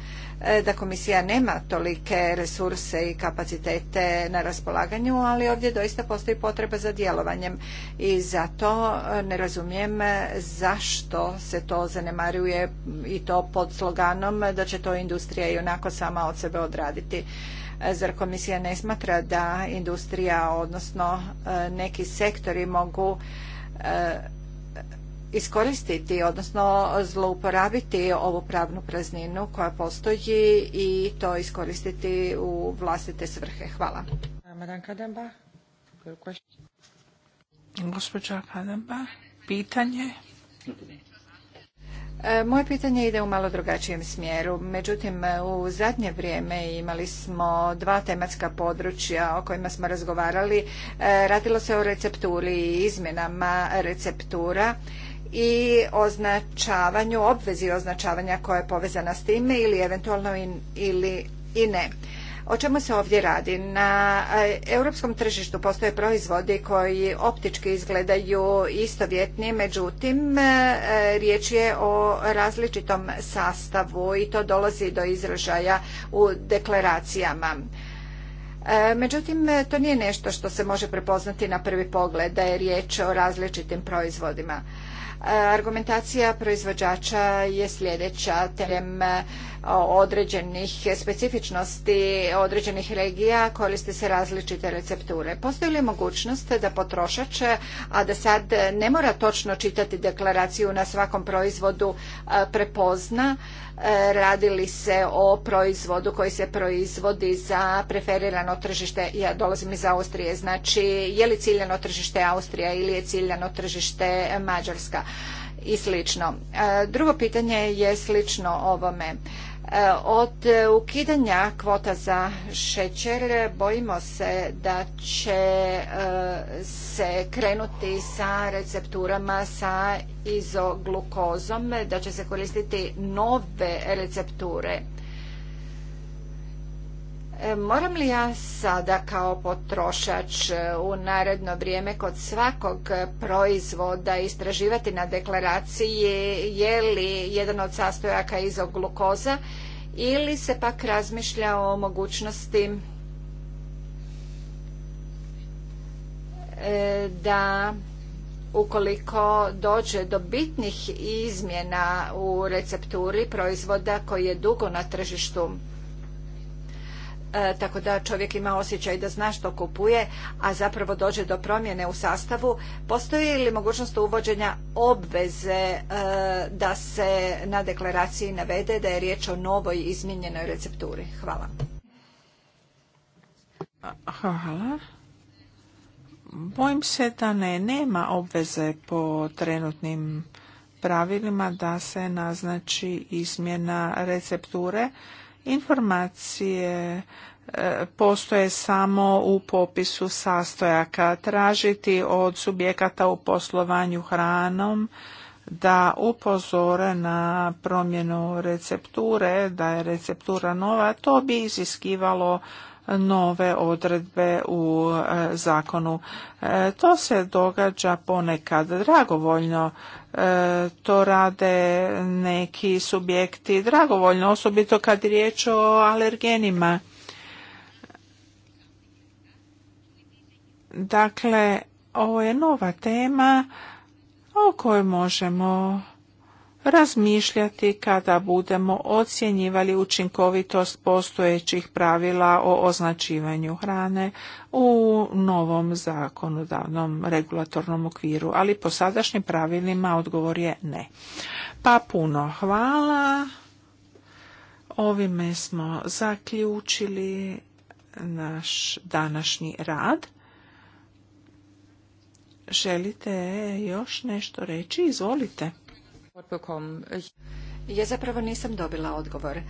da komisija nema tolike resurse i kapacitete na raspolaganju, ali ovdje doista postoji potreba za djelovanjem i zato eh, ne razumijem zašto se to zanemaruje i to pod sloganom da će to industrija i onako sama od sebe odraditi. Zar komisija ne smatra da industrija, odnosno neki sektori mogu iskoristiti, odnosno zlouporabiti ovu pravnu prazninu koja postoji i to iskoristiti u vlastite svrhe. Hvala. Gospođa Kadamba, pitanje? E, moje pitanje ide u malo drugačijem smjeru. Međutim, u zadnje vrijeme imali smo dva tematska područja o kojima smo razgovarali. E, radilo se o recepturi i izmjenama receptura i označavanju, obvezi označavanja koja je povezana s time ili eventualno i, ili i ne. O čemu se ovdje radi? Na e, europskom tržištu postoje proizvodi koji optički izgledaju istovjetni, međutim e, riječ je o različitom sastavu i to dolazi do izražaja u deklaracijama. E, međutim, to nije nešto što se može prepoznati na prvi pogled da je riječ o različitim proizvodima. Argumentacija proizvođača je sljedeća. Temeljem određenih specifičnosti određenih regija koriste se različite recepture. Postoji li mogućnost da potrošač, a da sad ne mora točno čitati deklaraciju na svakom proizvodu, e, prepozna e, radi li se o proizvodu koji se proizvodi za preferirano tržište, ja dolazim iz Austrije, znači je li ciljano tržište Austrija ili je ciljano tržište Mađarska i slično. E, drugo pitanje je slično ovome. Eh, od eh, ukidanja kvota za šećer eh, bojimo se da će se krenuti sa recepturama sa izoglukozom, da će se koristiti nove recepture E, moram li ja sada kao potrošač e, u naredno vrijeme kod svakog proizvoda istraživati na deklaraciji je li jedan od sastojaka izoglukoza ili se pak razmišlja o mogućnosti e, da ukoliko dođe do bitnih izmjena u recepturi proizvoda koji je dugo na tržištu E, tako da čovjek ima osjećaj da zna što kupuje, a zapravo dođe do promjene u sastavu. Postoji li mogućnost uvođenja obveze e, da se na deklaraciji navede da je riječ o novoj izmijenjenoj recepturi? Hvala. Hvala. Bojim se da ne, nema obveze po trenutnim pravilima da se naznači izmjena recepture Informacije e, postoje samo u popisu sastojaka. Tražiti od subjekata u poslovanju hranom da upozore na promjenu recepture, da je receptura nova, to bi iziskivalo nove odredbe u e, zakonu. E, to se događa ponekad dragovoljno. E, to rade neki subjekti dragovoljno, osobito kad je riječ o alergenima. Dakle, ovo je nova tema o kojoj možemo razmišljati kada budemo ocjenjivali učinkovitost postojećih pravila o označivanju hrane u novom zakonodavnom regulatornom okviru, ali po sadašnjim pravilima odgovor je ne. Pa puno hvala. Ovime smo zaključili naš današnji rad. Želite još nešto reći? Izvolite. Ja zapravo nisam dobila odgovor. E,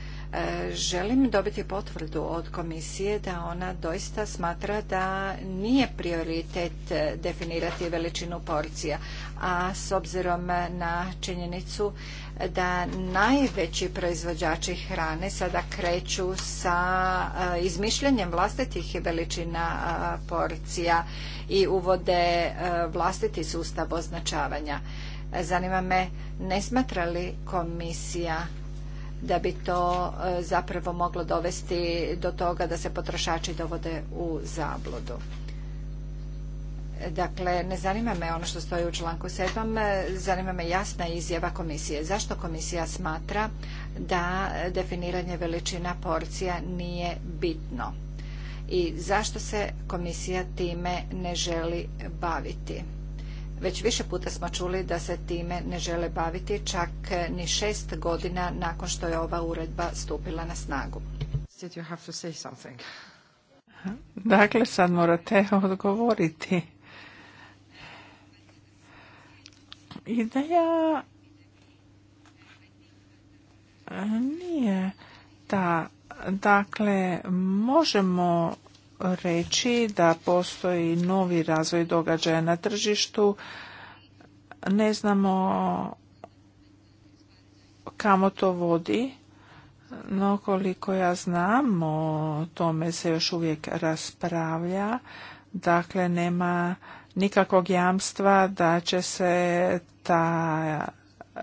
želim dobiti potvrdu od komisije da ona doista smatra da nije prioritet e, definirati veličinu porcija, a s obzirom na činjenicu da najveći proizvođači hrane sada kreću sa e, izmišljanjem vlastitih veličina porcija i uvode vlastiti sustav označavanja. Zanima me, ne smatra li komisija da bi to e, zapravo moglo dovesti do toga da se potrošači dovode u zabludu? Dakle, ne zanima me ono što stoji u članku 7, e, zanima me jasna izjava komisije. Zašto komisija smatra da definiranje veličina porcija nije bitno? I zašto se komisija time ne želi baviti? Već više puta smo čuli da se time ne žele baviti čak ni šest godina nakon što je ova uredba stupila na snagu. Dakle, sad morate odgovoriti. Ideja e, nije da, dakle, možemo reći da postoji novi razvoj događaja na tržištu. Ne znamo kamo to vodi, no koliko ja znam, o tome se još uvijek raspravlja. Dakle, nema nikakvog jamstva da će se ta e,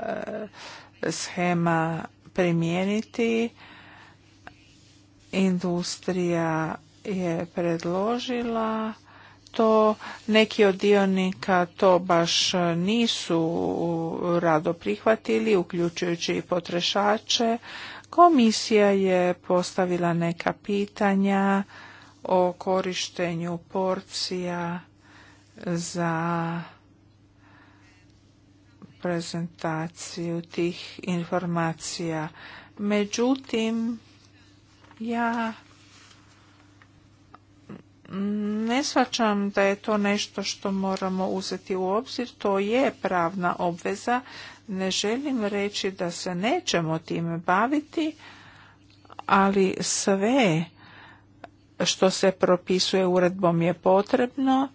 schema primijeniti. Industrija je predložila to neki od dionika to baš nisu rado prihvatili, uključujući i potrešače. Komisija je postavila neka pitanja o korištenju porcija za prezentaciju tih informacija. Međutim, ja ne svačam da je to nešto što moramo uzeti u obzir, to je pravna obveza. Ne želim reći da se nećemo time baviti, ali sve što se propisuje uredbom je potrebno.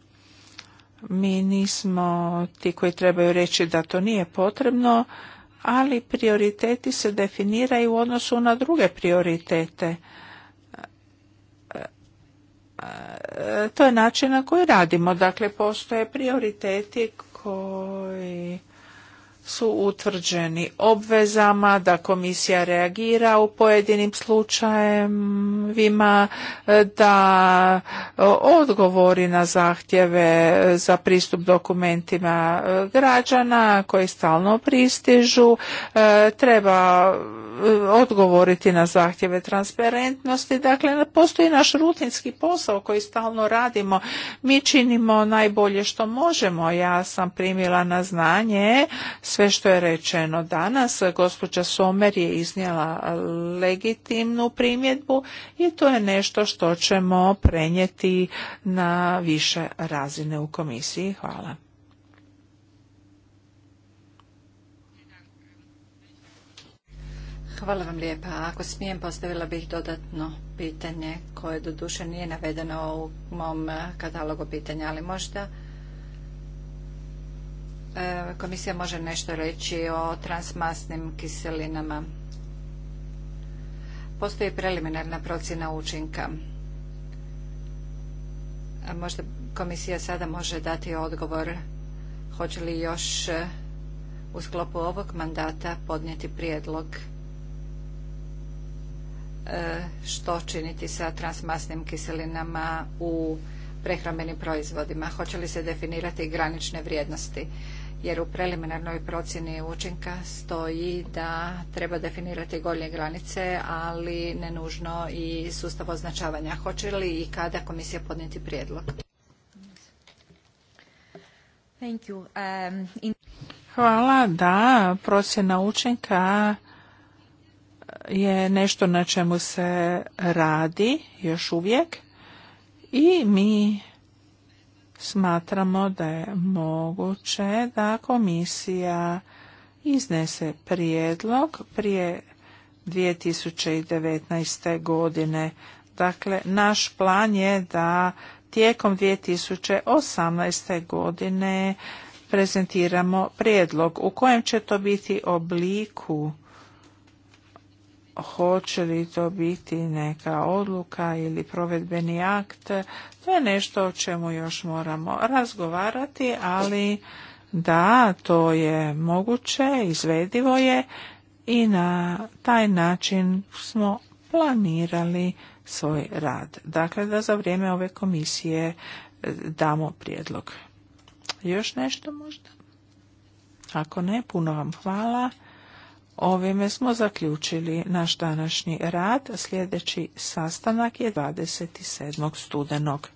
Mi nismo ti koji trebaju reći da to nije potrebno, ali prioriteti se definiraju u odnosu na druge prioritete. E, to je način na koji radimo. Dakle, postoje prioriteti koji su utvrđeni obvezama da komisija reagira u pojedinim slučajevima, da e, odgovori na zahtjeve za pristup dokumentima e, građana koji stalno pristižu, e, treba odgovoriti na zahtjeve transparentnosti. Dakle, postoji naš rutinski posao koji stalno radimo. Mi činimo najbolje što možemo. Ja sam primila na znanje sve što je rečeno danas, gospođa Somer je iznijela legitimnu primjedbu i to je nešto što ćemo prenijeti na više razine u komisiji. Hvala. Hvala vam lijepa. Ako smijem, postavila bih dodatno pitanje koje doduše nije navedeno u mom katalogu pitanja, ali možda E, komisija može nešto reći o transmasnim kiselinama. Postoji preliminarna procjena učinka. Možda komisija sada može dati odgovor hoće li još e, u sklopu ovog mandata podnijeti prijedlog e, što činiti sa transmasnim kiselinama u prehrambenim proizvodima. Hoće li se definirati granične vrijednosti? jer u preliminarnoj procjeni učinka stoji da treba definirati gornje granice, ali ne nužno i sustav označavanja. Hoće li i kada komisija podnijeti prijedlog? Um, Hvala, da, procjena učinka je nešto na čemu se radi još uvijek i mi Smatramo da je moguće da komisija iznese prijedlog prije 2019. godine. Dakle, naš plan je da tijekom 2018. godine prezentiramo prijedlog u kojem će to biti obliku hoće li to biti neka odluka ili provedbeni akt, to je nešto o čemu još moramo razgovarati, ali da, to je moguće, izvedivo je i na taj način smo planirali svoj rad. Dakle, da za vrijeme ove komisije damo prijedlog. Još nešto možda? Ako ne, puno vam hvala. Ovime smo zaključili naš današnji rad. Sljedeći sastanak je 27. studenog.